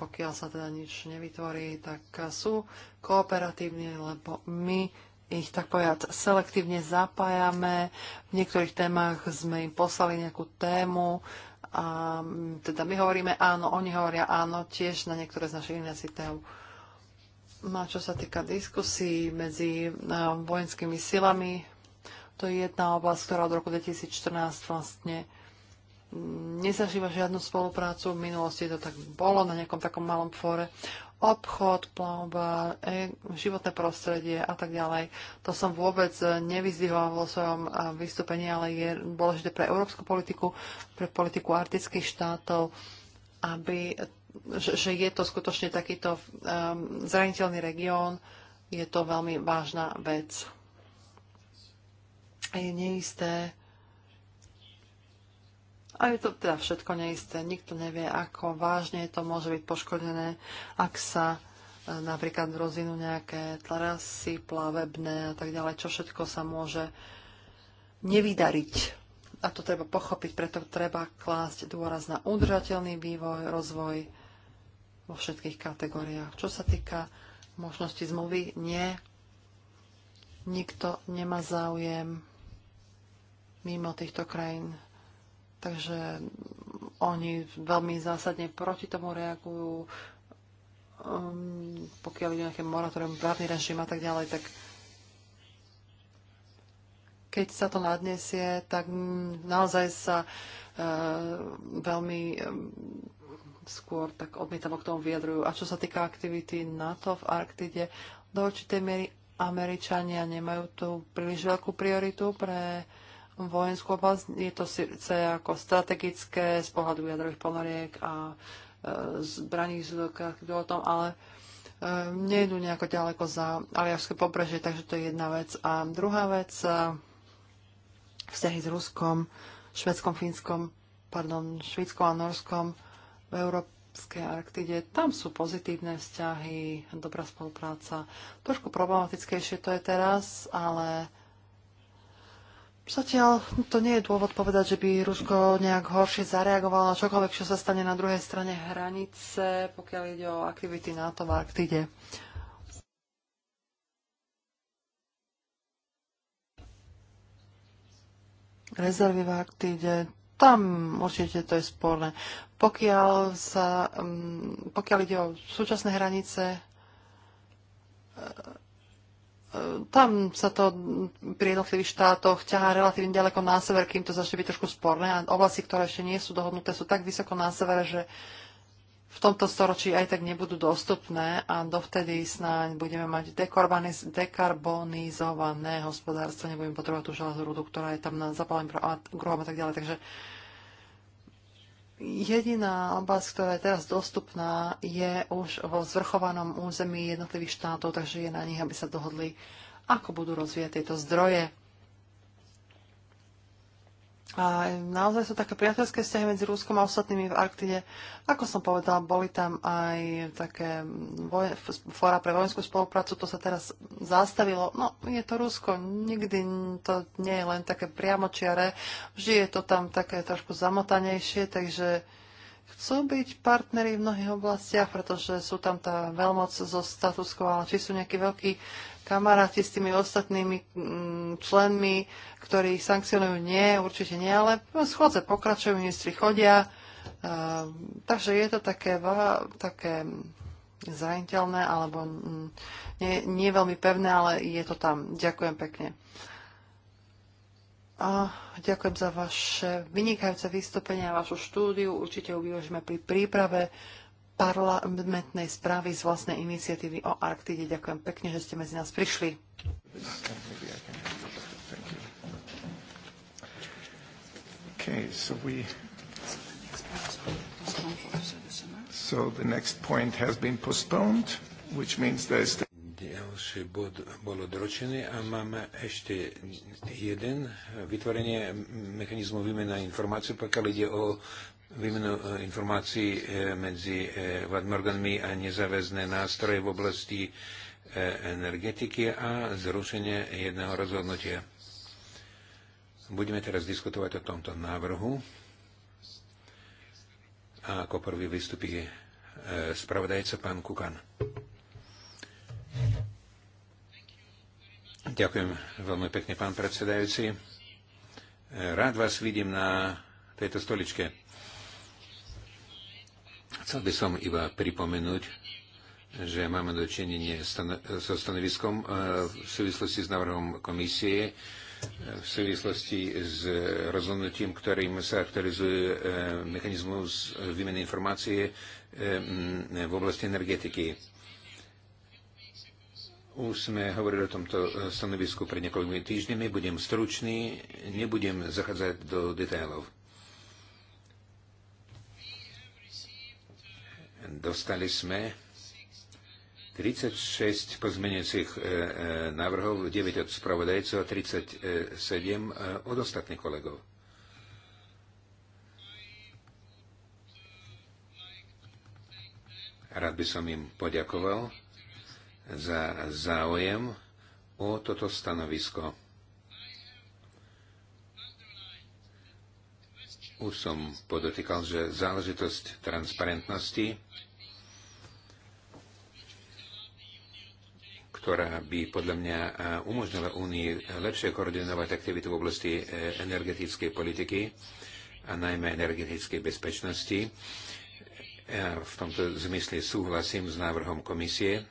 pokiaľ sa teda nič nevytvorí, tak sú kooperatívni, lebo my ich tak povedať selektívne zapájame. V niektorých témach sme im poslali nejakú tému a teda my hovoríme áno, oni hovoria áno tiež na niektoré z našich iniciatív. No a čo sa týka diskusí medzi vojenskými silami, to je jedna oblasť, ktorá od roku 2014 vlastne nezažíva žiadnu spoluprácu. V minulosti to tak bolo na nejakom takom malom fóre obchod, plomba, e, životné prostredie a tak ďalej. To som vôbec e, nevyzdvihla vo svojom e, vystúpení, ale je dôležité pre európsku politiku, pre politiku arktických štátov, aby, že, že je to skutočne takýto um, zraniteľný región, je to veľmi vážna vec. Je neisté, a je to teda všetko neisté. Nikto nevie, ako vážne to môže byť poškodené, ak sa e, napríklad rozvinú nejaké tlarasy plavebné a tak ďalej, čo všetko sa môže nevydariť. A to treba pochopiť, preto treba klásť dôraz na udržateľný vývoj, rozvoj vo všetkých kategóriách. Čo sa týka možnosti zmluvy, nie. Nikto nemá záujem mimo týchto krajín Takže oni veľmi zásadne proti tomu reagujú. Um, pokiaľ ide nejaké moratórium, právny režim a tak ďalej, tak keď sa to nadnesie, tak naozaj sa uh, veľmi um, skôr tak odmietavo k tomu vyjadrujú. A čo sa týka aktivity NATO v Arktide, do určitej miery Američania nemajú tu príliš veľkú prioritu pre uh, vojenskú oblasť. Je to síce ako strategické z pohľadu jadrových ponoriek a e, zbraní z o tom, ale e, nejdu nejako ďaleko za aliašské pobrežie, takže to je jedna vec. A druhá vec, e, vzťahy s Ruskom, Švedskom, Fínskom, pardon, švédskom a Norskom v Európskej Arktide. Tam sú pozitívne vzťahy, dobrá spolupráca. Trošku problematickejšie to je teraz, ale Zatiaľ to nie je dôvod povedať, že by Rusko nejak horšie zareagovalo na čokoľvek, čo sa stane na druhej strane hranice, pokiaľ ide o aktivity NATO v Arktide. Rezervy v Arktide, tam určite to je sporné. Pokiaľ, sa, mm, pokiaľ ide o súčasné hranice, tam sa to pri jednotlivých štátoch ťahá relatívne ďaleko na sever, kým to začne byť trošku sporné. A oblasti, ktoré ešte nie sú dohodnuté, sú tak vysoko na severe, že v tomto storočí aj tak nebudú dostupné a dovtedy snáď budeme mať dekarbonizované hospodárstvo, nebudeme potrebovať tú železnú rudu, ktorá je tam na zapálení a tak ďalej. Takže Jediná oblasť, ktorá je teraz dostupná, je už vo zvrchovanom území jednotlivých štátov, takže je na nich, aby sa dohodli, ako budú rozvíjať tieto zdroje. A naozaj sú také priateľské vzťahy medzi Rúskom a ostatnými v Arktide. Ako som povedal, boli tam aj také voj- fóra pre vojenskú spoluprácu, to sa teraz zastavilo. No, je to Rusko, nikdy to nie je len také priamočiare, vždy je to tam také trošku zamotanejšie, takže chcú byť partneri v mnohých oblastiach, pretože sú tam tá veľmoc zo status quo, ale či sú nejakí veľkí kamaráti s tými ostatnými mm, členmi, ktorí sankcionujú, nie, určite nie, ale schôdze pokračujú, ministri chodia, takže je to také, také zraniteľné alebo mm, nie, nie veľmi pevné, ale je to tam. Ďakujem pekne. A ďakujem za vaše vynikajúce vystúpenie a vašu štúdiu. Určite ju využijeme pri príprave parlamentnej správy z vlastnej iniciatívy o Arktide. Ďakujem pekne, že ste medzi nás prišli. Okay, so we... So the next point has been postponed, which means there is ďalšie bod bolo doročené a máme ešte jeden, vytvorenie mechanizmu výmena informácií, pokiaľ ide o výmenu e, informácií e, medzi e, vládnymi orgánmi a nezáväzné nástroje v oblasti energetiky a zrušenie jedného rozhodnutia. Budeme teraz diskutovať o tomto návrhu. A ako prvý vystupí spravodajca pán Kukan. Ďakujem veľmi pekne, pán predsedajúci. Rád vás vidím na tejto stoličke. Chcel by som iba pripomenúť, že máme dočinenie so stanoviskom e, v súvislosti s návrhom komisie, e, v súvislosti s rozhodnutím, ktorým sa aktualizuje e, mechanizmus výmeny informácie v oblasti energetiky už sme hovorili o tomto e, stanovisku pred niekoľkými týždňami. Budem stručný, nebudem zachádzať do detailov. Dostali sme 36 pozmeniacich e, e, návrhov, 9 od spravodajcov a 37 od ostatných kolegov. Rád by som im poďakoval za záujem o toto stanovisko. Už som podotýkal, že záležitosť transparentnosti, ktorá by podľa mňa umožnila Únii lepšie koordinovať aktivity v oblasti e, energetickej politiky a najmä energetickej bezpečnosti. Ja e, v tomto zmysle súhlasím s návrhom komisie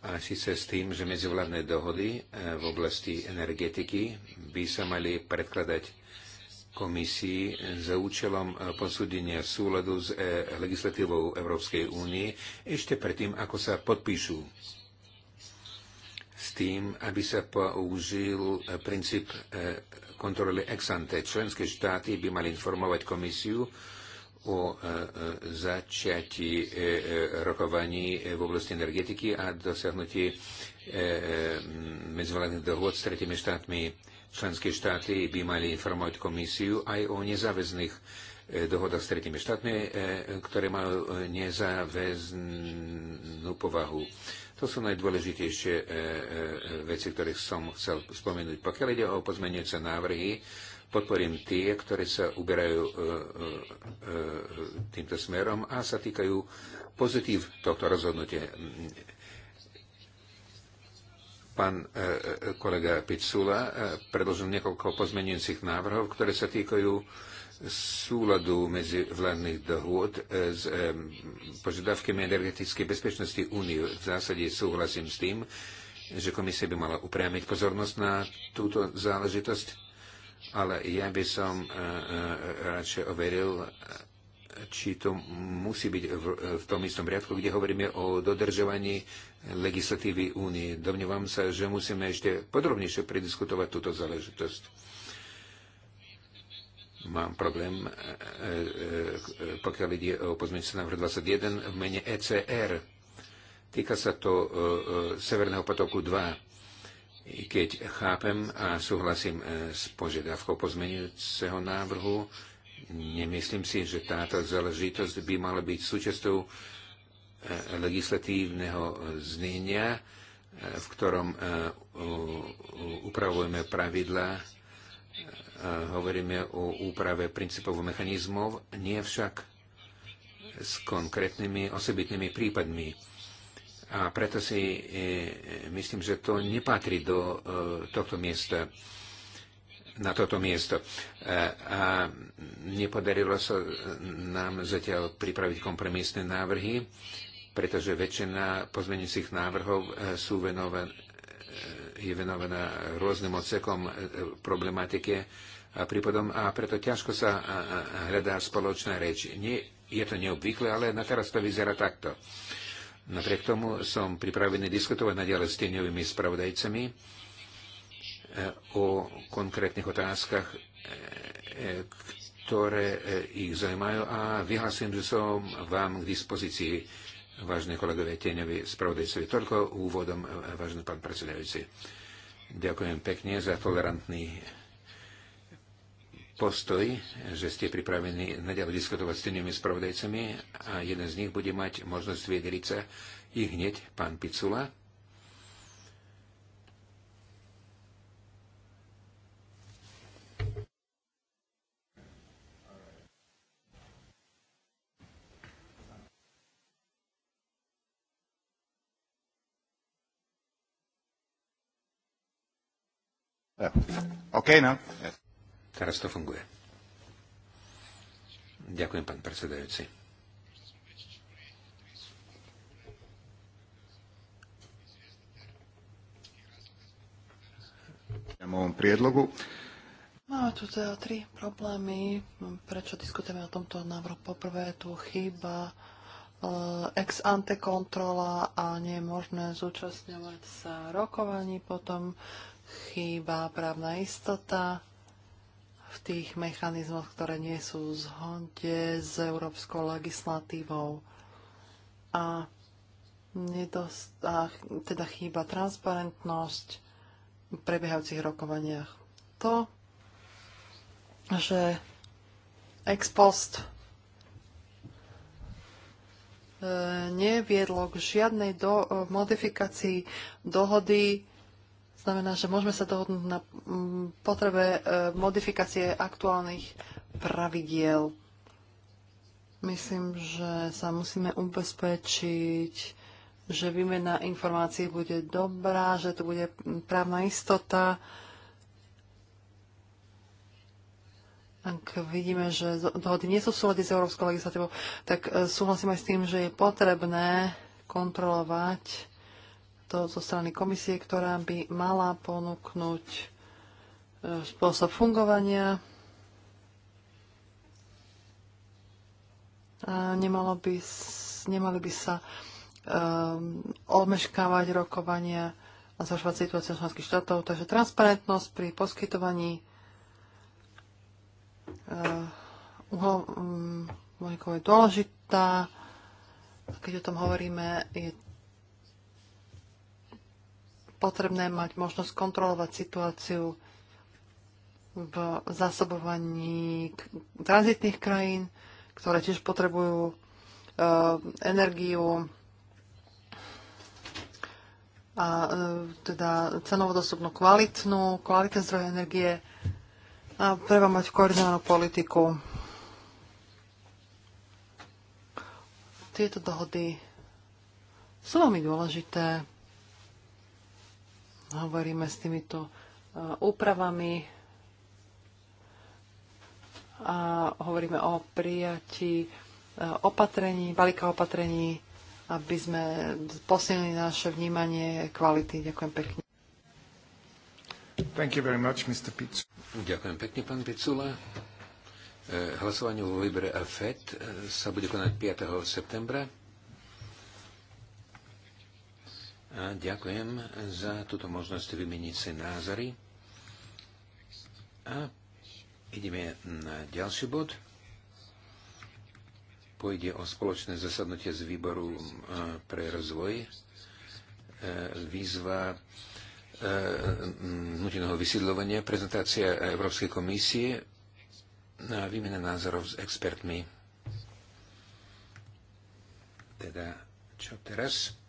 a síce s tým, že medzivládne dohody e, v oblasti energetiky by sa mali predkladať komisii za účelom e, posúdenia súladu s e, legislatívou Európskej únie ešte predtým, ako sa podpíšu s tým, aby sa použil princíp kontroly ex ante. Členské štáty by mali informovať komisiu o e, e, začiatí e, rokovaní v oblasti energetiky a dosiahnutí medzivládnych dohôd s tretimi štátmi. Členské štáty by mali informovať komisiu aj o nezáväzných dohodách s tretimi štátmi, ktoré majú nezáväznú povahu. To sú najdôležitejšie veci, ktoré som chcel spomenúť. Pokiaľ ide o pozmenujúce návrhy, podporím tie, ktoré sa uberajú e, e, e, týmto smerom a sa týkajú pozitív tohto rozhodnutia. Pán kolega Picula predložil niekoľko pozmenujúcich návrhov, ktoré sa týkajú súladu medzi vládnych dohôd s požiadavkami energetickej bezpečnosti únie. V zásade súhlasím s tým, že komisia by mala upriamiť pozornosť na túto záležitosť ale ja by som e, e, e, radšej overil, či to musí byť v, v tom istom riadku, kde hovoríme o dodržovaní legislatívy únie. Domnievam sa, že musíme ešte podrobnejšie prediskutovať túto záležitosť. Mám problém, pokiaľ ide o pozmeňujúci návrh 21 v mene ECR. Týka sa to Severného potoku 2 i keď chápem a súhlasím e, s požiadavkou pozmenujúceho návrhu, nemyslím si, že táto záležitosť by mala byť súčasťou e, legislatívneho znenia, e, v ktorom upravujeme pravidla, hovoríme o úprave princípov mechanizmov, nie však s konkrétnymi osobitnými prípadmi a preto si e, e, myslím, že to nepatrí do e, tohto miesta na toto miesto. A nepodarilo sa nám zatiaľ pripraviť kompromisné návrhy, pretože väčšina pozmeňujúcich návrhov sú venovaná, je venovaná rôznym odsekom problematike a prípadom a preto ťažko sa hľadá spoločná reč. Nie, je to neobvyklé, ale na teraz to vyzerá takto. Napriek tomu som pripravený diskutovať naďalej s tieňovými spravodajcami e, o konkrétnych otázkach, e, ktoré e, ich zaujímajú a vyhlasujem, že som vám k dispozícii, vážne kolegovia tieňovi spravodajcovi. Toľko úvodom, vážený pán predsedajúci. Ďakujem pekne za tolerantný postoj, že ste pripravení naďalej diskutovať s tými spravodajcami a jeden z nich bude mať možnosť vyjadriť sa i hneď pán Picula. Yeah. Okay, now. Yeah. Teraz to funguje. Ďakujem, pán predsedajúci. ovom priedlogu. Máme tu teda tri problémy, prečo diskutujeme o tomto návrhu. Poprvé je tu chyba eh, ex ante kontrola a nie je možné zúčastňovať sa rokovaní, potom chýba právna istota, v tých mechanizmoch, ktoré nie sú v zhode s európskou legislatívou. A, nedost, a teda chýba transparentnosť v prebiehajúcich rokovaniach. To, že ex post e, neviedlo k žiadnej do, modifikácii dohody Znamená, že môžeme sa dohodnúť na mm, potrebe e, modifikácie aktuálnych pravidiel. Myslím, že sa musíme ubezpečiť, že výmena informácií bude dobrá, že tu bude právna istota. Ak vidíme, že dohody nie sú v súlade s európskou legislatívou, tak e, súhlasím aj s tým, že je potrebné kontrolovať to zo strany komisie, ktorá by mala ponúknuť e, spôsob fungovania a nemalo by, nemali by sa um, omeškávať rokovania a zhoršovať situáciu členských štátov. Takže transparentnosť pri poskytovaní uh, uhol, um, je dôležitá. Keď o tom hovoríme, je potrebné mať možnosť kontrolovať situáciu v zásobovaní tranzitných krajín, ktoré tiež potrebujú e, energiu a e, teda cenovo dostupnú kvalitnú, kvalitné zdroje energie a treba mať koordinovanú politiku. Tieto dohody sú veľmi dôležité hovoríme s týmito e, úpravami a hovoríme o prijatí e, opatrení, balíka opatrení, aby sme posilnili naše vnímanie kvality. Ďakujem pekne. Thank you very much, Mr. Ďakujem pekne, pán Picula. E, hlasovanie o Libre a FED sa bude konať 5. septembra. A ďakujem za túto možnosť vymeniť si názory. A ideme na ďalší bod. Pôjde o spoločné zasadnutie z výboru e, pre rozvoj. E, výzva e, nuteného vysiedľovania, prezentácia Európskej komisie na výmena názorov s expertmi. Teda čo teraz?